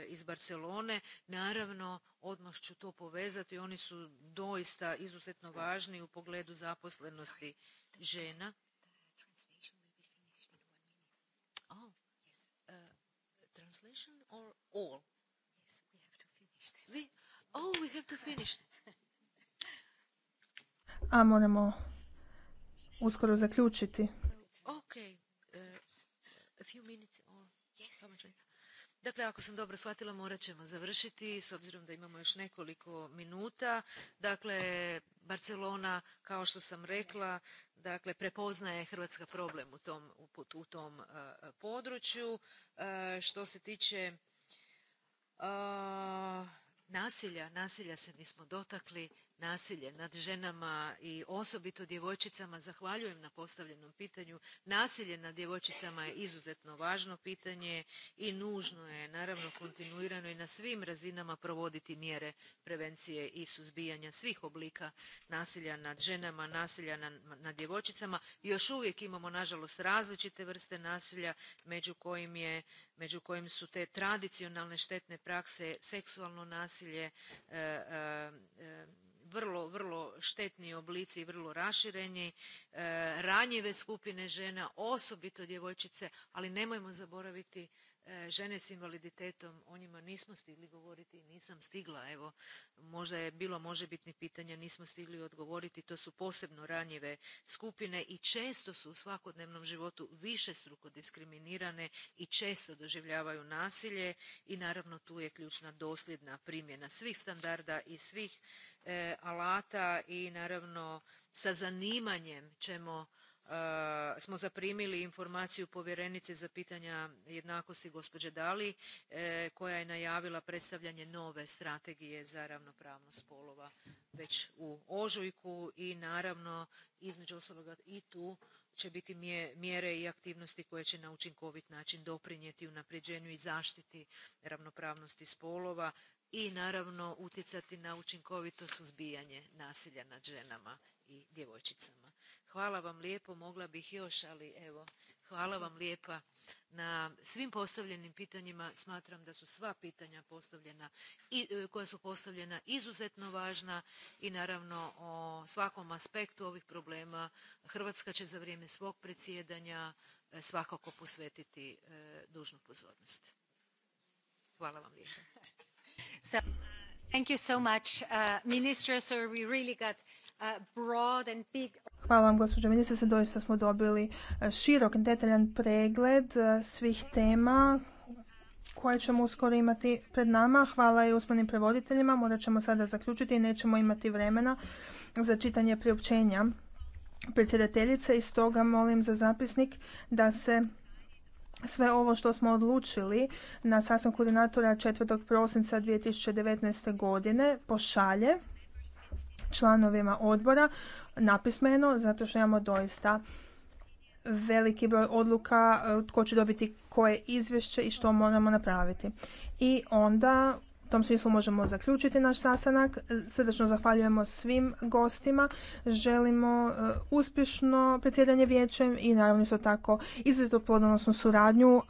iz Barcelone. Naravno, odmah ću to povezati, oni su doista izuzetno važni u pogledu zaposlenosti žena translation or all? Yes, we have to finish that. We, oh, we have to finish. A moramo uskoro zaključiti. Okay. Uh, a few minutes or yes, something. Dakle, ako sam dobro shvatila, morat ćemo završiti s obzirom da imamo još nekoliko minuta. Dakle, Barcelona, kao što sam rekla, dakle, prepoznaje Hrvatska problem u tom, u e, području. E, što se tiče e, nasilja, nasilja se nismo dotakli, nasilje nad ženama i osobito djevojčicama zahvaljujem na postavljenom pitanju. Nasilje nad djevojčicama je izuzetno važno pitanje i nužno je naravno kontinuirano i na svim razinama provoditi mjere prevencije i suzbijanja svih oblika nasilja nad ženama, nasilja nad djevojčicama. Još uvijek imamo nažalost različite vrste nasilja među kojim je, među kojim su te tradicionalne štetne prakse, seksualno nasilje, e, e, e, vrlo, vrlo štetni oblici i vrlo rašireni, e, ranjive skupine žena, osobito djevojčice, ali nemojmo zaboraviti e, žene s invaliditetom, o njima nismo stigli govoriti, nisam stigla, evo, možda je bilo možebitnih pitanja, nismo stigli odgovoriti, to su posebno ranjive skupine i često su u svakodnevnom životu struko diskriminirane i često doživljavaju nasilje i naravno tu je ključna dosljedna primjena svih standarda i svih E, alata i naravno sa zanimanjem ćemo e, smo zaprimili informaciju povjerenice za pitanja jednakosti gospođe Dali e, koja je najavila predstavljanje nove strategije za ravnopravnost spolova već u ožujku i naravno između ostaloga i tu će biti mjere i aktivnosti koje će na učinkovit način doprinijeti unapređenju i zaštiti ravnopravnosti spolova i naravno utjecati na učinkovito suzbijanje nasilja nad ženama i djevojčicama. Hvala vam lijepo, mogla bih još, ali evo, hvala vam lijepa na svim postavljenim pitanjima. Smatram da su sva pitanja postavljena i e, koja su postavljena izuzetno važna i naravno o svakom aspektu ovih problema Hrvatska će za vrijeme svog predsjedanja e, svakako posvetiti e, dužnu pozornost. Hvala vam lijepa. Hvala vam, gospođo ministrice. Doista smo dobili uh, širok, i detaljan pregled uh, svih tema koje ćemo uskoro imati pred nama. Hvala i usmenim prevoditeljima. Morat ćemo sada zaključiti i nećemo imati vremena za čitanje priopćenja predsjedateljice i stoga molim za zapisnik da se sve ovo što smo odlučili na sastanku koordinatora 4. prosinca 2019. godine pošalje članovima odbora napismeno zato što imamo doista veliki broj odluka e, tko će dobiti koje izvješće i što moramo napraviti. I onda u tom smislu možemo zaključiti naš sastanak. Srdečno zahvaljujemo svim gostima. Želimo e, uspješno predsjedanje vijećem i naravno isto tako izrazito plodonosnu suradnju e,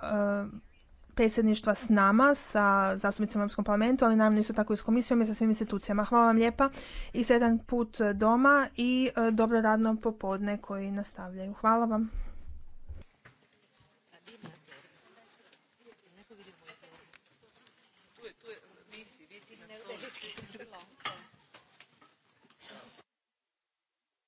predsjedništva s nama, sa zastupnicima u Europskom parlamentu, ali naravno isto tako i s komisijom i sa svim institucijama. Hvala vam lijepa i sedam put doma i e, dobro radno popodne koji nastavljaju. Hvala vam.